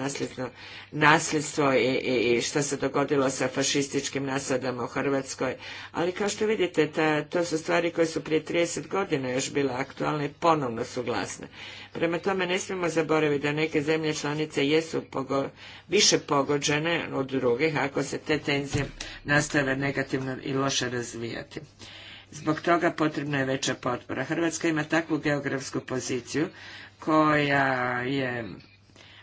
nasljedstvo i, i, što se dogodilo sa fašističkim nasadama u Hrvatskoj. Ali kao što vidite, ta, to su stvari koje su prije 30 godina još bile aktualne i ponovno su glasne. Prema tome, ne smijemo zaboraviti da neke zemlje članice jesu više pogođene od drugih ako se te tenzije nastave negativno i loše razvijati. Zbog toga potrebna je veća potpora. Hrvatska ima takvu geografsku poziciju koja je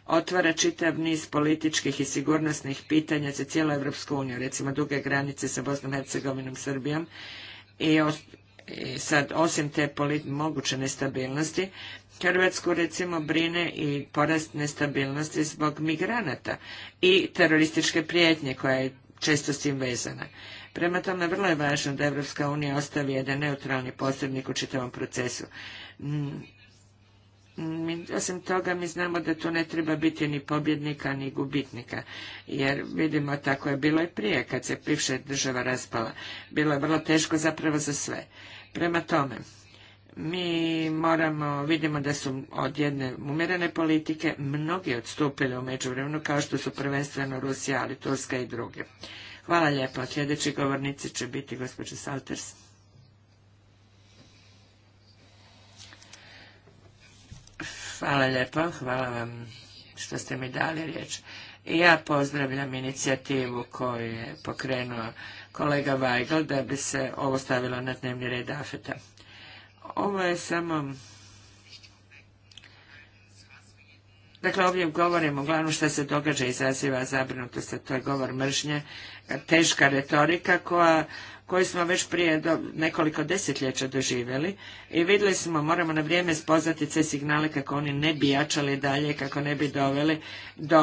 otvara čitav niz političkih i sigurnosnih pitanja za cijelu Europsku uniju, recimo duge granice sa Bosnom, Hercegovinom, Srbijom i, i sad osim te moguće nestabilnosti, Hrvatsku recimo brine i porast nestabilnosti zbog migranata i terorističke prijetnje koja je često s tim vezana. Prema tome, vrlo je važno da Evropska unija ostavi jedan neutralni posrednik u čitavom procesu. Mm, osim toga, mi znamo da tu ne treba biti ni pobjednika, ni gubitnika, jer vidimo tako je bilo i prije, kad se bivša država raspala. Bilo je vrlo teško zapravo za sve. Prema tome, mi moramo, vidimo da su od jedne umjerene politike mnogi odstupili u međuvremenu, kao što su prvenstveno Rusija, ali Turska i druge. Hvala lijepo. Sljedeći govornici će biti gospođa Salters. Hvala lijepo. Hvala vam što ste mi dali riječ. I ja pozdravljam inicijativu koju je pokrenuo kolega Weigl da bi se ovo stavilo na dnevni red AFETA. Ovo je samo Dakle, ovdje govorim uglavnom što se događa izaziva zabrinutost, a to je govor mržnje teška retorika koja koju smo već prije nekoliko desetljeća doživjeli i vidjeli smo, moramo na vrijeme spoznati te signale kako oni ne bi jačali dalje, kako ne bi doveli do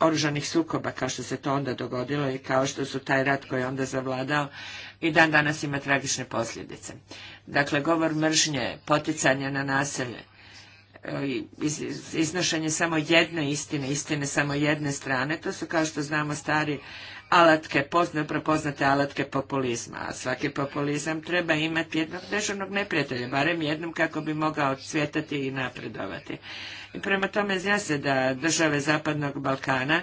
oružanih sukoba kao što se to onda dogodilo i kao što su taj rat koji je onda zavladao i dan danas ima tragične posljedice. Dakle, govor mržnje, poticanje na naselje, iznošenje samo jedne istine, istine samo jedne strane, to su kao što znamo stari alatke, pozna, prepoznate alatke populizma, a svaki populizam treba imati jednog dežurnog neprijatelja, barem jednom kako bi mogao cvjetati i napredovati. I prema tome zna se da države Zapadnog Balkana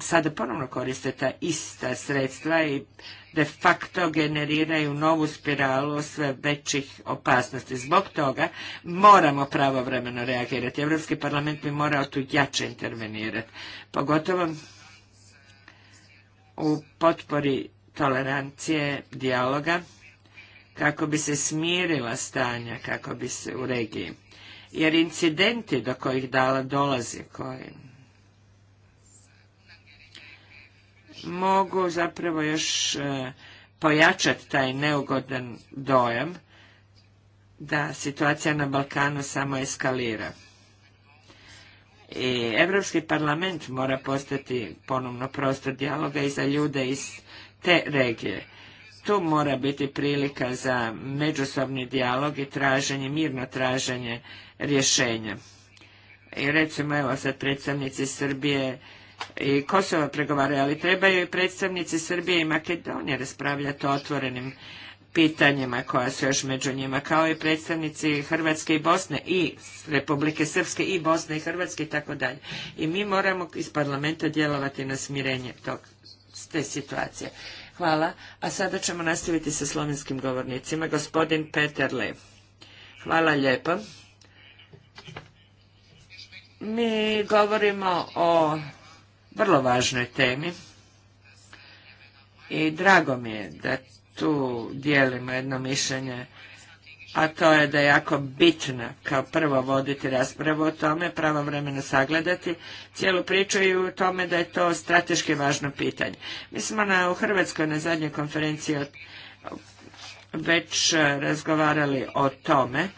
sada ponovno koriste ta ista sredstva i de facto generiraju novu spiralu sve većih opasnosti. Zbog toga moramo pravovremeno reagirati. Europski parlament bi morao tu jače intervenirati. Pogotovo u potpori tolerancije, dijaloga, kako bi se smirila stanja, kako bi se u regiji. Jer incidenti do kojih dala dolazi, koji mogu zapravo još e, pojačati taj neugodan dojam da situacija na Balkanu samo eskalira. I Europski parlament mora postati ponovno prostor dijaloga i za ljude iz te regije. Tu mora biti prilika za međusobni dijalog i traženje, mirno traženje rješenja. I recimo evo sad predstavnici Srbije i Kosova pregovaraju, ali trebaju i predstavnici Srbije i Makedonije raspravljati o otvorenim pitanjima koja su još među njima, kao i predstavnici Hrvatske i Bosne i Republike Srpske i Bosne i Hrvatske i tako dalje. I mi moramo iz parlamenta djelovati na smirenje tog, te situacije. Hvala. A sada ćemo nastaviti sa slovenskim govornicima. Gospodin Peter Lev. Hvala lijepo. Mi govorimo o vrlo važnoj temi i drago mi je da tu dijelimo jedno mišljenje, a to je da je jako bitno kao prvo voditi raspravu o tome, pravovremeno sagledati cijelu priču i u tome da je to strateški važno pitanje. Mi smo na, u Hrvatskoj na zadnjoj konferenciji već razgovarali o tome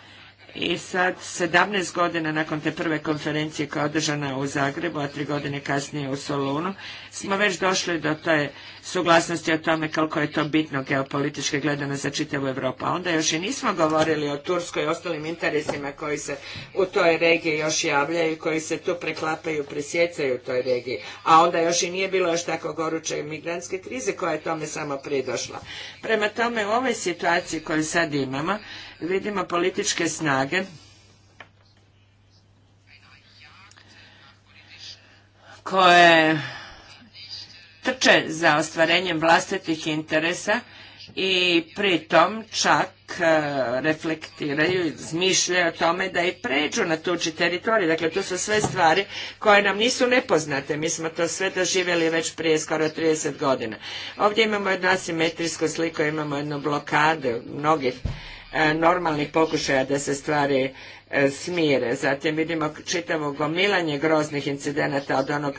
i sad 17 godina nakon te prve konferencije koja je održana u Zagrebu, a tri godine kasnije u Solunu, smo već došli do te suglasnosti o tome koliko je to bitno geopolitički gledano za čitavu Europu. A onda još i nismo govorili o Turskoj i ostalim interesima koji se u toj regiji još javljaju, koji se tu preklapaju, presjecaju u toj regiji. A onda još i nije bilo još tako goruće migrantske krize koja je tome samo pridošla. Prema tome u ovoj situaciji koju sad imamo vidimo političke snage koje trče za ostvarenjem vlastitih interesa i pritom čak e, reflektiraju i zmišljaju o tome da i pređu na tuđi teritorij. Dakle, to su sve stvari koje nam nisu nepoznate. Mi smo to sve doživjeli već prije skoro 30 godina. Ovdje imamo jednu asimetrijsku sliku, imamo jednu blokadu mnogih e, normalnih pokušaja da se stvari E, smire. Zatim vidimo čitavo gomilanje groznih incidenata od onog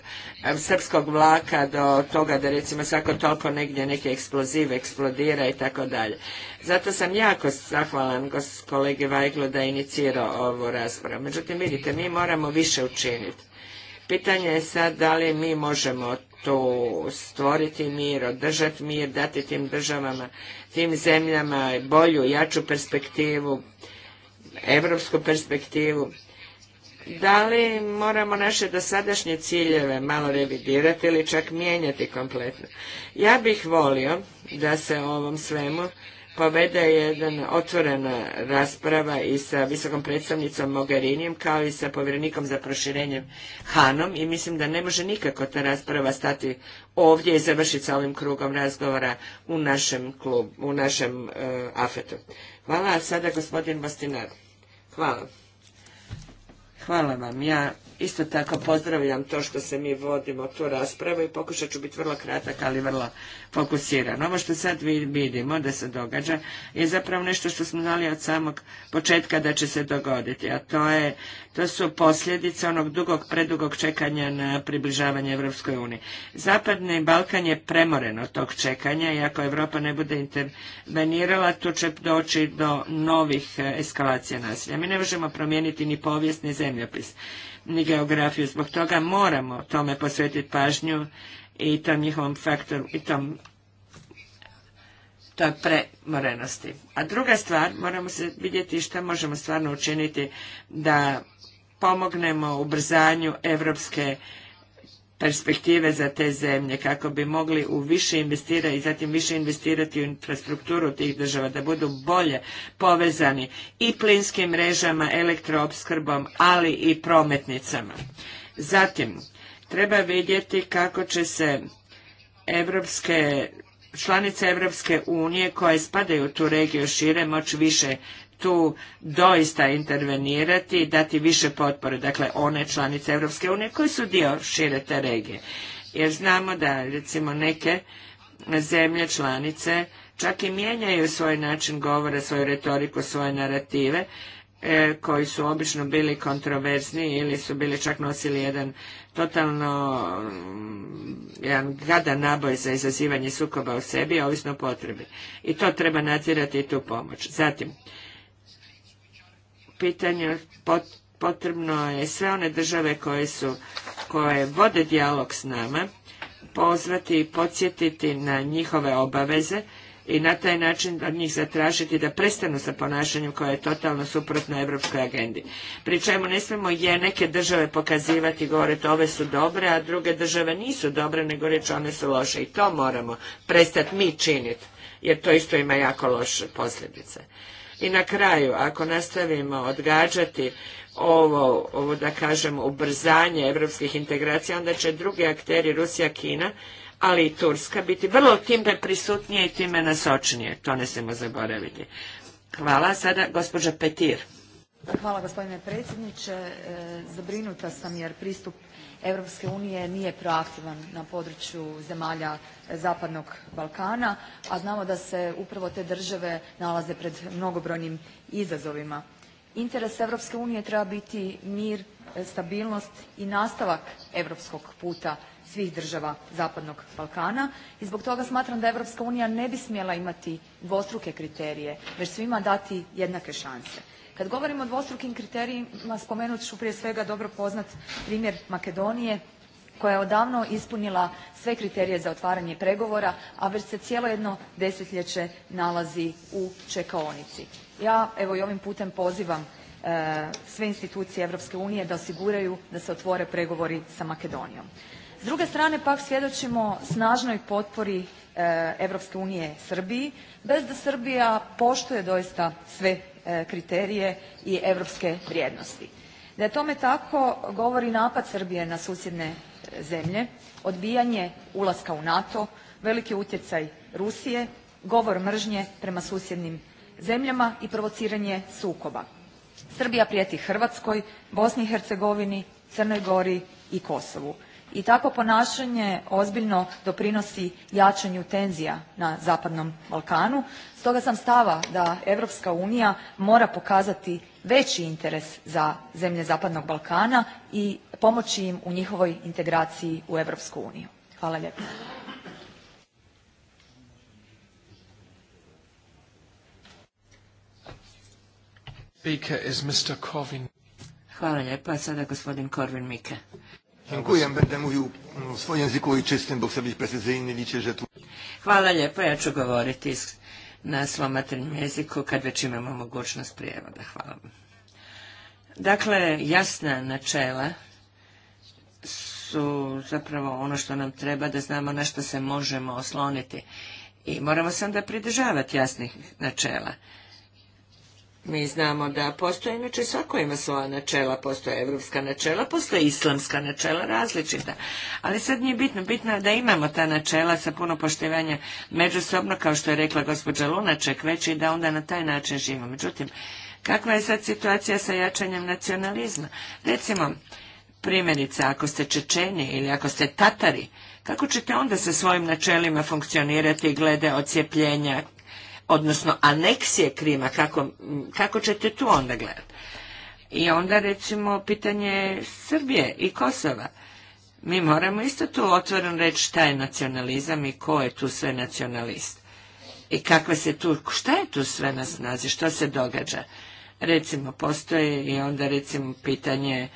e, srpskog vlaka do toga da recimo svako toliko negdje neki eksploziv eksplodira i tako dalje. Zato sam jako zahvalan kolegi Vajglu da je inicirao ovu raspravu. Međutim, vidite, mi moramo više učiniti. Pitanje je sad da li mi možemo tu stvoriti mir, održati mir, dati tim državama, tim zemljama bolju, jaču perspektivu, europsku perspektivu. Da li moramo naše dosadašnje ciljeve malo revidirati ili čak mijenjati kompletno? Ja bih volio da se o ovom svemu povede jedna otvorena rasprava i sa visokom predstavnicom Mogherinijem kao i sa povjerenikom za proširenje Hanom i mislim da ne može nikako ta rasprava stati ovdje i završiti sa ovim krugom razgovora u našem klubu, u našem e, afetu. Hvala, a sada gospodin Bostinaru. Hvala. Hvala vam. Ja isto tako pozdravljam to što se mi vodimo tu raspravu i pokušat ću biti vrlo kratak, ali vrlo fokusiran. Ovo što sad vidimo da se događa je zapravo nešto što smo znali od samog početka da će se dogoditi, a to, je, to su posljedice onog dugog, predugog čekanja na približavanje Europskoj uniji. Zapadni Balkan je premoren od tog čekanja i ako Europa ne bude intervenirala, tu će doći do novih eh, eskalacija nasilja. Mi ne možemo promijeniti ni povijest, ni zemlje zemljopis ni geografiju. Zbog toga moramo tome posvetiti pažnju i tom njihovom faktoru i tom toj premorenosti. A druga stvar, moramo se vidjeti što možemo stvarno učiniti da pomognemo ubrzanju evropske perspektive za te zemlje kako bi mogli u više investirati i zatim više investirati u infrastrukturu tih država da budu bolje povezani i plinskim mrežama, elektroopskrbom, ali i prometnicama. Zatim, treba vidjeti kako će se evropske članice Evropske unije koje spadaju u tu regiju šire moći više tu doista intervenirati i dati više potpore, dakle one članice Europske unije koji su dio šire te regije. Jer znamo da recimo neke zemlje članice čak i mijenjaju svoj način govora, svoju retoriku, svoje narative e, koji su obično bili kontroverzni ili su bili čak nosili jedan totalno mm, jedan gadan naboj za izazivanje sukoba u sebi, ovisno o potrebi. I to treba nadzirati i tu pomoć. Zatim, Pitanje potrebno je sve one države koje su, koje vode dijalog s nama, pozvati i podsjetiti na njihove obaveze i na taj način od njih zatražiti da prestanu sa ponašanjem koje je totalno suprotno europskoj agendi. Pri čemu ne smemo je neke države pokazivati i govoriti ove su dobre, a druge države nisu dobre, nego reći one su loše. I to moramo prestati mi činiti, jer to isto ima jako loše posljedice. I na kraju, ako nastavimo odgađati ovo, ovo da kažemo, ubrzanje evropskih integracija, onda će drugi akteri, Rusija, Kina, ali i Turska, biti vrlo time prisutnije i time nasočnije. To ne smijemo zaboraviti. Hvala. Sada gospođa Petir. Hvala gospodine predsjedniče. E, zabrinuta sam jer pristup Europske unije nije proaktivan na području zemalja e, Zapadnog Balkana, a znamo da se upravo te države nalaze pred mnogobrojnim izazovima. Interes Europske unije treba biti mir, e, stabilnost i nastavak europskog puta svih država Zapadnog Balkana i zbog toga smatram da Europska unija ne bi smjela imati dvostruke kriterije već svima dati jednake šanse. Kad govorimo o dvostrukim kriterijima spomenut ću prije svega dobro poznat primjer Makedonije koja je odavno ispunila sve kriterije za otvaranje pregovora, a već se cijelo jedno desetljeće nalazi u čekaonici. Ja evo i ovim putem pozivam e, sve institucije Europske unije da osiguraju da se otvore pregovori sa Makedonijom. S druge strane pak svjedočimo snažnoj potpori Europske unije Srbiji bez da Srbija poštuje doista sve E, kriterije i europske vrijednosti. Da je tome tako govori napad Srbije na susjedne e, zemlje, odbijanje ulaska u NATO, veliki utjecaj Rusije, govor mržnje prema susjednim zemljama i provociranje sukoba. Srbija prijeti Hrvatskoj, Bosni i Hercegovini, Crnoj Gori i Kosovu i takvo ponašanje ozbiljno doprinosi jačanju tenzija na zapadnom Balkanu. Stoga sam stava da Europska unija mora pokazati veći interes za zemlje zapadnog Balkana i pomoći im u njihovoj integraciji u Europsku uniju. Hvala Hvala lijepa. Sada gospodin Dziękuję, będę mówił w swoim języku ojczystym, bo chcę być precyzyjny, liczę, że tu... Hvala lijepo, ja ću govoriti na svom maternjem jeziku kad već imamo mogućnost prijevoda. Hvala vam. Dakle, jasna načela su zapravo ono što nam treba da znamo na što se možemo osloniti i moramo se onda pridržavati jasnih načela. Mi znamo da postoje, inače svako ima svoja načela, postoje evropska načela, postoje islamska načela, različita. Ali sad nije bitno, bitno je da imamo ta načela sa puno poštivanja međusobno, kao što je rekla gospođa Lunaček, već i da onda na taj način živimo. Međutim, kakva je sad situacija sa jačanjem nacionalizma? Recimo, primjerice, ako ste Čečeni ili ako ste Tatari, kako ćete onda sa svojim načelima funkcionirati glede ocijepljenja, odnosno aneksije Krima, kako, kako ćete tu onda gledati? I onda recimo pitanje Srbije i Kosova. Mi moramo isto tu otvoreno reći šta je nacionalizam i ko je tu sve nacionalist. I kakve se tu, šta je tu sve na snazi, što se događa recimo postoji i onda recimo pitanje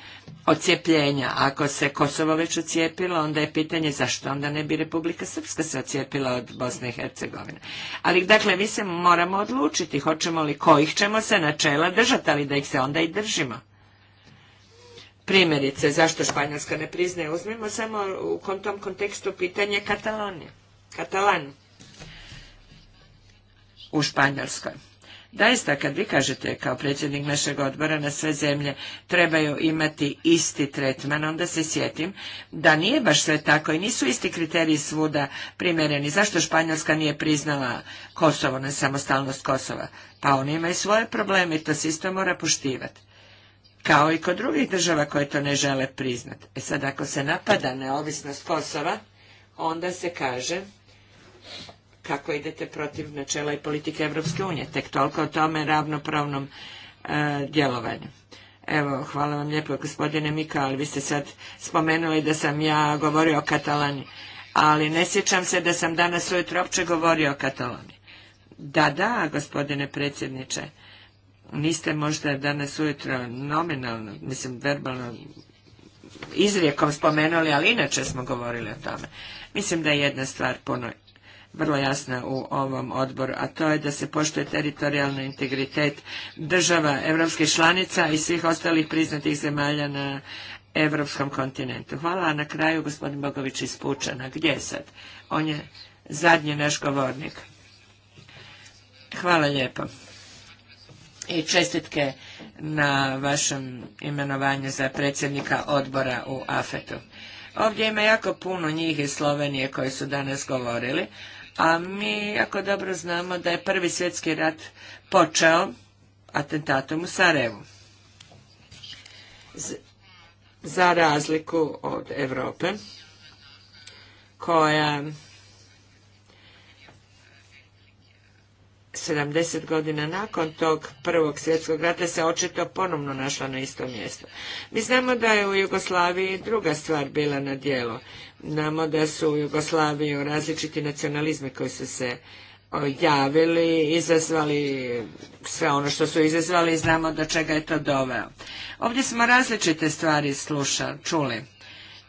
ocijepljenja. Ako se Kosovo već ocijepilo, onda je pitanje zašto onda ne bi Republika Srpska se ocijepila od Bosne i Hercegovine. Ali dakle, mi se moramo odlučiti hoćemo li kojih ćemo se načela držati, ali da ih se onda i držimo. Primjerice, zašto Španjolska ne priznaje, uzmimo samo u tom kontekstu pitanje Katalonije. Katalan u Španjolskoj. Daista, kad vi kažete kao predsjednik našeg odbora na sve zemlje trebaju imati isti tretman, onda se sjetim da nije baš sve tako i nisu isti kriteriji svuda primjereni. Zašto Španjolska nije priznala Kosovo na samostalnost Kosova? Pa oni imaju svoje probleme i to se isto mora poštivati kao i kod drugih država koje to ne žele priznati. E sad, ako se napada neovisnost Kosova, onda se kaže kako idete protiv načela i politike Evropske unije. Tek toliko o tome ravnopravnom e, djelovanju. Evo, hvala vam lijepo gospodine Mika, ali vi ste sad spomenuli da sam ja govorio o Katalani, ali ne sjećam se da sam danas ujutro opće govorio o Katalani. Da, da, gospodine predsjedniče, niste možda danas ujutro nominalno, mislim verbalno izrijekom spomenuli, ali inače smo govorili o tome. Mislim da je jedna stvar puno vrlo jasna u ovom odboru, a to je da se poštuje teritorijalni integritet država evropskih članica i svih ostalih priznatih zemalja na evropskom kontinentu. Hvala, a na kraju gospodin Bogović iz Pučana. Gdje je sad? On je zadnji naš govornik. Hvala lijepo. I čestitke na vašem imenovanju za predsjednika odbora u AFET-u. Ovdje ima jako puno njih iz Slovenije koji su danas govorili, a mi jako dobro znamo da je prvi svjetski rat počeo atentatom u Sarajevu. za razliku od Europe koja 70 godina nakon tog prvog svjetskog rata se očito ponovno našla na isto mjesto. Mi znamo da je u Jugoslaviji druga stvar bila na dijelu Znamo da su u Jugoslaviju različiti nacionalizmi koji su se javili, izazvali sve ono što su izazvali i znamo do čega je to doveo. Ovdje smo različite stvari slušali, čuli.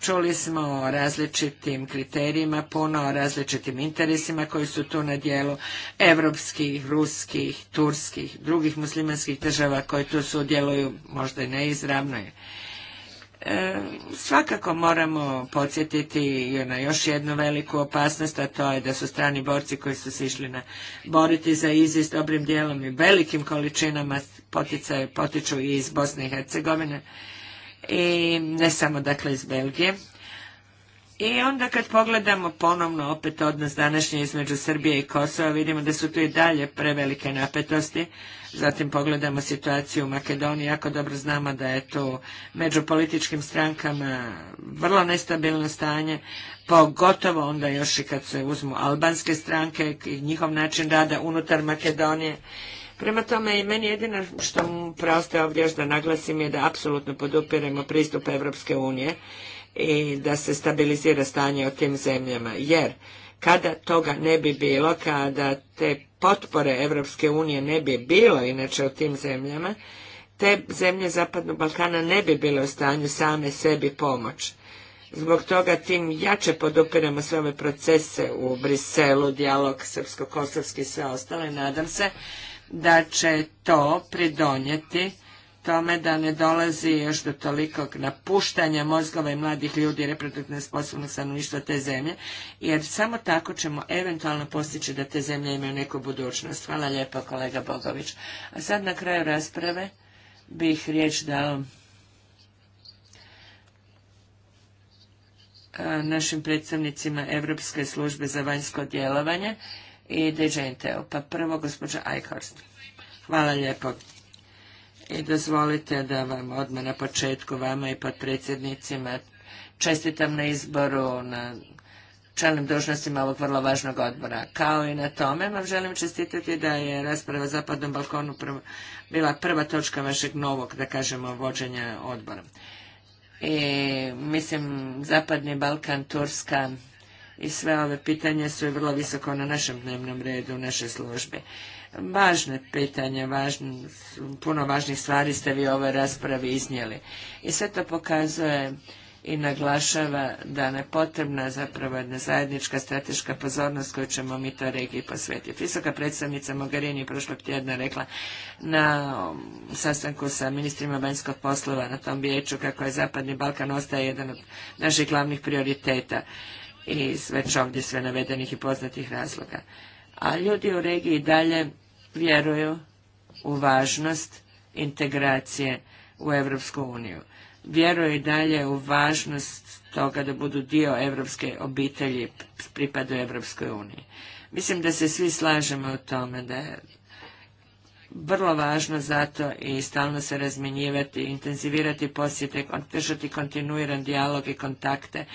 Čuli smo o različitim kriterijima, puno o različitim interesima koji su tu na dijelu evropskih, ruskih, turskih, drugih muslimanskih država koje tu sudjeluju, možda i neizravno je. E, svakako moramo podsjetiti na još jednu veliku opasnost, a to je da su strani borci koji su se išli na boriti za ISIS dobrim dijelom i velikim količinama potiču i iz Bosne i Hercegovine i ne samo dakle iz Belgije i onda kad pogledamo ponovno opet odnos današnje između Srbije i Kosova, vidimo da su tu i dalje prevelike napetosti. Zatim pogledamo situaciju u Makedoniji, jako dobro znamo da je to među političkim strankama vrlo nestabilno stanje, pogotovo onda još i kad se uzmu albanske stranke i njihov način rada unutar Makedonije. Prema tome i meni jedino što mu preostaje ovdje još da naglasim je da apsolutno podupiremo pristup Evropske unije i da se stabilizira stanje u tim zemljama. Jer kada toga ne bi bilo, kada te potpore Europske unije ne bi bilo inače u tim zemljama, te zemlje Zapadnog Balkana ne bi bile u stanju same sebi pomoć. Zbog toga tim jače podupiramo sve ove procese u Briselu, dijalog srpsko-kosovski i sve ostale. Nadam se da će to pridonijeti tome da ne dolazi još do tolikog napuštanja mozgova i mladih ljudi reproduktivno sposobnog stanovništva te zemlje, jer samo tako ćemo eventualno postići da te zemlje imaju neku budućnost. Hvala lijepo kolega Bogović. A sad na kraju rasprave bih riječ dao našim predstavnicima Europske službe za vanjsko djelovanje i dgnt Pa prvo gospođa Eichhorst. Hvala lijepo i dozvolite da vam odmah na početku vama i podpredsjednicima čestitam na izboru na čelnim dužnostima ovog vrlo važnog odbora. Kao i na tome vam želim čestitati da je rasprava o Zapadnom balkonu bila prva točka vašeg novog, da kažemo, vođenja odbora. I mislim, Zapadni Balkan, Turska i sve ove pitanje su vrlo visoko na našem dnevnom redu, u našoj službi važne pitanje, puno važnih stvari ste vi u ovoj raspravi iznijeli. I sve to pokazuje i naglašava da je potrebna zapravo jedna zajednička strateška pozornost koju ćemo mi to regiji posvetiti. Visoka predstavnica Mogherini prošlog tjedna rekla na sastanku sa ministrima vanjskog poslova na tom vijeću kako je Zapadni Balkan ostaje jedan od naših glavnih prioriteta i sve ovdje sve navedenih i poznatih razloga a ljudi u regiji dalje vjeruju u važnost integracije u Europsku uniju. Vjeruju i dalje u važnost toga da budu dio evropske obitelji, pripadaju Evropskoj uniji. Mislim da se svi slažemo u tome da je vrlo važno zato i stalno se razmjenjivati, intenzivirati posjete, držati kontinuiran dijalog i kontakte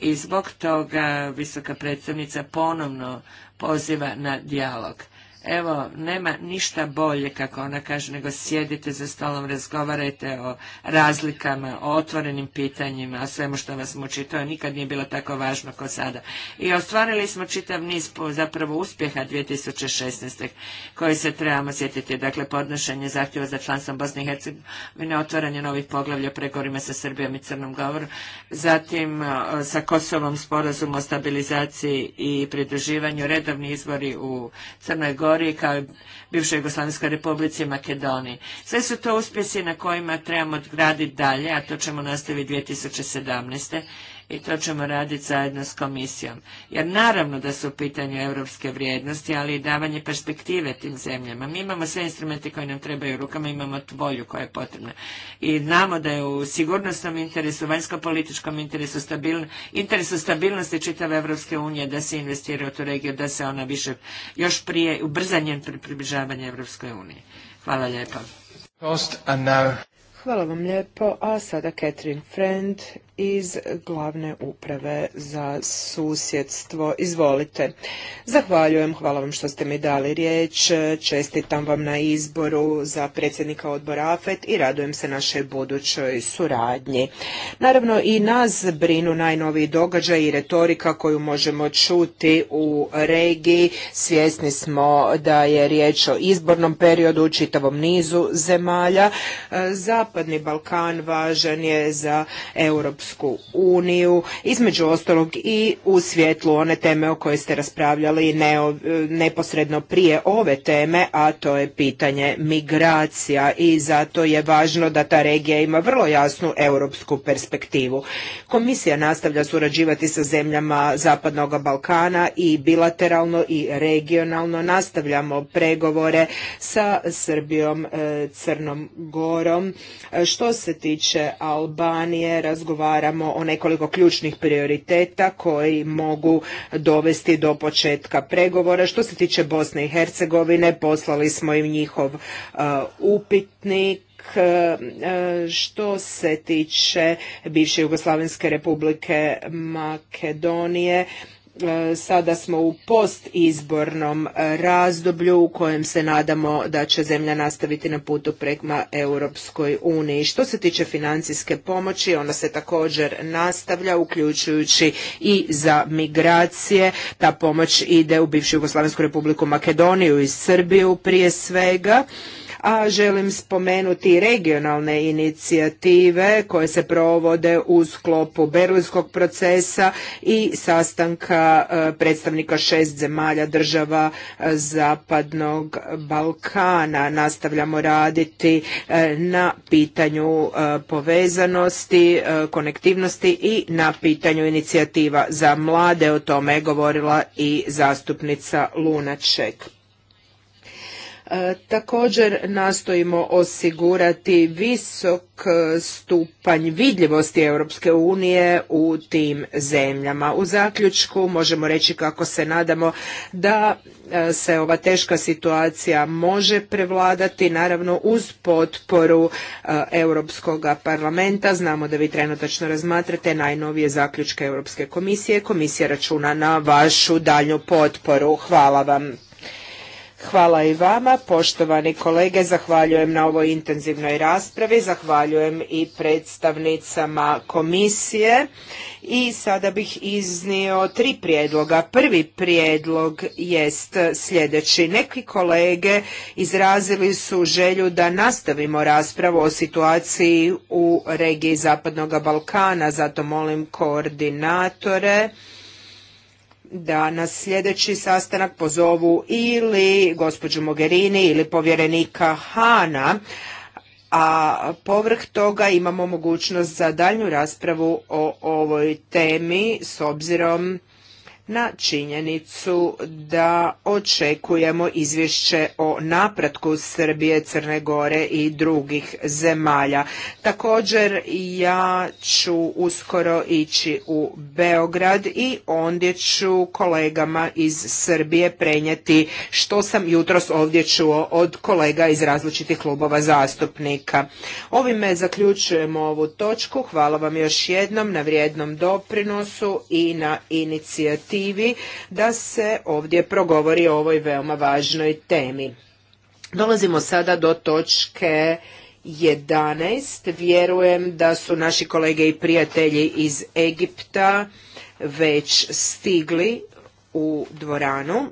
i zbog toga visoka predstavnica ponovno poziva na dijalog. Evo, nema ništa bolje, kako ona kaže, nego sjedite za stolom, razgovarajte o razlikama, o otvorenim pitanjima, o svemu što vas muči. To nikad nije bilo tako važno kao sada. I ostvarili smo čitav niz zapravo uspjeha 2016. koji se trebamo sjetiti. Dakle, podnošenje zahtjeva za članstvo Bosne i Hercegovine, otvaranje novih poglavlja pregovorima sa Srbijom i Crnom govoru. zatim e, sa Kosovom sporazum o stabilizaciji i pridruživanju, redovni izbori u Crnoj Gori, i kao i bivšoj Jugoslavijskoj republici Makedoniji. Sve su to uspjesi na kojima trebamo graditi dalje, a to ćemo nastaviti 2017 i to ćemo raditi zajedno s komisijom. Jer naravno da su u pitanju europske vrijednosti, ali i davanje perspektive tim zemljama. Mi imamo sve instrumente koje nam trebaju u rukama, imamo volju koja je potrebna. I znamo da je u sigurnosnom interesu, vanjsko-političkom interesu, interesu stabilnosti čitave Evropske unije da se investira u tu regiju, da se ona više još prije ubrzanjem približavanje Evropskoj uniji. Hvala lijepa. Hvala vam lijepo, a sada Catherine Friend iz glavne uprave za susjedstvo. Izvolite. Zahvaljujem, hvala vam što ste mi dali riječ. Čestitam vam na izboru za predsjednika odbora AFET i radujem se našoj budućoj suradnji. Naravno i nas brinu najnoviji događaj i retorika koju možemo čuti u regiji. Svjesni smo da je riječ o izbornom periodu u čitavom nizu zemalja. Zapadni Balkan važan je za Europsku Europsku uniju, između ostalog i u svjetlu one teme o kojoj ste raspravljali neposredno prije ove teme, a to je pitanje migracija i zato je važno da ta regija ima vrlo jasnu europsku perspektivu. Komisija nastavlja surađivati sa zemljama Zapadnog Balkana i bilateralno i regionalno nastavljamo pregovore sa Srbijom, e, Crnom Gorom. E, što se tiče Albanije, razgovaramo razgovaramo o nekoliko ključnih prioriteta koji mogu dovesti do početka pregovora. Što se tiče Bosne i Hercegovine, poslali smo im njihov e, upitnik e, e, što se tiče bivše Jugoslavenske republike Makedonije E, sada smo u postizbornom e, razdoblju u kojem se nadamo da će zemlja nastaviti na putu prema Europskoj uniji. Što se tiče financijske pomoći, ona se također nastavlja, uključujući i za migracije. Ta pomoć ide u bivšu Jugoslavensku republiku Makedoniju i Srbiju prije svega a želim spomenuti regionalne inicijative koje se provode u sklopu berlinskog procesa i sastanka e, predstavnika šest zemalja država e, zapadnog Balkana. Nastavljamo raditi e, na pitanju povezanosti, konektivnosti i na pitanju inicijativa za mlade. O tome je govorila i zastupnica Lunaček. E, također nastojimo osigurati visok e, stupanj vidljivosti Europske unije u tim zemljama. U zaključku možemo reći kako se nadamo da e, se ova teška situacija može prevladati, naravno uz potporu Europskog parlamenta. Znamo da vi trenutačno razmatrate najnovije zaključke Europske komisije. Komisija računa na vašu dalju potporu. Hvala vam. Hvala i vama, poštovani kolege, zahvaljujem na ovoj intenzivnoj raspravi, zahvaljujem i predstavnicama komisije i sada bih iznio tri prijedloga. Prvi prijedlog jest sljedeći. Neki kolege izrazili su želju da nastavimo raspravu o situaciji u regiji Zapadnog Balkana, zato molim koordinatore da na sljedeći sastanak pozovu ili gospođu Mogherini ili povjerenika Hana, a povrh toga imamo mogućnost za daljnju raspravu o ovoj temi s obzirom na činjenicu da očekujemo izvješće o napratku Srbije, Crne Gore i drugih zemalja. Također ja ću uskoro ići u Beograd i ondje ću kolegama iz Srbije prenijeti što sam jutros ovdje čuo od kolega iz različitih klubova zastupnika. Ovime zaključujemo ovu točku. Hvala vam još jednom na vrijednom doprinosu i na inicijativu inicijativi da se ovdje progovori o ovoj veoma važnoj temi. Dolazimo sada do točke 11. Vjerujem da su naši kolege i prijatelji iz Egipta već stigli u dvoranu.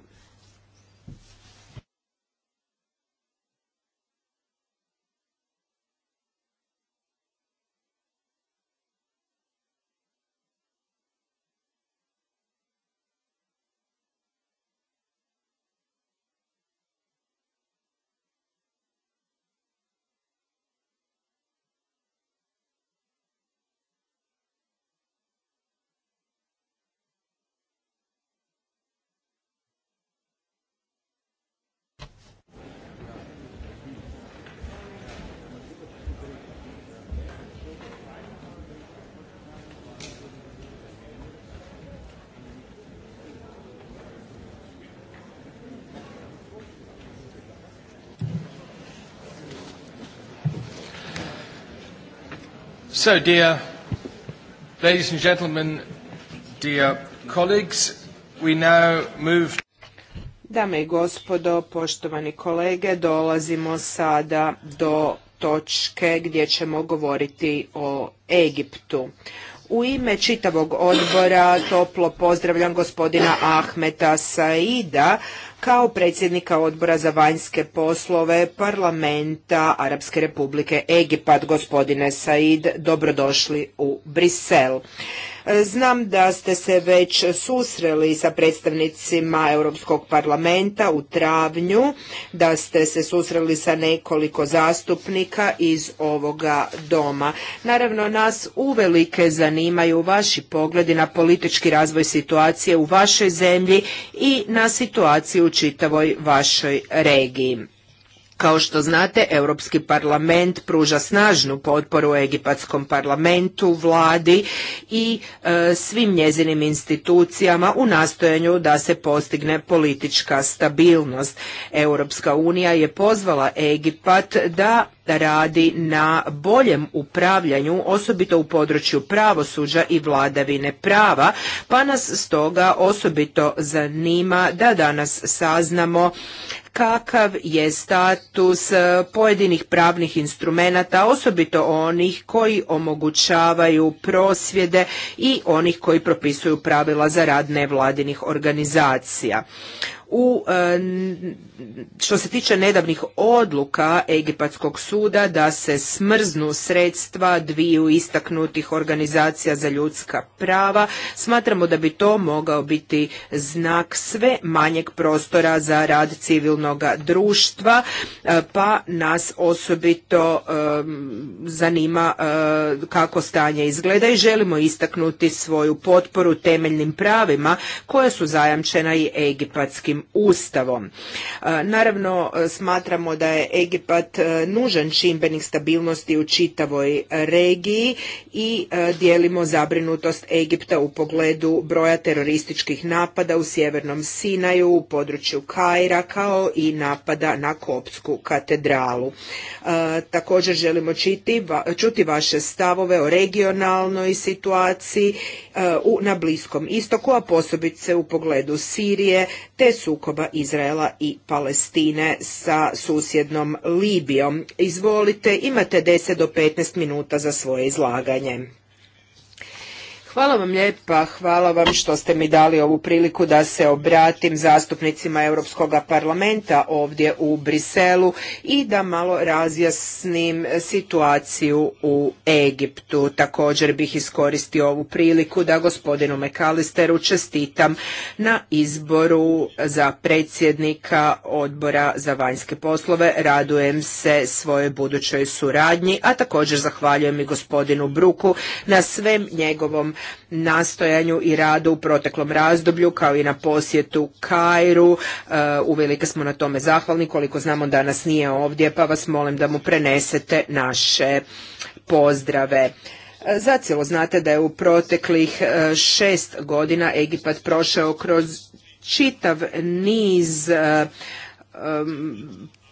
So, dear ladies and gentlemen, dear colleagues, we now move... Dame i gospodo, poštovani kolege, dolazimo sada do točke gdje ćemo govoriti o Egiptu. U ime čitavog odbora toplo pozdravljam gospodina Ahmeta Saida, kao predsjednika odbora za vanjske poslove parlamenta Arabske republike Egipat, gospodine Said, dobrodošli u Brisel. Znam da ste se već susreli sa predstavnicima Europskog parlamenta u travnju, da ste se susreli sa nekoliko zastupnika iz ovoga doma. Naravno, nas uvelike zanimaju vaši pogledi na politički razvoj situacije u vašoj zemlji i na situaciju u čitavoj vašoj regiji. Kao što znate, Europski parlament pruža snažnu potporu Egipatskom parlamentu, vladi i e, svim njezinim institucijama u nastojanju da se postigne politička stabilnost. Europska unija je pozvala Egipat da da radi na boljem upravljanju, osobito u području pravosuđa i vladavine prava, pa nas stoga osobito zanima da danas saznamo kakav je status pojedinih pravnih instrumenata, osobito onih koji omogućavaju prosvjede i onih koji propisuju pravila za rad nevladinih organizacija u e, što se tiče nedavnih odluka Egipatskog suda da se smrznu sredstva dviju istaknutih organizacija za ljudska prava, smatramo da bi to mogao biti znak sve manjeg prostora za rad civilnog društva, e, pa nas osobito e, zanima kako stanje izgleda i želimo istaknuti svoju potporu temeljnim pravima koja su zajamčena i egipatskim ustavom. E, naravno, e, smatramo da je Egipat e, nužan čimbenik stabilnosti u čitavoj regiji i dijelimo zabrinutost Egipta u pogledu broja terorističkih napada u sjevernom Sinaju, u području Kaira, kao i napada na Kopsku katedralu. Također želimo čuti vaše stavove o regionalnoj situaciji na Bliskom istoku, a posebice u pogledu Sirije, te su sukoba Izraela i Palestine sa susjednom Libijom. Izvolite, imate 10 do 15 minuta za svoje izlaganje. Hvala vam lijepa, hvala vam što ste mi dali ovu priliku da se obratim zastupnicima Europskog parlamenta ovdje u Briselu i da malo razjasnim situaciju u Egiptu. Također bih iskoristio ovu priliku da gospodinu Mekalisteru čestitam na izboru za predsjednika odbora za vanjske poslove. Radujem se svojoj budućoj suradnji, a također zahvaljujem i gospodinu Bruku na svem njegovom nastojanju i radu u proteklom razdoblju kao i na posjetu Kairu. E, uvelike smo na tome zahvalni, koliko znamo danas nije ovdje, pa vas molim da mu prenesete naše pozdrave. E, zacijelo znate da je u proteklih e, šest godina Egipat prošao kroz čitav niz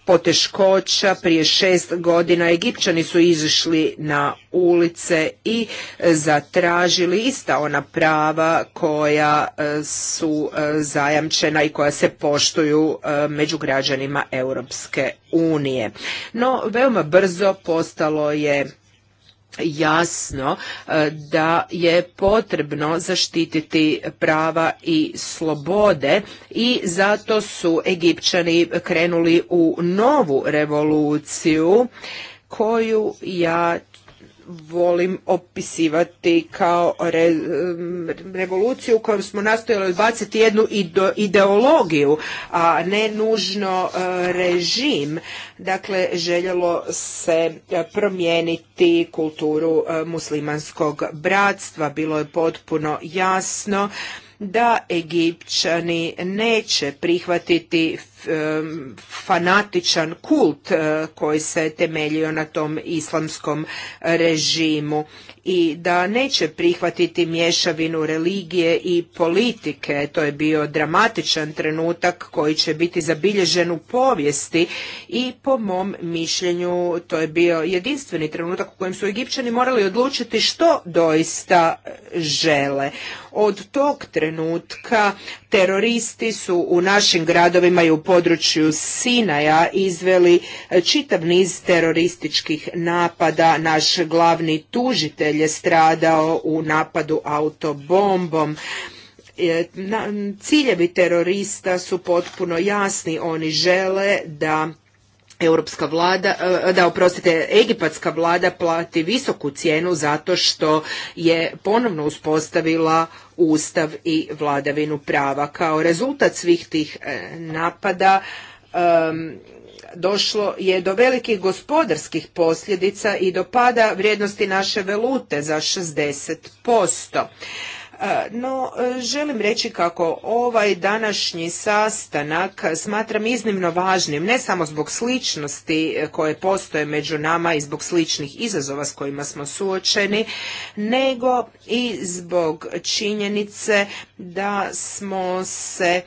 poteškoća. Prije šest godina Egipćani su izišli na ulice i e, zatražili ista ona prava koja e, su e, zajamčena i koja se poštuju među građanima Europske unije. No, veoma brzo postalo je jasno e, da je potrebno zaštititi prava i slobode i zato su Egipćani krenuli u novu revoluciju koju ja volim opisivati kao revoluciju u kojoj smo nastojali odbaciti jednu ideologiju, a ne nužno e, režim. Dakle, željelo se e, promijeniti kulturu e, muslimanskog bratstva. Bilo je potpuno jasno da Egipćani neće prihvatiti fanatičan kult eh, koji se temeljio na tom islamskom režimu i da neće prihvatiti mješavinu religije i politike. To je bio dramatičan trenutak koji će biti zabilježen u povijesti i po mom mišljenju to je bio jedinstveni trenutak u kojem su Egipćani morali odlučiti što doista žele. Od tog trenutka Teroristi su u našim gradovima i u području Sinaja izveli e, čitav niz terorističkih napada. Naš glavni tužitelj je stradao u napadu autobombom. E, ciljevi terorista su potpuno jasni. Oni žele da Europska vlada, e, da oprostite, egipatska vlada plati visoku cijenu zato što je ponovno uspostavila ustav i vladavinu prava. Kao rezultat svih tih e, napada došlo je do velikih gospodarskih posljedica i do pada vrijednosti naše valute za 60%. E, no, e, želim reći kako ovaj današnji sastanak smatram iznimno važnim, ne samo zbog sličnosti e, koje postoje među nama i zbog sličnih izazova s kojima smo suočeni, nego i zbog činjenice da smo se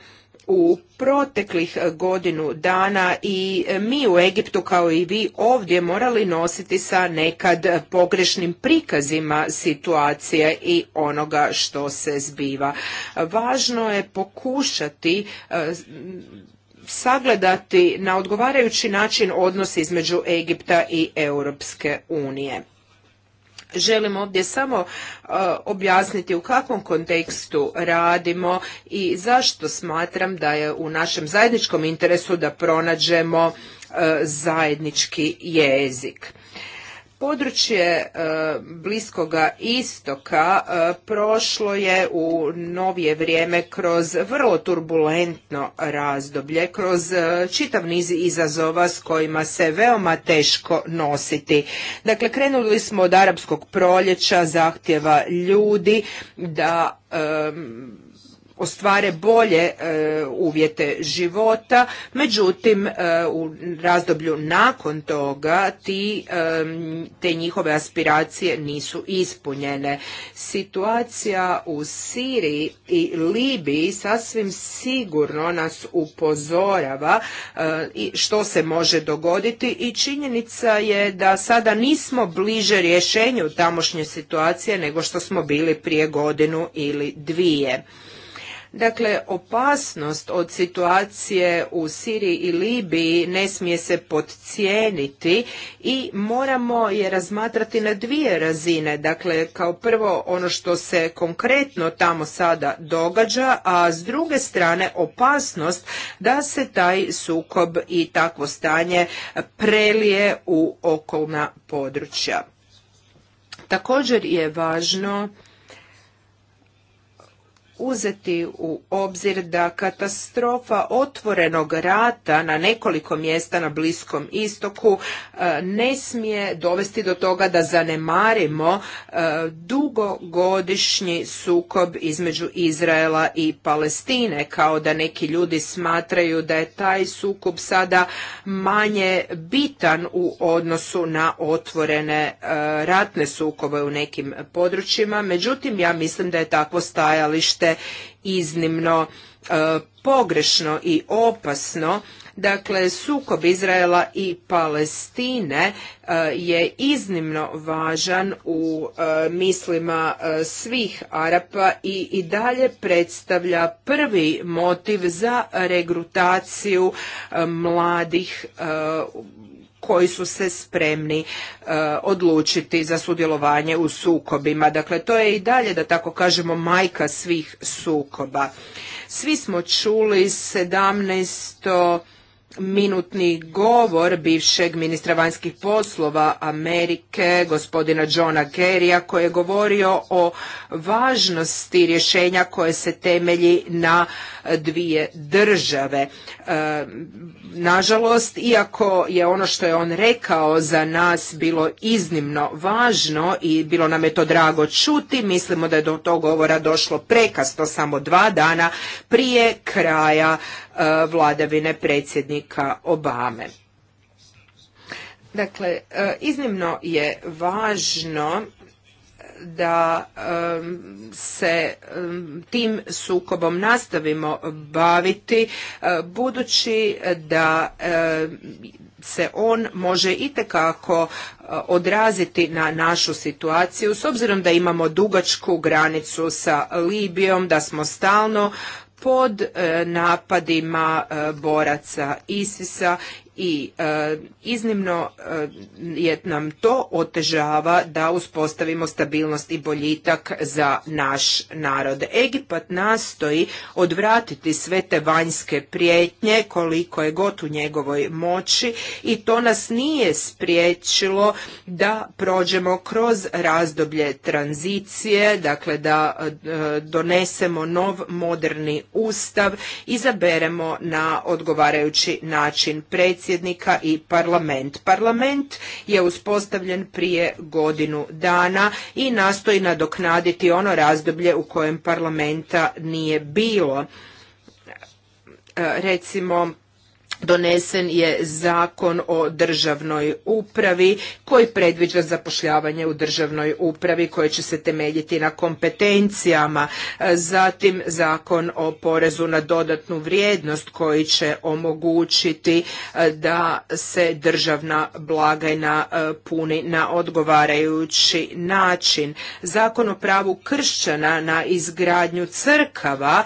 u proteklih godinu dana i mi u Egiptu kao i vi ovdje morali nositi sa nekad pogrešnim prikazima situacije i onoga što se zbiva. Važno je pokušati e, sagledati na odgovarajući način odnos između Egipta i Europske unije. Želim ovdje samo e, objasniti u kakvom kontekstu radimo i zašto smatram da je u našem zajedničkom interesu da pronađemo e, zajednički jezik. Područje e, Bliskoga istoka e, prošlo je u novije vrijeme kroz vrlo turbulentno razdoblje, kroz e, čitav niz izazova s kojima se veoma teško nositi. Dakle, krenuli smo od arapskog proljeća, zahtjeva ljudi da ostvare bolje e, uvjete života međutim e, u razdoblju nakon toga e, te njihove aspiracije nisu ispunjene situacija u Siriji i Libiji sasvim sigurno nas upozorava što se može dogoditi i činjenica je da sada nismo bliže rješenju tamošnje situacije nego što smo bili prije godinu ili dvije Dakle, opasnost od situacije u Siriji i Libiji ne smije se podcijeniti i moramo je razmatrati na dvije razine. Dakle, kao prvo ono što se konkretno tamo sada događa, a s druge strane opasnost da se taj sukob i takvo stanje prelije u okolna područja. Također je važno uzeti u obzir da katastrofa otvorenog rata na nekoliko mjesta na Bliskom istoku e, ne smije dovesti do toga da zanemarimo e, dugogodišnji sukob između Izraela i Palestine, kao da neki ljudi smatraju da je taj sukob sada manje bitan u odnosu na otvorene e, ratne sukobe u nekim područjima. Međutim, ja mislim da je takvo stajalište iznimno e, pogrešno i opasno Dakle, sukob Izraela i Palestine e, je iznimno važan u e, mislima svih Arapa i i dalje predstavlja prvi motiv za regrutaciju mladih koji su se spremni e, odlučiti za sudjelovanje u sukobima. Dakle, to je i dalje, da tako kažemo, majka svih sukoba. Svi smo čuli 17 minutni govor bivšeg ministra vanjskih poslova Amerike, gospodina Johna Kerrya, koji je govorio o važnosti rješenja koje se temelji na dvije države. E, nažalost, iako je ono što je on rekao za nas bilo iznimno važno i bilo nam je to drago čuti, mislimo da je do tog govora došlo prekasno samo dva dana prije kraja E, vladavine predsjednika Obame. Dakle, e, iznimno je važno da se tim sukobom nastavimo baviti e, budući da se on može itekako odraziti na našu situaciju s obzirom da imamo dugačku granicu sa Libijom da smo stalno pod e, napadima e, boraca ISIS-a i e, iznimno e, je nam to otežava da uspostavimo stabilnost i boljitak za naš narod. Egipat nastoji odvratiti sve te vanjske prijetnje koliko je god u njegovoj moći i to nas nije spriječilo da prođemo kroz razdoblje tranzicije, dakle da e, donesemo nov moderni ustav, i izaberemo na odgovarajući način predsjednika predsjednika i parlament. Parlament je uspostavljen prije godinu dana i nastoji nadoknaditi ono razdoblje u kojem parlamenta nije bilo. E, recimo, donesen je zakon o državnoj upravi koji predviđa zapošljavanje u državnoj upravi koje će se temeljiti na kompetencijama zatim zakon o porezu na dodatnu vrijednost koji će omogućiti e, da se državna blagajna e, puni na odgovarajući način zakon o pravu kršćana na izgradnju crkava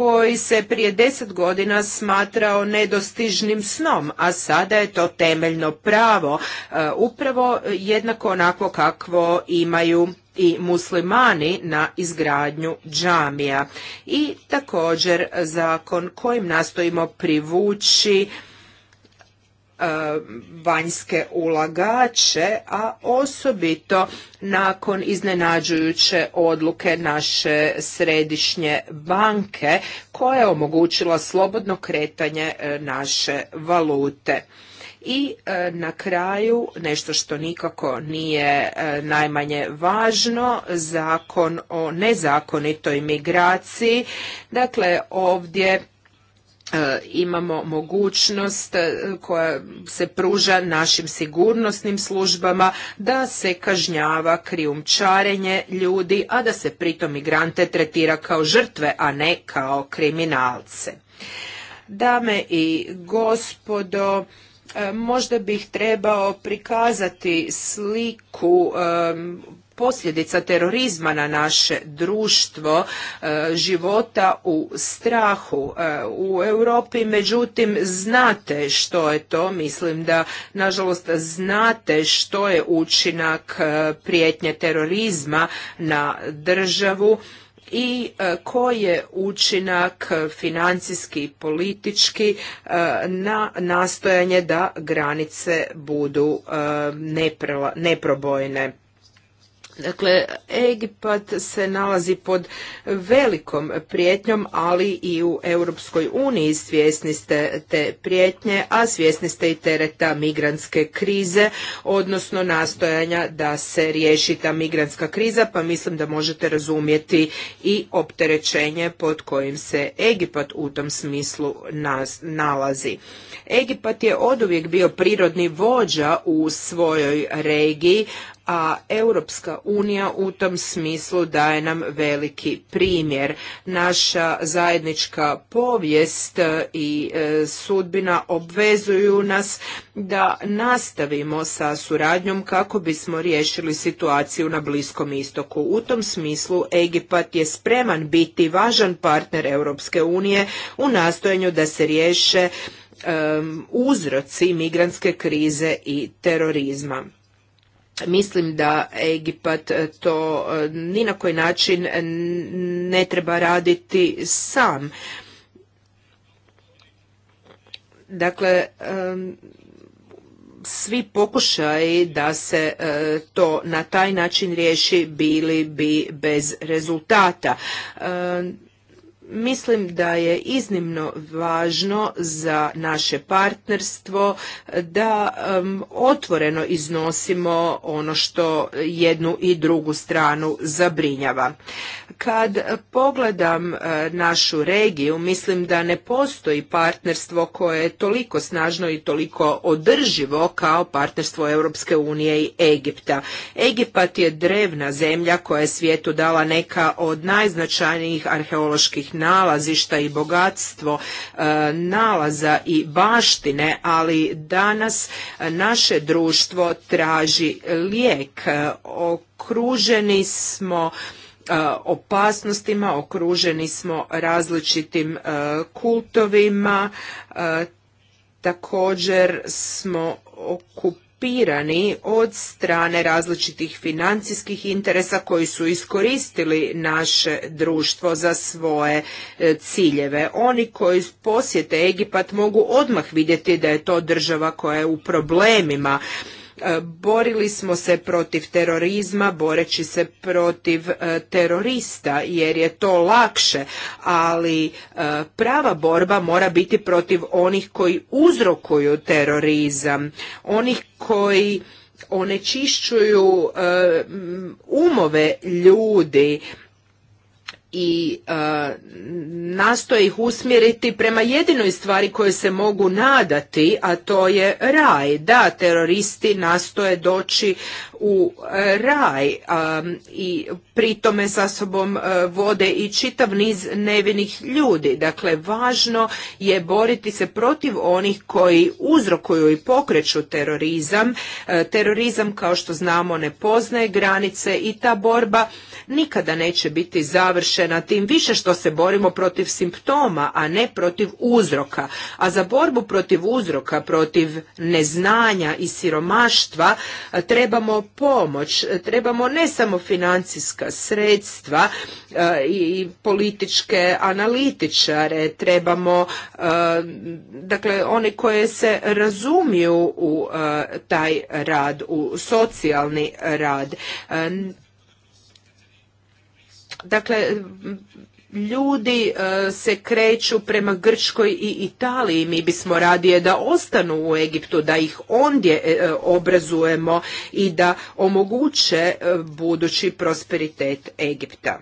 koji se prije deset godina smatrao nedostižnim snom, a sada je to temeljno pravo, e, upravo jednako onako kakvo imaju i muslimani na izgradnju džamija. I također zakon kojim nastojimo privući E, vanjske ulagače, a osobito nakon iznenađujuće odluke naše središnje banke koja je omogućila slobodno kretanje e, naše valute. I e, na kraju nešto što nikako nije najmanje važno, zakon o nezakonitoj migraciji. Dakle, ovdje E, imamo mogućnost e, koja se pruža našim sigurnosnim službama da se kažnjava krijumčarenje ljudi, a da se pritom migrante tretira kao žrtve, a ne kao kriminalce. Dame i gospodo, e, možda bih trebao prikazati sliku posljedica terorizma na naše društvo e, života u strahu e, u Europi međutim znate što je to mislim da nažalost znate što je učinak e, prijetnje terorizma na državu i koji je učinak financijski i politički na nastojanje da granice budu neprobojne. Dakle, Egipat se nalazi pod velikom prijetnjom, ali i u Europskoj uniji svjesni ste te prijetnje, a svjesni ste i tereta migrantske krize, odnosno nastojanja da se riješi ta migrantska kriza, pa mislim da možete razumjeti i opterećenje pod kojim se Egipat u tom smislu nalazi. Egipat je oduvijek bio prirodni vođa u svojoj regiji, a Europska unija u tom smislu daje nam veliki primjer. Naša zajednička povijest e, i e, sudbina obvezuju nas da nastavimo sa suradnjom kako bismo riješili situaciju na Bliskom istoku. U tom smislu Egipat je spreman biti važan partner Europske unije u nastojenju da se riješe uzroci migrantske krize i terorizma. Mislim da Egipat e, to e, ni na koji način ne treba raditi sam. Dakle, svi pokušaji da se e, to na taj način riješi bili bi bez rezultata. Mislim da je iznimno važno za naše partnerstvo da otvoreno iznosimo ono što jednu i drugu stranu zabrinjava. Kad pogledam e, našu regiju, mislim da ne postoji partnerstvo koje je toliko snažno i toliko održivo kao partnerstvo Europske unije i Egipta. Egipat je drevna zemlja koja je svijetu dala neka od najznačajnijih arheoloških nalazišta i bogatstvo e, nalaza i baštine, ali danas naše društvo traži lijek. E, okruženi smo e, opasnostima, okruženi smo različitim kultovima, također smo okupirani korumpirani od strane različitih financijskih interesa koji su iskoristili naše društvo za svoje e, ciljeve. Oni koji posjete Egipat mogu odmah vidjeti da je to država koja je u problemima E, borili smo se protiv terorizma boreći se protiv e, terorista jer je to lakše ali e, prava borba mora biti protiv onih koji uzrokuju terorizam onih koji onečišćuju umove ljudi i e, nastoje ih usmjeriti prema jedinoj stvari koje se mogu nadati, a to je raj. Da, teroristi nastoje doći u raj i pritome sa sobom e, vode i čitav niz nevinih ljudi. Dakle, važno je boriti se protiv onih koji uzrokuju i pokreću terorizam. E, terorizam, kao što znamo, ne poznaje granice i ta borba nikada neće biti završena, tim više što se borimo protiv simptoma, a ne protiv uzroka. A za borbu protiv uzroka, protiv neznanja i siromaštva e, trebamo pomoć, trebamo ne samo financijska sredstva e, i političke analitičare, trebamo e, dakle one koje se razumiju u e, taj rad, u socijalni rad. Dakle, ljudi e, se kreću prema Grčkoj i Italiji. Mi bismo radije da ostanu u Egiptu, da ih ondje e, e, obrazujemo i da omoguće budući prosperitet Egipta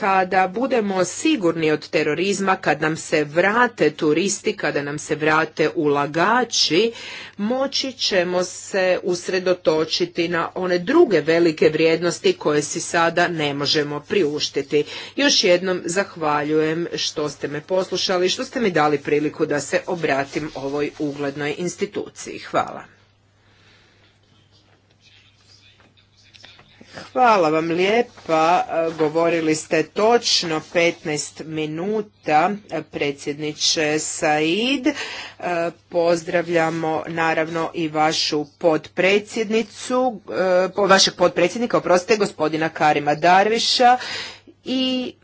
kada budemo sigurni od terorizma, kad nam se vrate turisti, kada nam se vrate ulagači, moći ćemo se usredotočiti na one druge velike vrijednosti koje si sada ne možemo priuštiti. Još jednom zahvaljujem što ste me poslušali, i što ste mi dali priliku da se obratim ovoj uglednoj instituciji. Hvala. Hvala vam lijepa. Govorili ste točno 15 minuta, predsjedniče Said. Pozdravljamo naravno i vašu podpredsjednicu, vašeg podpredsjednika, oprostite, gospodina Karima Darviša i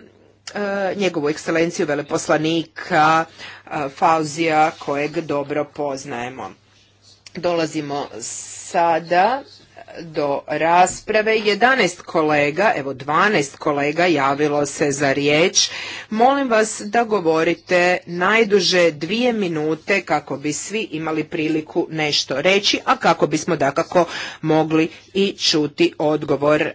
e, njegovu ekscelenciju veleposlanika e, Fauzija kojeg dobro poznajemo. Dolazimo sada do rasprave. 11 kolega, evo 12 kolega javilo se za riječ. Molim vas da govorite najduže dvije minute kako bi svi imali priliku nešto reći, a kako bismo dakako mogli i čuti odgovor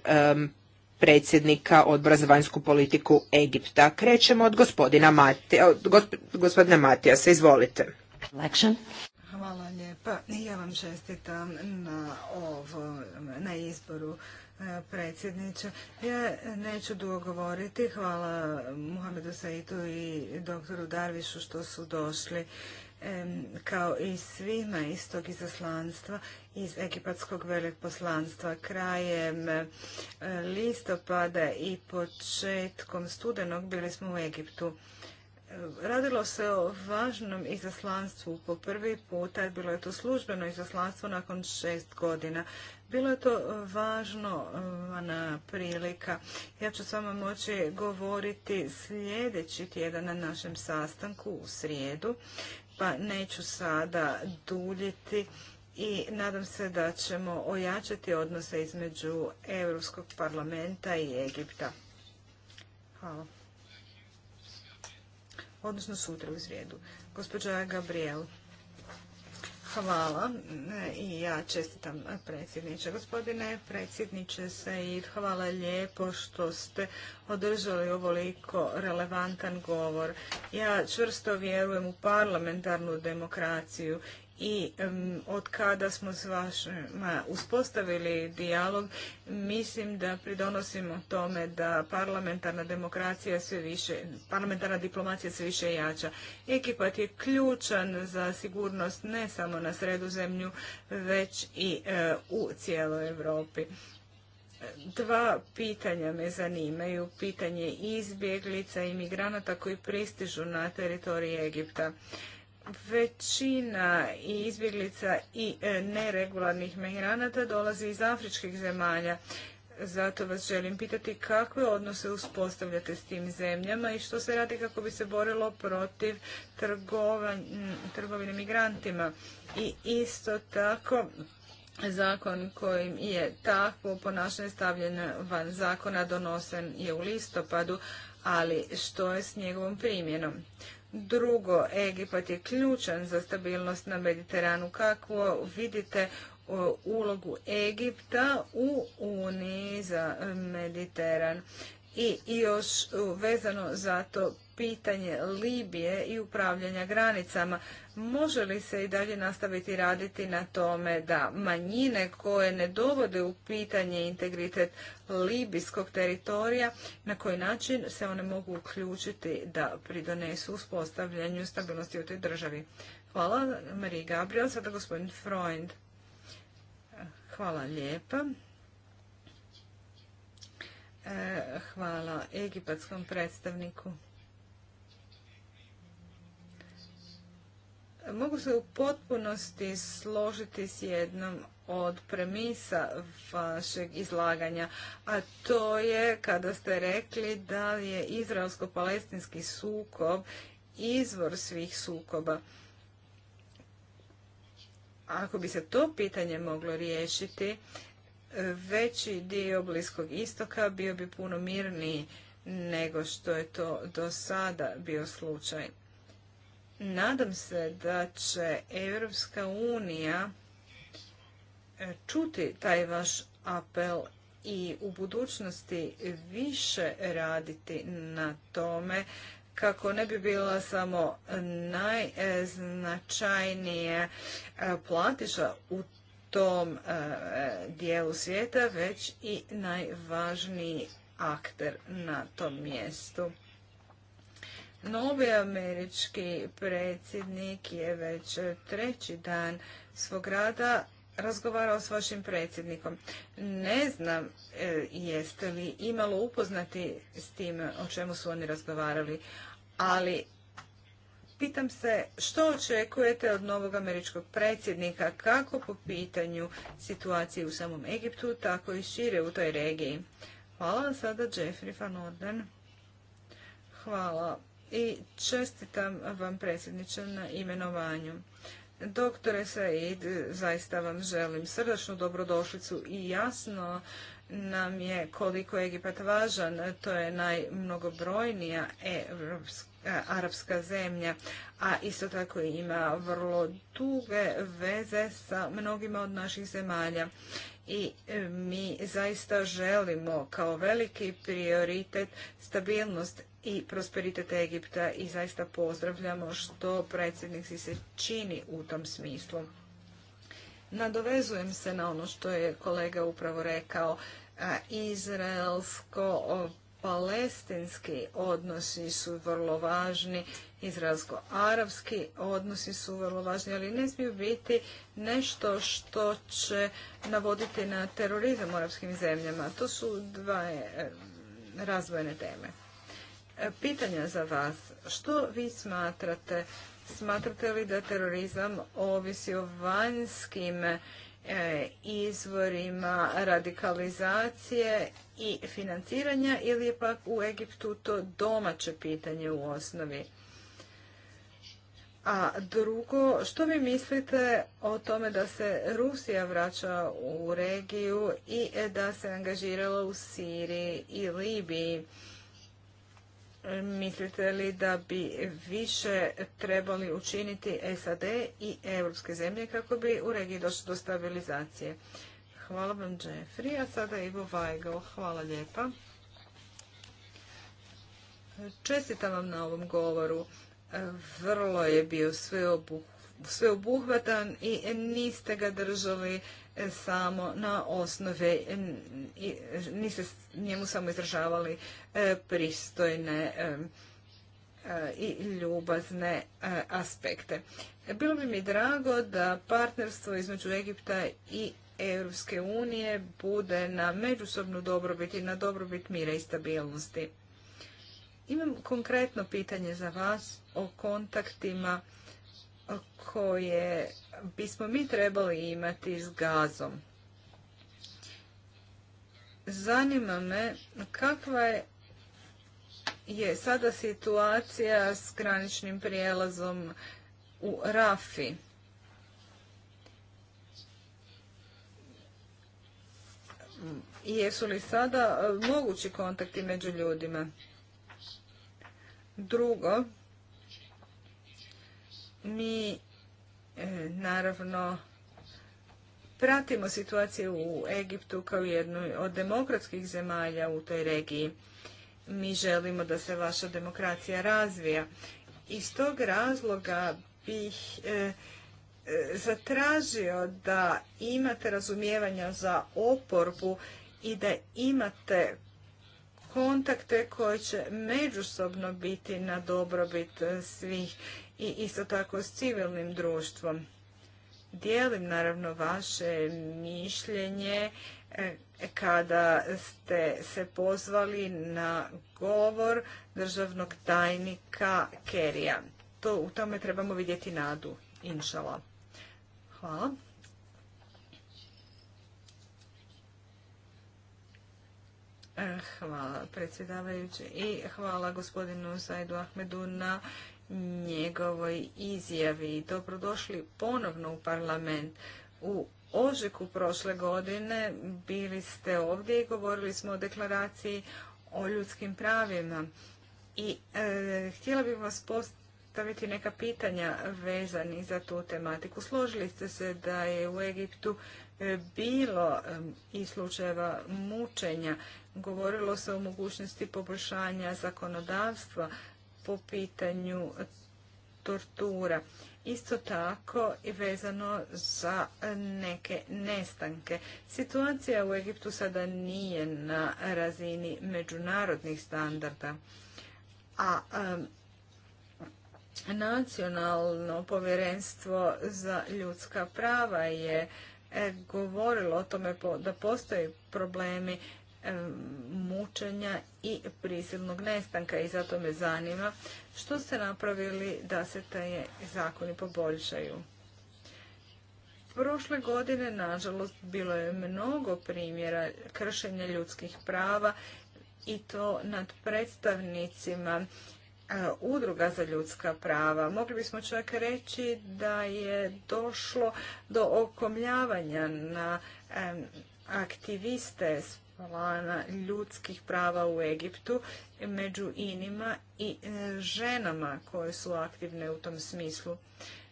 predsjednika odbora za vanjsku politiku Egipta. Krećemo od gospodina Matija, od gospodina Matijasa, izvolite. Pa ja vam čestitam na na izboru e, predsjedniče. Ja neću dugo govoriti. Hvala Muhamedu Saitu i doktoru Darvišu što su došli kao i svima iz tog izaslanstva iz Egipatskog veleposlanstva krajem e, listopada i početkom studenog bili smo u Egiptu. Radilo se o važnom izaslanstvu. Po prvi puta bilo je to službeno izaslanstvo nakon šest godina. Bilo je to važno eh, na prilika. Ja ću s vama moći govoriti sljedeći tjedan na našem sastanku u srijedu, pa neću sada duljiti i nadam se da ćemo ojačati odnose između Europskog parlamenta i Egipta. Hvala odnosno sutra u srijedu. Gospođa Gabriel. Hvala i ja čestitam predsjedniče. Gospodine predsjedniče i hvala lijepo što ste održali ovoliko relevantan govor. Ja čvrsto vjerujem u parlamentarnu demokraciju i od kada smo s vašima uspostavili dijalog, mislim da pridonosimo tome da parlamentarna demokracija sve više, parlamentarna diplomacija sve više jača. Ekipat je ključan za sigurnost ne samo na sredu zemlju, već i e, u cijeloj Europi. Dva pitanja me zanimaju. Pitanje izbjeglica i migranata koji pristižu na teritoriji Egipta većina izbjeglica i e, neregularnih migranata dolazi iz afričkih zemalja. Zato vas želim pitati kakve odnose uspostavljate s tim zemljama i što se radi kako bi se borilo protiv trgovine migrantima. I isto tako zakon kojim je takvo ponašanje stavljeno van zakona donosen je u listopadu, ali što je s njegovom primjenom? Drugo, Egipat je ključan za stabilnost na Mediteranu. Kako vidite ulogu Egipta u Uniji za Mediteran? I još vezano za to pitanje Libije i upravljanja granicama. Može li se i dalje nastaviti raditi na tome da manjine koje ne dovode u pitanje integritet libijskog teritorija, na koji način se one mogu uključiti da pridonesu uspostavljanju stabilnosti u toj državi? Hvala, Marija Gabriel, sada gospodin Freund. Hvala lijepa. E, hvala egipatskom predstavniku. Mogu se u potpunosti složiti s jednom od premisa vašeg izlaganja, a to je kada ste rekli da je izraelsko-palestinski sukob izvor svih sukoba. Ako bi se to pitanje moglo riješiti, veći dio Bliskog istoka bio bi puno mirniji nego što je to do sada bio slučaj. Nadam se da će Europska unija e, čuti taj vaš apel i u budućnosti više raditi na tome kako ne bi bila samo najznačajnije e, platiša u tom e, dijelu svijeta, već i najvažniji akter na tom mjestu. Novi američki predsjednik je već treći dan svog rada razgovarao s vašim predsjednikom. Ne znam e, jeste li imalo upoznati s tim o čemu su oni razgovarali, ali pitam se što očekujete od novog američkog predsjednika kako po pitanju situacije u samom Egiptu, tako i šire u toj regiji. Hvala sada Jeffrey van Orden. Hvala i čestitam vam predsjedniče na imenovanju. Doktore Said, zaista vam želim srdačnu dobrodošlicu i jasno nam je koliko je Egipat važan. To je najmnogobrojnija evropska, arapska zemlja, a isto tako ima vrlo duge veze sa mnogima od naših zemalja. I e, mi zaista želimo kao veliki prioritet stabilnost i prosperitet Egipta i zaista pozdravljamo što predsjednik si se čini u tom smislu. Nadovezujem se na ono što je kolega upravo rekao. Izraelsko-palestinski odnosi su vrlo važni, izraelsko-arapski odnosi su vrlo važni, ali ne smiju biti nešto što će navoditi na terorizam u arapskim zemljama. To su dva e, razvojne teme pitanja za vas. Što vi smatrate? Smatrate li da terorizam ovisi o vanjskim e, izvorima radikalizacije i financiranja ili je pak u Egiptu to domaće pitanje u osnovi? A drugo, što vi mislite o tome da se Rusija vraća u regiju i da se angažirala u Siriji i Libiji? Mislite li da bi više trebali učiniti SAD i europske zemlje kako bi u regiji došli do stabilizacije? Hvala vam, Jeffrey. A sada Ivo Vajgao. Hvala lijepa. Čestitam vam na ovom govoru. Vrlo je bio sveobuhvatan i niste ga držali E, samo na osnove, nisu njemu samo izražavali e, pristojne e, i ljubazne aspekte. Bilo bi mi drago da partnerstvo između Egipta i Europske unije bude na međusobnu dobrobit i na dobrobit mira i stabilnosti. Imam konkretno pitanje za vas o kontaktima koje bismo mi trebali imati s gazom. Zanima me kakva je, je sada situacija s graničnim prijelazom u Rafi. Jesu li sada e, mogući kontakti među ljudima? Drugo, mi e, naravno pratimo situaciju u Egiptu kao jednu od demokratskih zemalja u toj regiji. Mi želimo da se vaša demokracija razvija. Iz tog razloga bih e, e, zatražio da imate razumijevanja za oporbu i da imate kontakte koje će međusobno biti na dobrobit svih i isto tako s civilnim društvom. Dijelim naravno vaše mišljenje e, kada ste se pozvali na govor državnog tajnika Kerija. To, u tome trebamo vidjeti nadu, inšala. Hvala. E, hvala predsjedavajući i hvala gospodinu Zajdu Ahmedu na njegovoj izjavi. Dobrodošli ponovno u parlament. U ožiku prošle godine bili ste ovdje i govorili smo o deklaraciji o ljudskim pravima. I e, htjela bih vas postaviti neka pitanja vezani za tu tematiku. Složili ste se da je u Egiptu e, bilo e, i slučajeva mučenja. Govorilo se o mogućnosti poboljšanja zakonodavstva po pitanju tortura. Isto tako i vezano za neke nestanke. Situacija u Egiptu sada nije na razini međunarodnih standarda, a Nacionalno povjerenstvo za ljudska prava je e, govorilo o tome da postoji problemi mučenja i prisilnog nestanka i zato me zanima što ste napravili da se taj zakoni poboljšaju. Prošle godine, nažalost, bilo je mnogo primjera kršenja ljudskih prava i to nad predstavnicima udruga za ljudska prava. Mogli bismo čak reći da je došlo do okomljavanja na aktiviste s ljudskih prava u Egiptu, među inima i e, ženama koje su aktivne u tom smislu.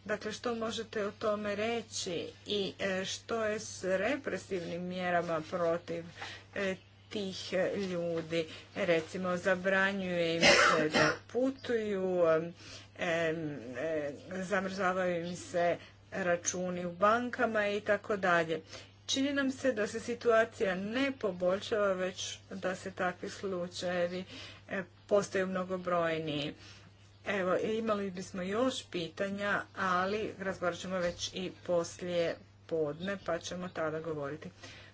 Dakle, što možete o tome reći i e, što je s represivnim mjerama protiv e, tih ljudi? Recimo, zabranjuje im se da putuju, zamrzavaju im se računi u bankama i tako dalje. Čini nam se da se situacija ne poboljšava, već da se takvi slučajevi e, postaju mnogobrojniji. Evo, imali bismo još pitanja, ali razgovarat ćemo već i poslije podne, pa ćemo tada govoriti.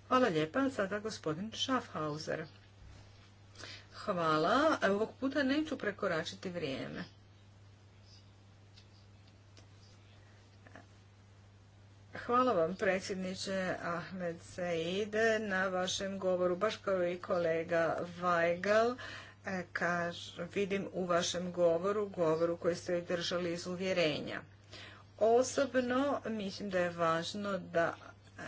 Hvala lijepa, sada gospodin Schaffhauser. Hvala, ovog puta neću prekoračiti vrijeme. Hvala vam predsjedniče Ahmed Said, na vašem govoru, baš kao i kolega Weigel, e, vidim u vašem govoru, govoru koji ste držali iz uvjerenja. Osobno mislim da je važno da e,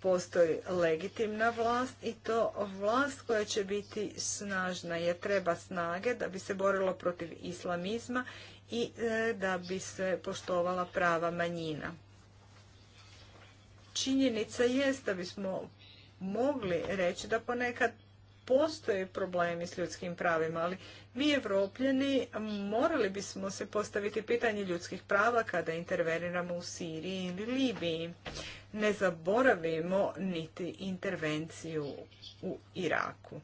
postoji legitimna vlast i to vlast koja će biti snažna jer treba snage da bi se borilo protiv islamizma i e, da bi se poštovala prava manjina činjenica jest da bismo mogli reći da ponekad postoje problemi s ljudskim pravima, ali mi evropljeni morali bismo se postaviti pitanje ljudskih prava kada interveniramo u Siriji ili Libiji. Ne zaboravimo niti intervenciju u Iraku.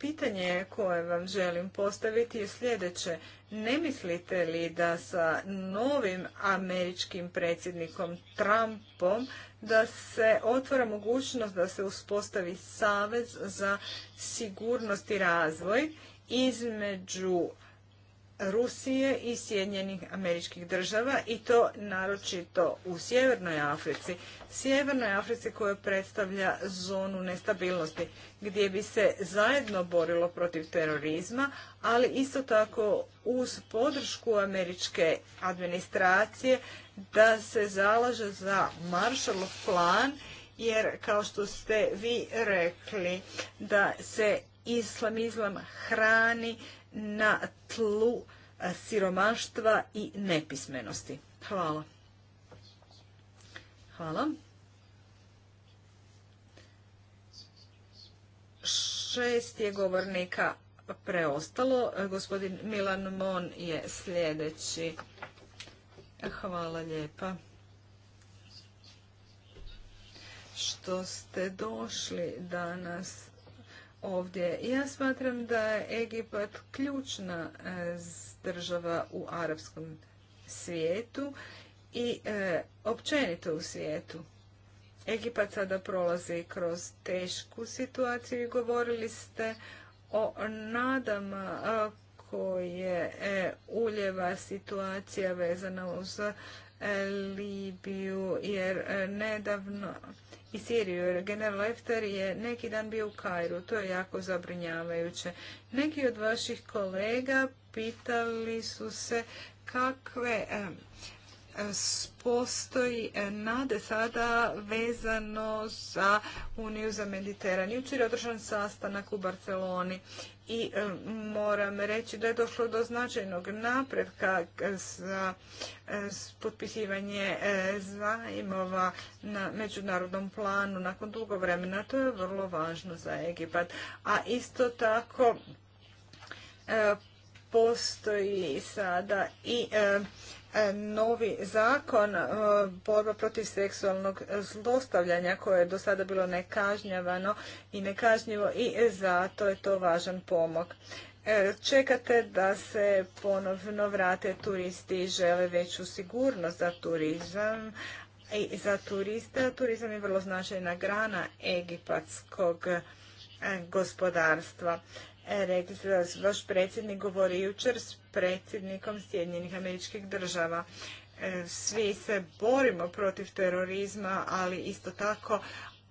Pitanje koje vam želim postaviti je sljedeće. Ne mislite li da sa novim američkim predsjednikom Trumpom da se otvara mogućnost da se uspostavi savez za sigurnost i razvoj između Rusije i Sjedinjenih američkih država i to naročito u Sjevernoj Africi. Sjevernoj Africi koja predstavlja zonu nestabilnosti gdje bi se zajedno borilo protiv terorizma, ali isto tako uz podršku američke administracije da se zalaže za Marshallov plan jer kao što ste vi rekli da se islamizam hrani na tlu e, siromaštva i nepismenosti. Hvala. Hvala. Šest je govornika preostalo. E, gospodin Milan Mon je sljedeći. Hvala lijepa. Što ste došli danas ovdje. Ja smatram da je Egipat ključna e, država u arapskom svijetu i e, općenito u svijetu. Egipat sada prolazi kroz tešku situaciju i govorili ste o nadama koje e, uljeva situacija vezana uz Libiju, jer nedavno i Siriju. General Lefter je neki dan bio u Kairu, to je jako zabrinjavajuće. Neki od vaših kolega pitali su se kakve postoji nade sada vezano za Uniju za Mediteran. Jučer je održan sastanak u Barceloni i e, moram reći da je došlo do značajnog napretka za e, potpisivanje e, zajmova na međunarodnom planu nakon dugo vremena. To je vrlo važno za Egipat. A isto tako postoji sada i novi zakon e, borba protiv seksualnog zlostavljanja koje je do sada bilo nekažnjavano i nekažnjivo i zato je to važan pomog. E, čekate da se ponovno vrate turisti i žele veću sigurnost za turizam, i za turiste. Turizam je vrlo značajna grana egipatskog e, gospodarstva. Rekli ste da vaš predsjednik govori jučer s predsjednikom Sjedinjenih američkih država. E, svi se borimo protiv terorizma, ali isto tako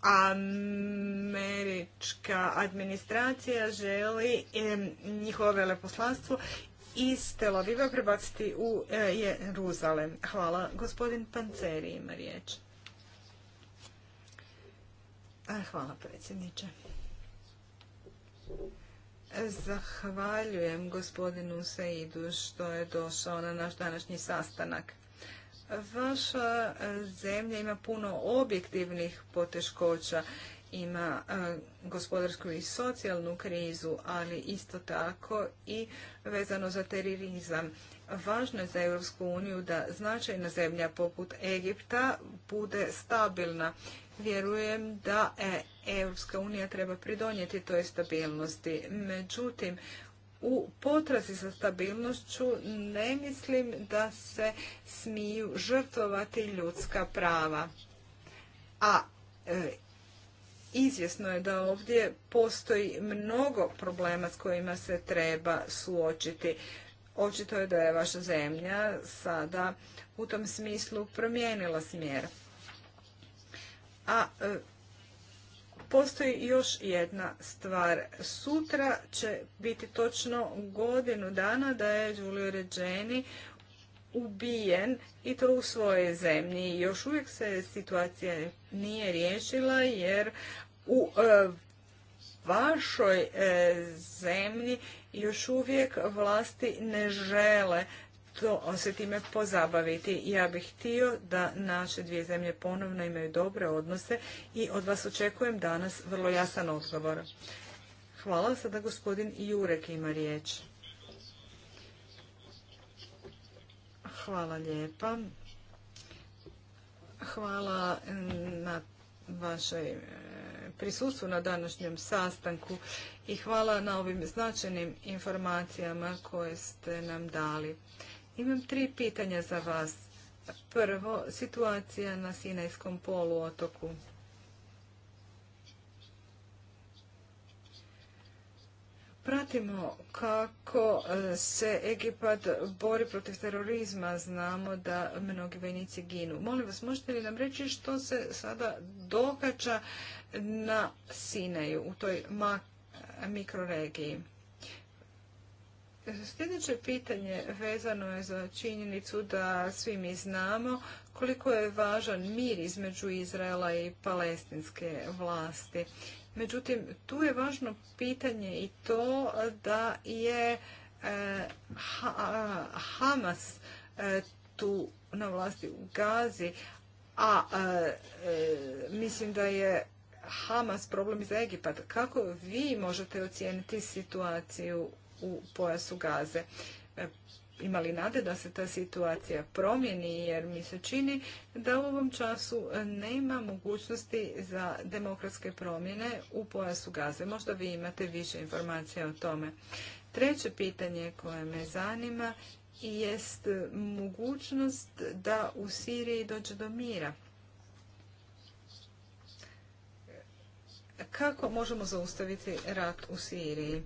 američka administracija želi e, njihovo veleposlanstvo iz Tel Aviva prebaciti u e, Jeruzalem. Hvala. Gospodin Panceri ima riječ. Hvala predsjedniče. Zahvaljujem gospodinu Saidu što je došao na naš današnji sastanak. Vaša zemlja ima puno objektivnih poteškoća. Ima e, gospodarsku i socijalnu krizu, ali isto tako i vezano za terorizam. Važno je za Europsku uniju da značajna zemlja poput Egipta bude stabilna vjerujem da e, Europska unija treba pridonijeti toj stabilnosti. Međutim, u potrazi za stabilnošću ne mislim da se smiju žrtvovati ljudska prava. A e, izvjesno je da ovdje postoji mnogo problema s kojima se treba suočiti. Očito je da je vaša zemlja sada u tom smislu promijenila smjer. A e, postoji još jedna stvar. Sutra će biti točno godinu dana da je Giulio Regeni ubijen i to u svojoj zemlji. Još uvijek se situacija nije riješila jer u e, vašoj e, zemlji još uvijek vlasti ne žele to, se time pozabaviti. Ja bih htio da naše dvije zemlje ponovno imaju dobre odnose i od vas očekujem danas vrlo jasan odgovor. Hvala. Sada gospodin Jurek ima riječ. Hvala lijepa. Hvala na vašoj e, prisustvu na današnjem sastanku i hvala na ovim značajnim informacijama koje ste nam dali. Imam tri pitanja za vas. Prvo, situacija na Sinajskom poluotoku. Pratimo kako e, se Egipat bori protiv terorizma. Znamo da mnogi vojnici ginu. Molim vas, možete li nam reći što se sada događa na Sinaju, u toj mikroregiji? Sljedeće pitanje vezano je za činjenicu da svi mi znamo koliko je važan mir između Izraela i palestinske vlasti. Međutim, tu je važno pitanje i to da je e, Hamas e, tu na vlasti u Gazi, a e, mislim da je Hamas problem za Egipata. Kako vi možete ocijeniti situaciju u pojasu gaze. E, Imali nade da se ta situacija promjeni jer mi se čini da u ovom času nema mogućnosti za demokratske promjene u pojasu gaze. Možda vi imate više informacija o tome. Treće pitanje koje me zanima jest mogućnost da u Siriji dođe do mira. Kako možemo zaustaviti rat u Siriji?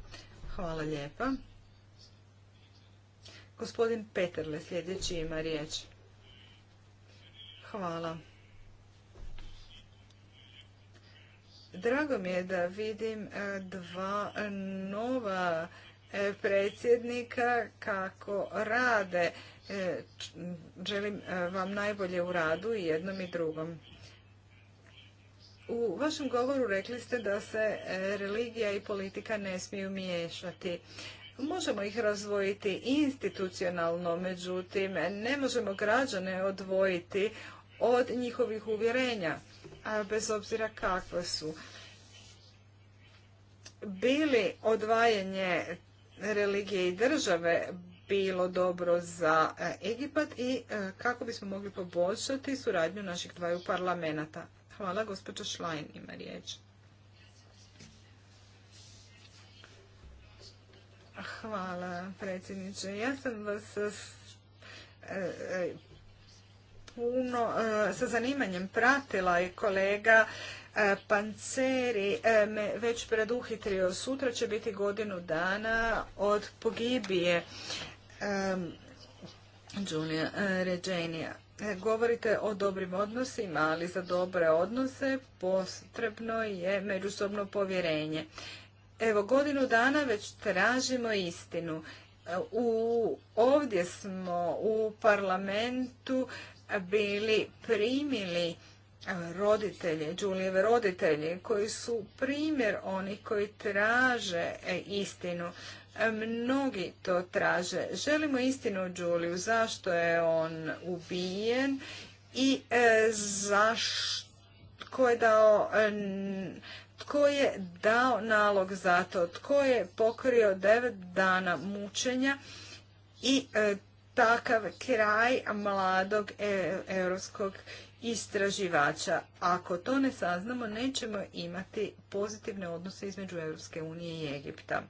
Hvala lijepa. Gospodin Peterle sljedeći ima riječ. Hvala. Drago mi je da vidim e, dva nova e, predsjednika kako rade. E, želim vam najbolje u radu i jednom i drugom. U vašem govoru rekli ste da se e, religija i politika ne smiju miješati. Možemo ih razvojiti institucionalno, međutim, ne možemo građane odvojiti od njihovih uvjerenja, bez obzira kakve su. Bili odvajanje religije i države bilo dobro za e, Egipat i e, kako bismo mogli poboljšati suradnju naših dvaju parlamenta. Hvala, gospođa Šlajn ima riječ. Hvala, predsjedniče. Ja sam vas e, e, puno e, sa zanimanjem pratila i kolega Panceri me već preduhitrio. Sutra će biti godinu dana od pogibije Đunija Ređenija. E, govorite o dobrim odnosima, ali za dobre odnose potrebno je međusobno povjerenje. Evo, godinu dana već tražimo istinu. E, u, ovdje smo u parlamentu bili primili roditelje, Đulijeve roditelje, koji su primjer onih koji traže e, istinu. Mnogi to traže. Želimo istinu o Đuliju, zašto je on ubijen i e, tko je dao tko je dao nalog za to, tko je pokrio devet dana mučenja i e, takav kraj mladog e, europskog istraživača. Ako to ne saznamo, nećemo imati pozitivne odnose između Europske unije i Egipta.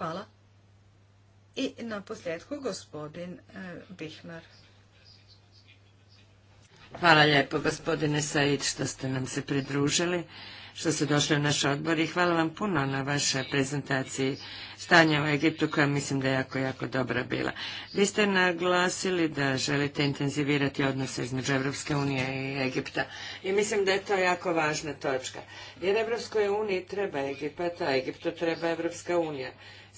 Hvala. I na posljedku gospodin eh, Bihmar. Hvala lijepo gospodine Said što ste nam se pridružili, što ste došli u naš odbor i hvala vam puno na vašoj prezentaciji stanja u Egiptu koja mislim da je jako, jako dobra bila. Vi ste naglasili da želite intenzivirati odnose između Evropske unije i Egipta i mislim da je to jako važna točka. Jer Evropskoj uniji treba Egipta, a Egiptu treba Evropska unija.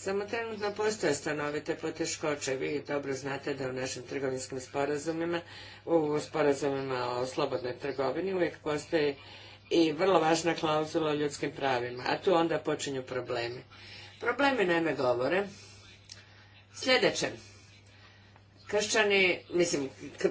Samo trenutno postoje stanovite poteškoće. Vi dobro znate da u našim trgovinskim sporazumima, u sporazumima o slobodnoj trgovini uvijek postoji i vrlo važna klauzula o ljudskim pravima, a tu onda počinju problemi. Problemi naime govore sljedeće. Kršćani, mislim,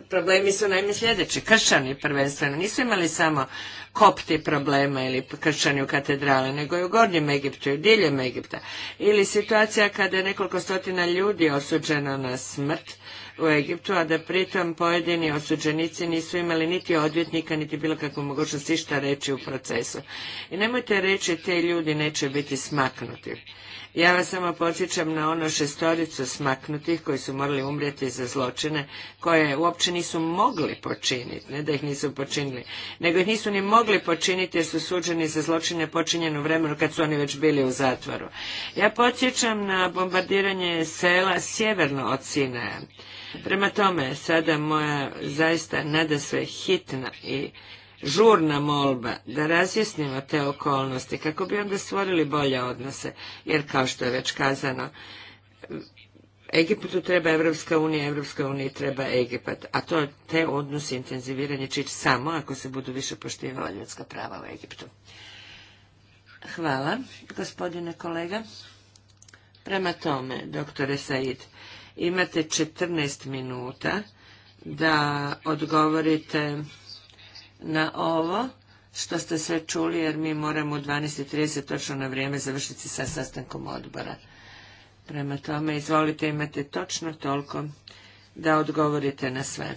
problemi su naime sljedeći. Kršćani prvenstveno nisu imali samo kopti problema ili kršćani u katedrale, nego i u Gornjem Egiptu i diljem Egipta. Ili situacija kada je nekoliko stotina ljudi osuđeno na smrt u Egiptu, a da pritom pojedini osuđenici nisu imali niti odvjetnika, niti bilo kakvu mogućnost išta reći u procesu. I nemojte reći te ljudi neće biti smaknuti ja vas samo podsjećam na ono šestoricu smaknutih koji su morali umrijeti za zločine koje uopće nisu mogli počiniti, ne da ih nisu počinili, nego ih nisu ni mogli počiniti jer su suđeni za zločine počinjene u vremenu kad su oni već bili u zatvoru. Ja podsjećam na bombardiranje sela sjeverno od Sinaja. Prema tome, sada moja zaista nada sve hitna i žurna molba da razjasnimo te okolnosti kako bi onda stvorili bolje odnose, jer kao što je već kazano, Egiptu treba Evropska unija, Evropska unija treba Egipat, a to te odnose intenziviranje će samo ako se budu više poštivala ljudska prava u Egiptu. Hvala, gospodine kolega. Prema tome, doktore Said, imate 14 minuta da odgovorite na ovo što ste sve čuli jer mi moramo u 12.30 točno na vrijeme završiti sa sastankom odbora. Prema tome, izvolite, imate točno toliko da odgovorite na sve.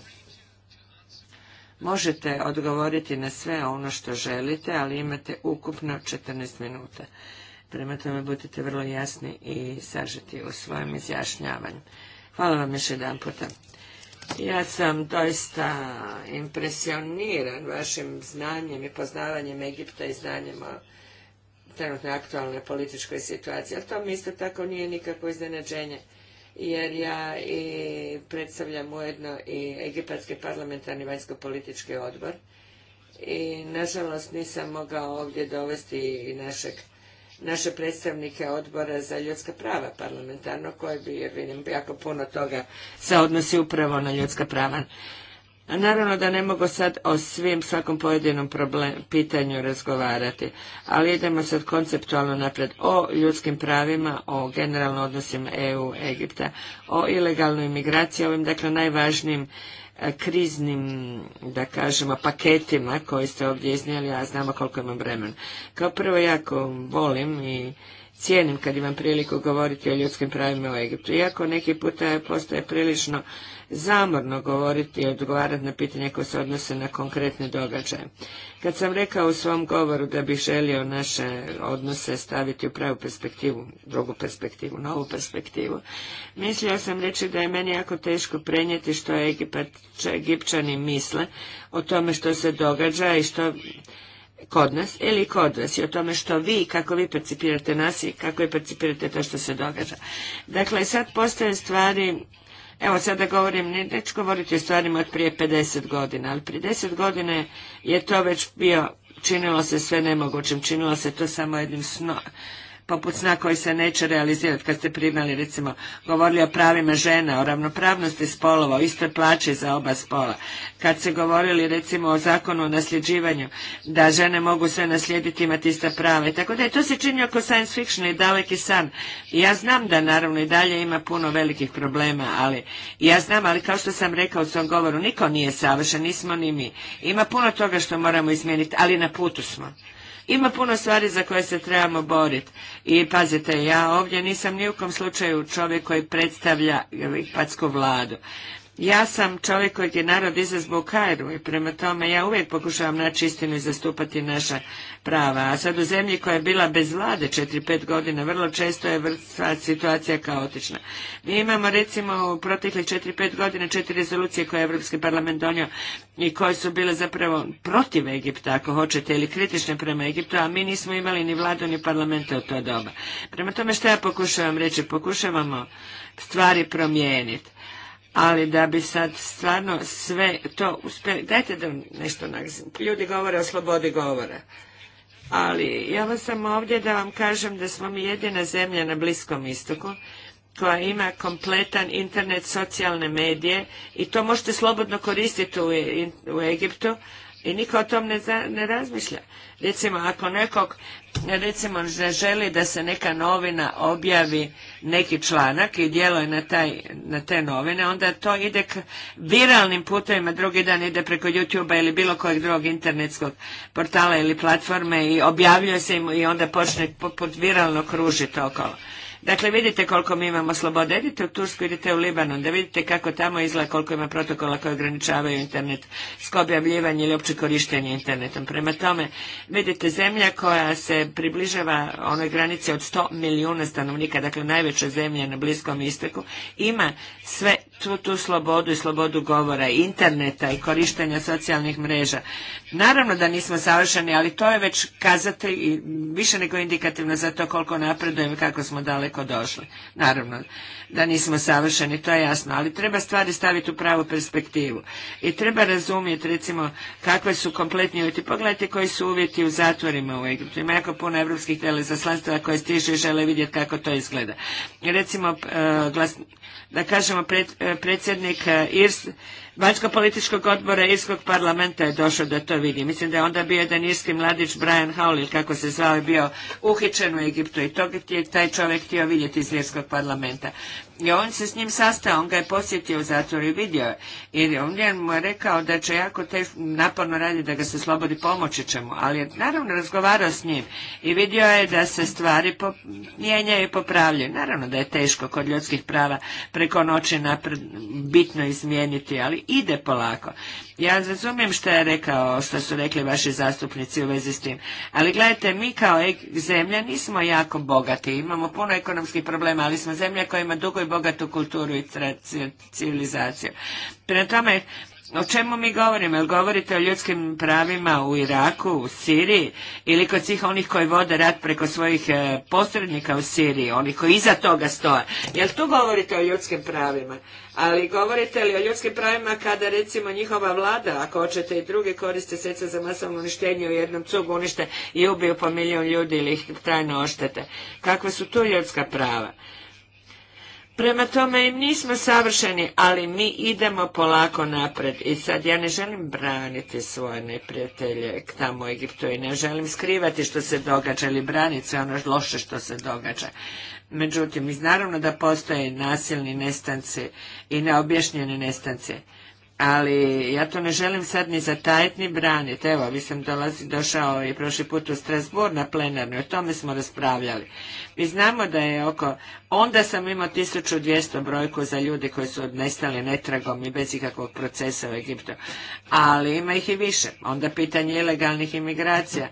Možete odgovoriti na sve ono što želite, ali imate ukupno 14 minuta. Prema tome budite vrlo jasni i sažeti u svojem izjašnjavanju. Hvala vam još jedan puta. Ja sam doista impresioniran vašim znanjem i poznavanjem Egipta i znanjem o trenutnoj aktualnoj političkoj situaciji, ali to mi isto tako nije nikakvo iznenađenje, jer ja i predstavljam ujedno i Egipatski parlamentarni vanjsko-politički odbor i nažalost nisam mogao ovdje dovesti i našeg naše predstavnike odbora za ljudska prava parlamentarno, koji bi, jer vidim, jako puno toga se odnosi upravo na ljudska prava. naravno da ne mogu sad o svim, svakom pojedinom problem, pitanju razgovarati, ali idemo sad konceptualno napred o ljudskim pravima, o generalno odnosima EU-Egipta, o ilegalnoj imigraciji, ovim dakle najvažnijim kriznim, da kažemo, paketima koje ste ovdje iznijeli, a ja znamo koliko imam vremena. Kao prvo jako volim i cijenim kad imam priliku govoriti o ljudskim pravima u Egiptu. Iako neki puta postaje prilično zamorno govoriti i odgovarati na pitanje koje se odnose na konkretne događaje. Kad sam rekao u svom govoru da bih želio naše odnose staviti u pravu perspektivu, drugu perspektivu, novu perspektivu, mislio sam reći da je meni jako teško prenijeti što Egipat, Egipćani misle o tome što se događa i što kod nas ili kod vas i o tome što vi, kako vi percipirate nas i kako vi percipirate to što se događa. Dakle, sad postoje stvari, evo da govorim, neću govoriti o stvarima od prije 50 godina, ali prije 10 godina je to već bio, činilo se sve nemogućim, činilo se to samo jednim snom poput sna koji se neće realizirati kad ste primali recimo govorili o pravima žena, o ravnopravnosti spolova, o istoj plaći za oba spola, kad se govorili recimo o zakonu o nasljeđivanju, da žene mogu sve naslijediti, imati ista prava tako da je to se čini oko science fiction i daleki san. ja znam da naravno i dalje ima puno velikih problema, ali ja znam, ali kao što sam rekao u svom govoru, niko nije savršen, nismo ni mi. Ima puno toga što moramo izmijeniti, ali na putu smo. Ima puno stvari za koje se trebamo boriti. I pazite, ja ovdje nisam ni u kom slučaju čovjek koji predstavlja hrvatsku vladu. Ja sam čovjek kojeg je narod izazvao u i prema tome ja uvijek pokušavam naći istinu i zastupati naša prava. A sad u zemlji koja je bila bez vlade 4-5 godina, vrlo često je situacija kaotična. Mi imamo recimo u proteklih 4-5 godina četiri rezolucije koje je Europski parlament donio i koje su bile zapravo protiv Egipta, ako hoćete, ili kritične prema Egiptu, a mi nismo imali ni vladu ni parlamente u to doba. Prema tome što ja pokušavam reći? Pokušavamo stvari promijeniti ali da bi sad stvarno sve to uspjeli, dajte da nešto nagazim. Ljudi govore o slobodi govora. Ali ja vas sam ovdje da vam kažem da smo mi jedina zemlja na Bliskom istoku koja ima kompletan internet, socijalne medije i to možete slobodno koristiti u, u Egiptu i niko o tom ne, razmišlja. Recimo, ako nekog, recimo, ne želi da se neka novina objavi neki članak i djeluje na, taj, na te novine, onda to ide k viralnim putovima, drugi dan ide preko youtube ili bilo kojeg drugog internetskog portala ili platforme i objavljuje se im i onda počne poput viralno kružiti okolo. Dakle, vidite koliko mi imamo slobode. Idite u Tursku, idite u Libanon, da vidite kako tamo izgleda koliko ima protokola koji ograničavaju internet, objavljivanje ili opće korištenje internetom. Prema tome, vidite zemlja koja se približava onoj granici od 100 milijuna stanovnika, dakle najveća zemlja na Bliskom istoku, ima sve tu, slobodu i slobodu govora, interneta i korištenja socijalnih mreža. Naravno da nismo savršeni, ali to je već kazatelj i više nego indikativno za to koliko napredujemo i kako smo daleko daleko došli. Naravno, da nismo savršeni, to je jasno, ali treba stvari staviti u pravu perspektivu. I treba razumjeti, recimo, kakve su kompletni uvjeti. Pogledajte koji su uvjeti u zatvorima u Egiptu. Ima jako puno evropskih telezaslanstva koje stižu i žele vidjeti kako to izgleda. recimo, eh, da kažemo, eh, predsjednik eh, Irs vanjsko-političkog odbora Irskog parlamenta je došao da to vidi. Mislim da je onda bio jedan irski mladić Brian Howell, ili kako se zvao, je bio uhićen u Egiptu i to je taj čovjek htio vidjeti iz Irskog parlamenta. I on se s njim sastao, on ga je posjetio u zatvoru i vidio je. i on je mu rekao da će jako te naporno raditi da ga se slobodi pomoći čemu, Ali je naravno razgovarao s njim i vidio je da se stvari mijenjaju i popravljaju. Naravno da je teško kod ljudskih prava preko noći bitno izmijeniti, ali ide polako. Ja razumijem što je rekao, što su rekli vaši zastupnici u vezi s tim, ali gledajte, mi kao e, zemlja nismo jako bogati, imamo puno ekonomskih problema, ali smo zemlja koja ima dugo i bogatu kulturu i civilizaciju. Prema tome, o čemu mi govorimo? Jel govorite o ljudskim pravima u Iraku, u Siriji ili kod svih onih koji vode rat preko svojih e, posrednika u Siriji, onih koji iza toga stoje? Jel tu govorite o ljudskim pravima? Ali govorite li o ljudskim pravima kada recimo njihova vlada, ako hoćete i druge, koriste sredstva za masovno uništenje u jednom cugu unište i ubiju po milijun ljudi ili ih trajno oštete? Kakva su tu ljudska prava? Prema tome im nismo savršeni, ali mi idemo polako napred. I sad ja ne želim braniti svoje neprijatelje tamo u Egiptu i ne želim skrivati što se događa ili braniti sve ono loše što se događa. Međutim, naravno da postoje nasilni nestanci i neobjašnjeni nestanci ali ja to ne želim sad ni zatajiti ni braniti. Evo, vi sam došao i prošli put u Strasbourg na plenarnu, o tome smo raspravljali. Mi znamo da je oko, onda sam imao 1200 brojku za ljudi koji su odnestali netragom i bez ikakvog procesa u Egiptu, ali ima ih i više. Onda pitanje ilegalnih imigracija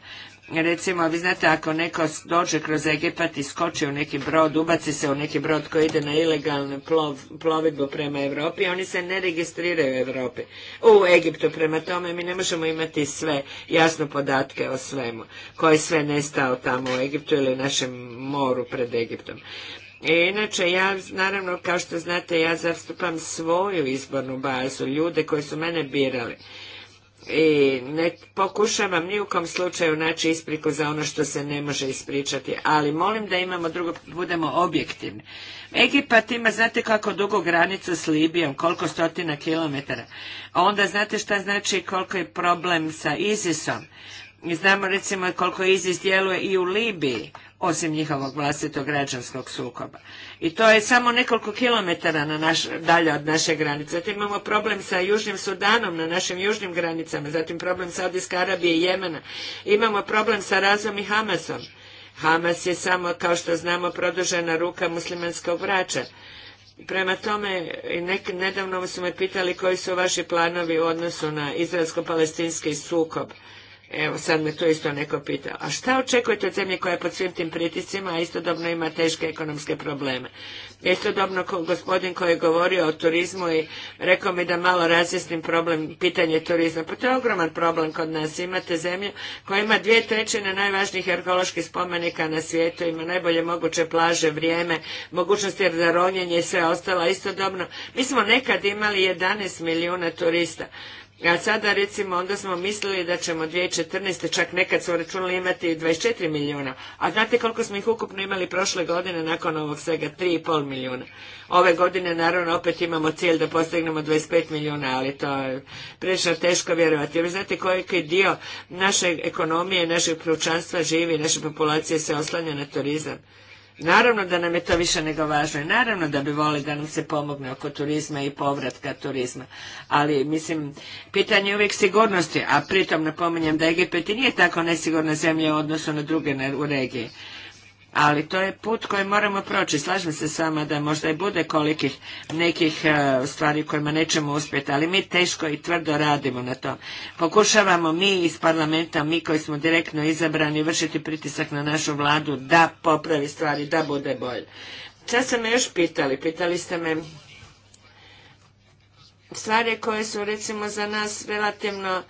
recimo, vi znate, ako neko dođe kroz Egipat i skoči u neki brod, ubaci se u neki brod koji ide na ilegalnu plov, plovidbu prema Europi, oni se ne registriraju u Evropi, u Egiptu. Prema tome, mi ne možemo imati sve jasno podatke o svemu, koji je sve nestao tamo u Egiptu ili našem moru pred Egiptom. I e, inače, ja, naravno, kao što znate, ja zastupam svoju izbornu bazu, ljude koji su mene birali i ne pokušavam ni u kom slučaju naći ispriku za ono što se ne može ispričati, ali molim da imamo drugo, budemo objektivni. Egipat ima, znate kako dugo granicu s Libijom, koliko stotina kilometara. A onda znate šta znači koliko je problem sa ISISom. Mi znamo recimo koliko ISIS djeluje i u Libiji, osim njihovog vlastitog građanskog sukoba. I to je samo nekoliko kilometara na naš, dalje od naše granice. Zatim imamo problem sa Južnim Sudanom na našim južnim granicama, zatim problem Saudijske Arabije i Jemena. Imamo problem sa Razom i Hamasom. Hamas je samo, kao što znamo, produžena ruka muslimanskog vraća. Prema tome, nek, nedavno su me pitali koji su vaši planovi u odnosu na izraelsko-palestinski sukob. Evo, sad me tu isto neko pitao. A šta očekujete od zemlje koja je pod svim tim pritiscima, a istodobno ima teške ekonomske probleme? Istodobno gospodin koji je govorio o turizmu i rekao mi da malo razjasnim problem, pitanje turizma. Pa to je ogroman problem kod nas. Imate zemlju koja ima dvije trećine najvažnijih arheoloških spomenika na svijetu, ima najbolje moguće plaže, vrijeme, mogućnosti za ronjenje i sve ostalo. Istodobno, mi smo nekad imali 11 milijuna turista. A sada recimo onda smo mislili da ćemo 2014. čak nekad su računali imati 24 milijuna. A znate koliko smo ih ukupno imali prošle godine nakon ovog svega? 3,5 milijuna. Ove godine naravno opet imamo cilj da postignemo 25 milijuna, ali to je prilično teško vjerovati. Jer znate koliki dio naše ekonomije, našeg pručanstva živi, naše populacije se oslanja na turizam. Naravno da nam je to više nego važno i naravno da bi voli da nam se pomogne oko turizma i povratka turizma. Ali, mislim, pitanje je uvijek sigurnosti, a pritom napominjem da Egipet i nije tako nesigurna zemlja u odnosu na druge u regiji ali to je put koji moramo proći. Slažem se s vama da možda i bude kolikih nekih e, stvari kojima nećemo uspjeti, ali mi teško i tvrdo radimo na to. Pokušavamo mi iz parlamenta, mi koji smo direktno izabrani, vršiti pritisak na našu vladu da popravi stvari, da bude bolje. Sad ste me još pitali, pitali ste me stvari koje su recimo za nas relativno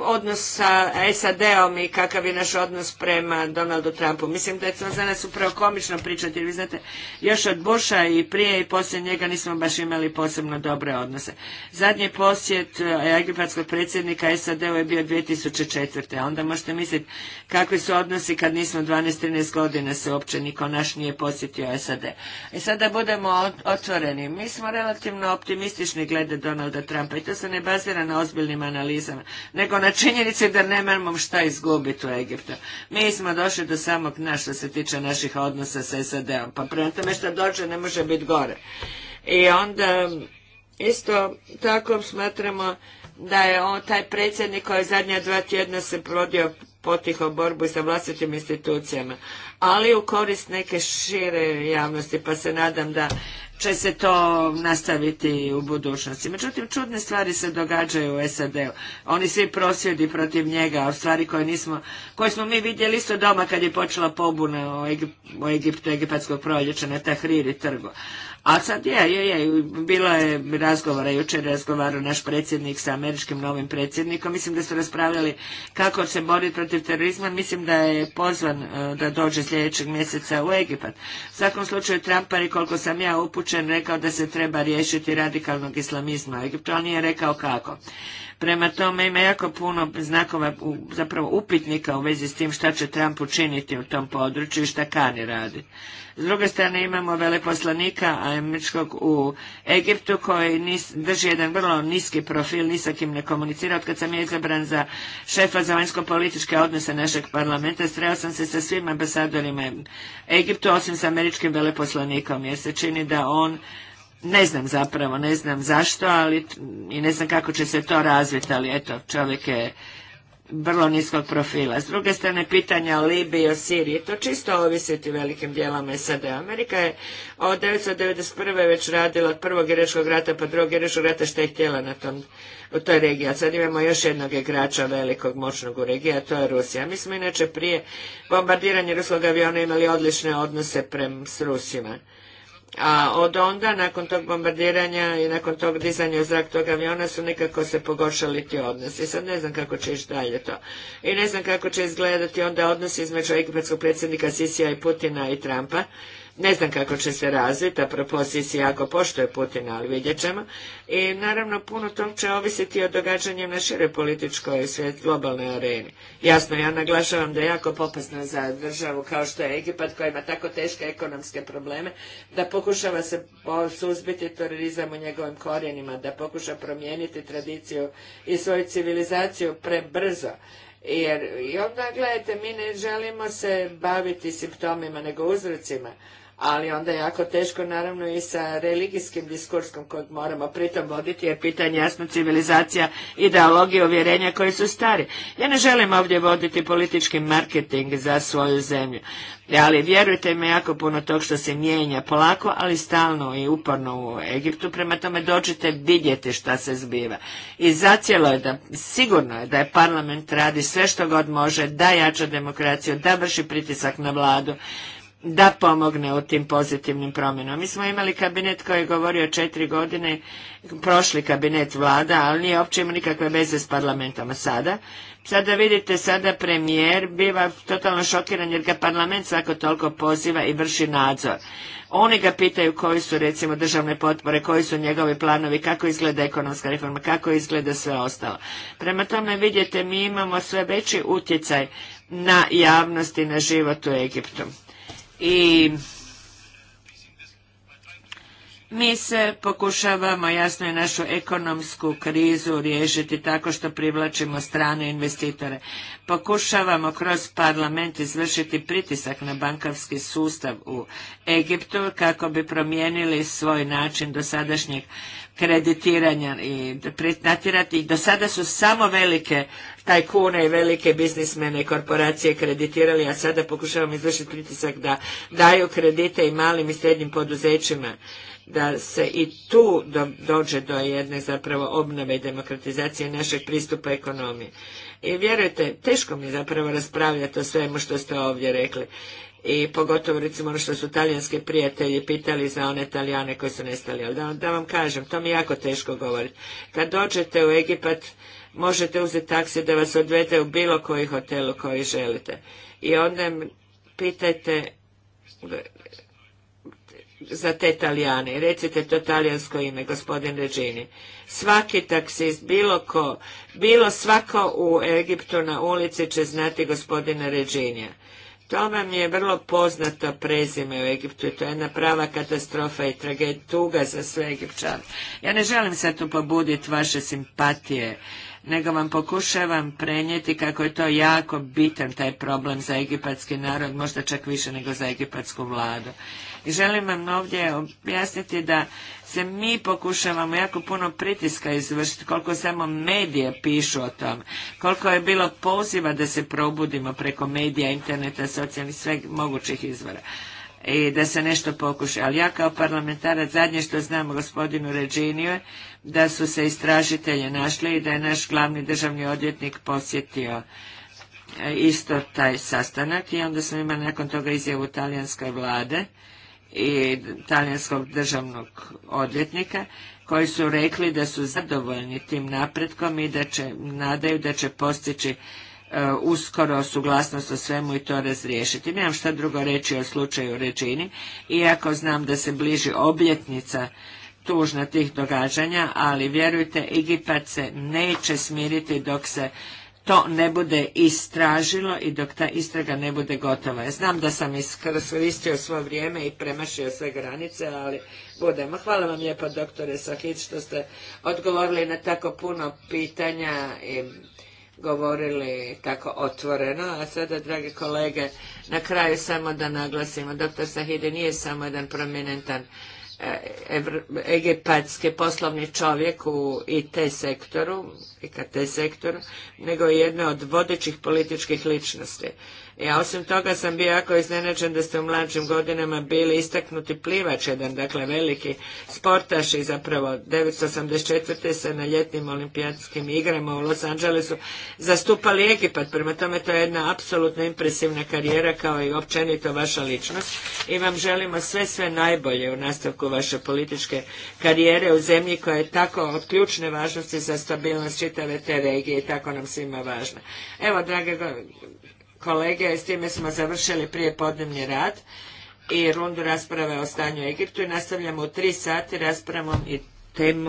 odnos sa SAD-om i kakav je naš odnos prema Donaldu Trumpu. Mislim da je to za nas upravo komično pričati, jer vi znate, još od Busha i prije i poslije njega nismo baš imali posebno dobre odnose. Zadnji posjet egipatskog predsjednika SAD-u je bio 2004. A onda možete misliti kakvi su odnosi kad nismo 12-13 godina se uopće niko naš nije posjetio e SAD. I sada budemo otvoreni. Mi smo relativno optimistični glede Donalda Trumpa i to se ne bazira na ozbiljnim analizama nego na činjenici da nemamo šta izgubiti u Egiptu. Mi smo došli do samog naša što se tiče naših odnosa sa SAD-om, pa prema tome što dođe ne može biti gore. I onda isto tako smatramo da je on, taj predsjednik koji zadnja dva tjedna se prodio potiho borbu sa vlastitim institucijama, ali u korist neke šire javnosti, pa se nadam da će se to nastaviti u budućnosti. Međutim, čudne stvari se događaju u SAD-u. Oni svi prosvjedi protiv njega, a stvari koje, nismo, koje smo mi vidjeli isto doma kad je počela pobuna u Egiptu, egipatskog proljeća na Tahriri trgu. A sad je, je, je, bilo je razgovora, jučer je razgovarao naš predsjednik sa američkim novim predsjednikom, mislim da su raspravljali kako se boriti protiv terorizma, mislim da je pozvan e, da dođe sljedećeg mjeseca u Egipat. U svakom slučaju Trumpar koliko sam ja upućen, rekao da se treba riješiti radikalnog islamizma u Egiptu, ali nije rekao kako. Prema tome ima jako puno znakova, zapravo upitnika u vezi s tim šta će Trump učiniti u tom području i šta kani radi. S druge strane imamo veleposlanika američkog u Egiptu koji nis, drži jedan vrlo niski profil, ni kim ne komunicira. Od kad sam ja izabran za šefa za vanjsko-političke odnose našeg parlamenta, sreo sam se sa svim ambasadorima Egiptu, osim sa američkim veleposlanikom, jer se čini da on ne znam zapravo, ne znam zašto, ali i ne znam kako će se to razviti, ali eto, čovjek je vrlo niskog profila. S druge strane, pitanja o Libiji i o Siriji, to čisto ovisiti velikim dijelama sada. Amerika je od 1991. već radila od prvog Iračkog rata pa drugog Irečkog rata što je htjela na tom, u toj regiji. A sad imamo još jednog igrača velikog, moćnog u regiji, a to je Rusija. Mi smo inače prije bombardiranja ruskog aviona imali odlične odnose s Rusima. A od onda, nakon tog bombardiranja i nakon tog dizanja u zrak tog aviona su nekako se pogoršali ti odnosi. Sad ne znam kako će ići dalje to. I ne znam kako će izgledati onda odnosi između egipatskog predsjednika Sisija i Putina i Trumpa ne znam kako će se razviti, a proposisi jako poštuje Putina, ali vidjet ćemo. I naravno puno tom će ovisiti o događanju na široj političkoj svijet globalnoj areni. Jasno, ja naglašavam da je jako popasno za državu kao što je Egipat koja ima tako teške ekonomske probleme, da pokušava se suzbiti terorizam u njegovim korijenima, da pokuša promijeniti tradiciju i svoju civilizaciju prebrzo. Jer, i onda gledajte, mi ne želimo se baviti simptomima, nego uzrocima ali onda je jako teško naravno i sa religijskim diskurskom kojeg moramo pritom voditi jer pitanje jasno civilizacija, ideologije, uvjerenja koji su stari. Ja ne želim ovdje voditi politički marketing za svoju zemlju, ali vjerujte mi jako puno tog što se mijenja polako, ali stalno i uporno u Egiptu, prema tome dođite vidjeti šta se zbiva. I zacijelo je da, sigurno je da je parlament radi sve što god može, da jača demokraciju, da vrši pritisak na vladu, da pomogne u tim pozitivnim promjenama. Mi smo imali kabinet koji je govorio četiri godine, prošli kabinet vlada, ali nije uopće imao nikakve veze s parlamentama sada. Sada vidite, sada premijer biva totalno šokiran jer ga parlament svako toliko poziva i vrši nadzor. Oni ga pitaju koji su recimo državne potpore, koji su njegovi planovi, kako izgleda ekonomska reforma, kako izgleda sve ostalo. Prema tome vidite, mi imamo sve veći utjecaj na javnost i na život u Egiptu i mi se pokušavamo, jasno je, našu ekonomsku krizu riješiti tako što privlačimo strane investitore. Pokušavamo kroz parlament izvršiti pritisak na bankarski sustav u Egiptu kako bi promijenili svoj način dosadašnjeg kreditiranja i natirati. Do sada su samo velike tajkune i velike biznismene korporacije kreditirali, a sada pokušavamo izvršiti pritisak da daju kredite i malim i srednjim poduzećima da se i tu dođe do jedne zapravo obnove i demokratizacije našeg pristupa ekonomije. I vjerujte, teško mi zapravo raspravljati o svemu što ste ovdje rekli i pogotovo recimo ono što su talijanski prijatelji pitali za one Talijane koji su nestali. Ali da, vam kažem, to mi jako teško govori. Kad dođete u Egipat, možete uzeti taksi da vas odvede u bilo koji hotelu koji želite. I onda pitajte za te Talijane. Recite to talijansko ime, gospodin Ređini. Svaki taksist, bilo ko, bilo svako u Egiptu na ulici će znati gospodina Ređinija. To vam je vrlo poznato prezime u Egiptu i to je jedna prava katastrofa i tragedija tuga za sve Egipćane. Ja ne želim sad tu pobuditi vaše simpatije, nego vam pokušavam prenijeti kako je to jako bitan taj problem za egipatski narod, možda čak više nego za egipatsku vladu. I želim vam ovdje objasniti da se mi pokušavamo jako puno pritiska izvršiti, koliko samo medije pišu o tom, koliko je bilo poziva da se probudimo preko medija, interneta, socijalnih, sveg mogućih izvora i da se nešto pokuša. Ali ja kao parlamentarac zadnje što znam gospodinu Ređiniju je da su se istražitelje našli i da je naš glavni državni odvjetnik posjetio e, isto taj sastanak i onda smo imali nakon toga izjavu talijanske vlade i talijanskog državnog odvjetnika koji su rekli da su zadovoljni tim napretkom i da će, nadaju da će postići e, uskoro suglasnost o svemu i to razriješiti. Nemam šta drugo reći o slučaju Ređini, iako znam da se bliži obljetnica tužna tih događanja, ali vjerujte, Egipat se neće smiriti dok se to ne bude istražilo i dok ta istraga ne bude gotova. Ja znam da sam iskoristio svoje vrijeme i premašio sve granice, ali budemo. Hvala vam lijepa, doktore Sahid, što ste odgovorili na tako puno pitanja i govorili tako otvoreno. A sada, drage kolege, na kraju samo da naglasimo, doktor Sahide nije samo jedan prominentan E, egipatski poslovni čovjek u IT sektoru, sektoru, nego je jedna od vodećih političkih ličnosti. Ja osim toga sam bio jako iznenađen da ste u mlađim godinama bili istaknuti plivač jedan, dakle veliki sportaš i zapravo 1984. se na ljetnim olimpijatskim igrama u Los Angelesu zastupali Egipat. Prema tome to je jedna apsolutno impresivna karijera kao i općenito vaša ličnost i vam želimo sve sve najbolje u nastavku vaše političke karijere u zemlji koja je tako od ključne važnosti za stabilnost čitave te regije i tako nam svima važna. Evo, drage kolege, s time smo završili prije podnevni rad i rundu rasprave o stanju u Egiptu i nastavljamo u tri sati raspravom i temi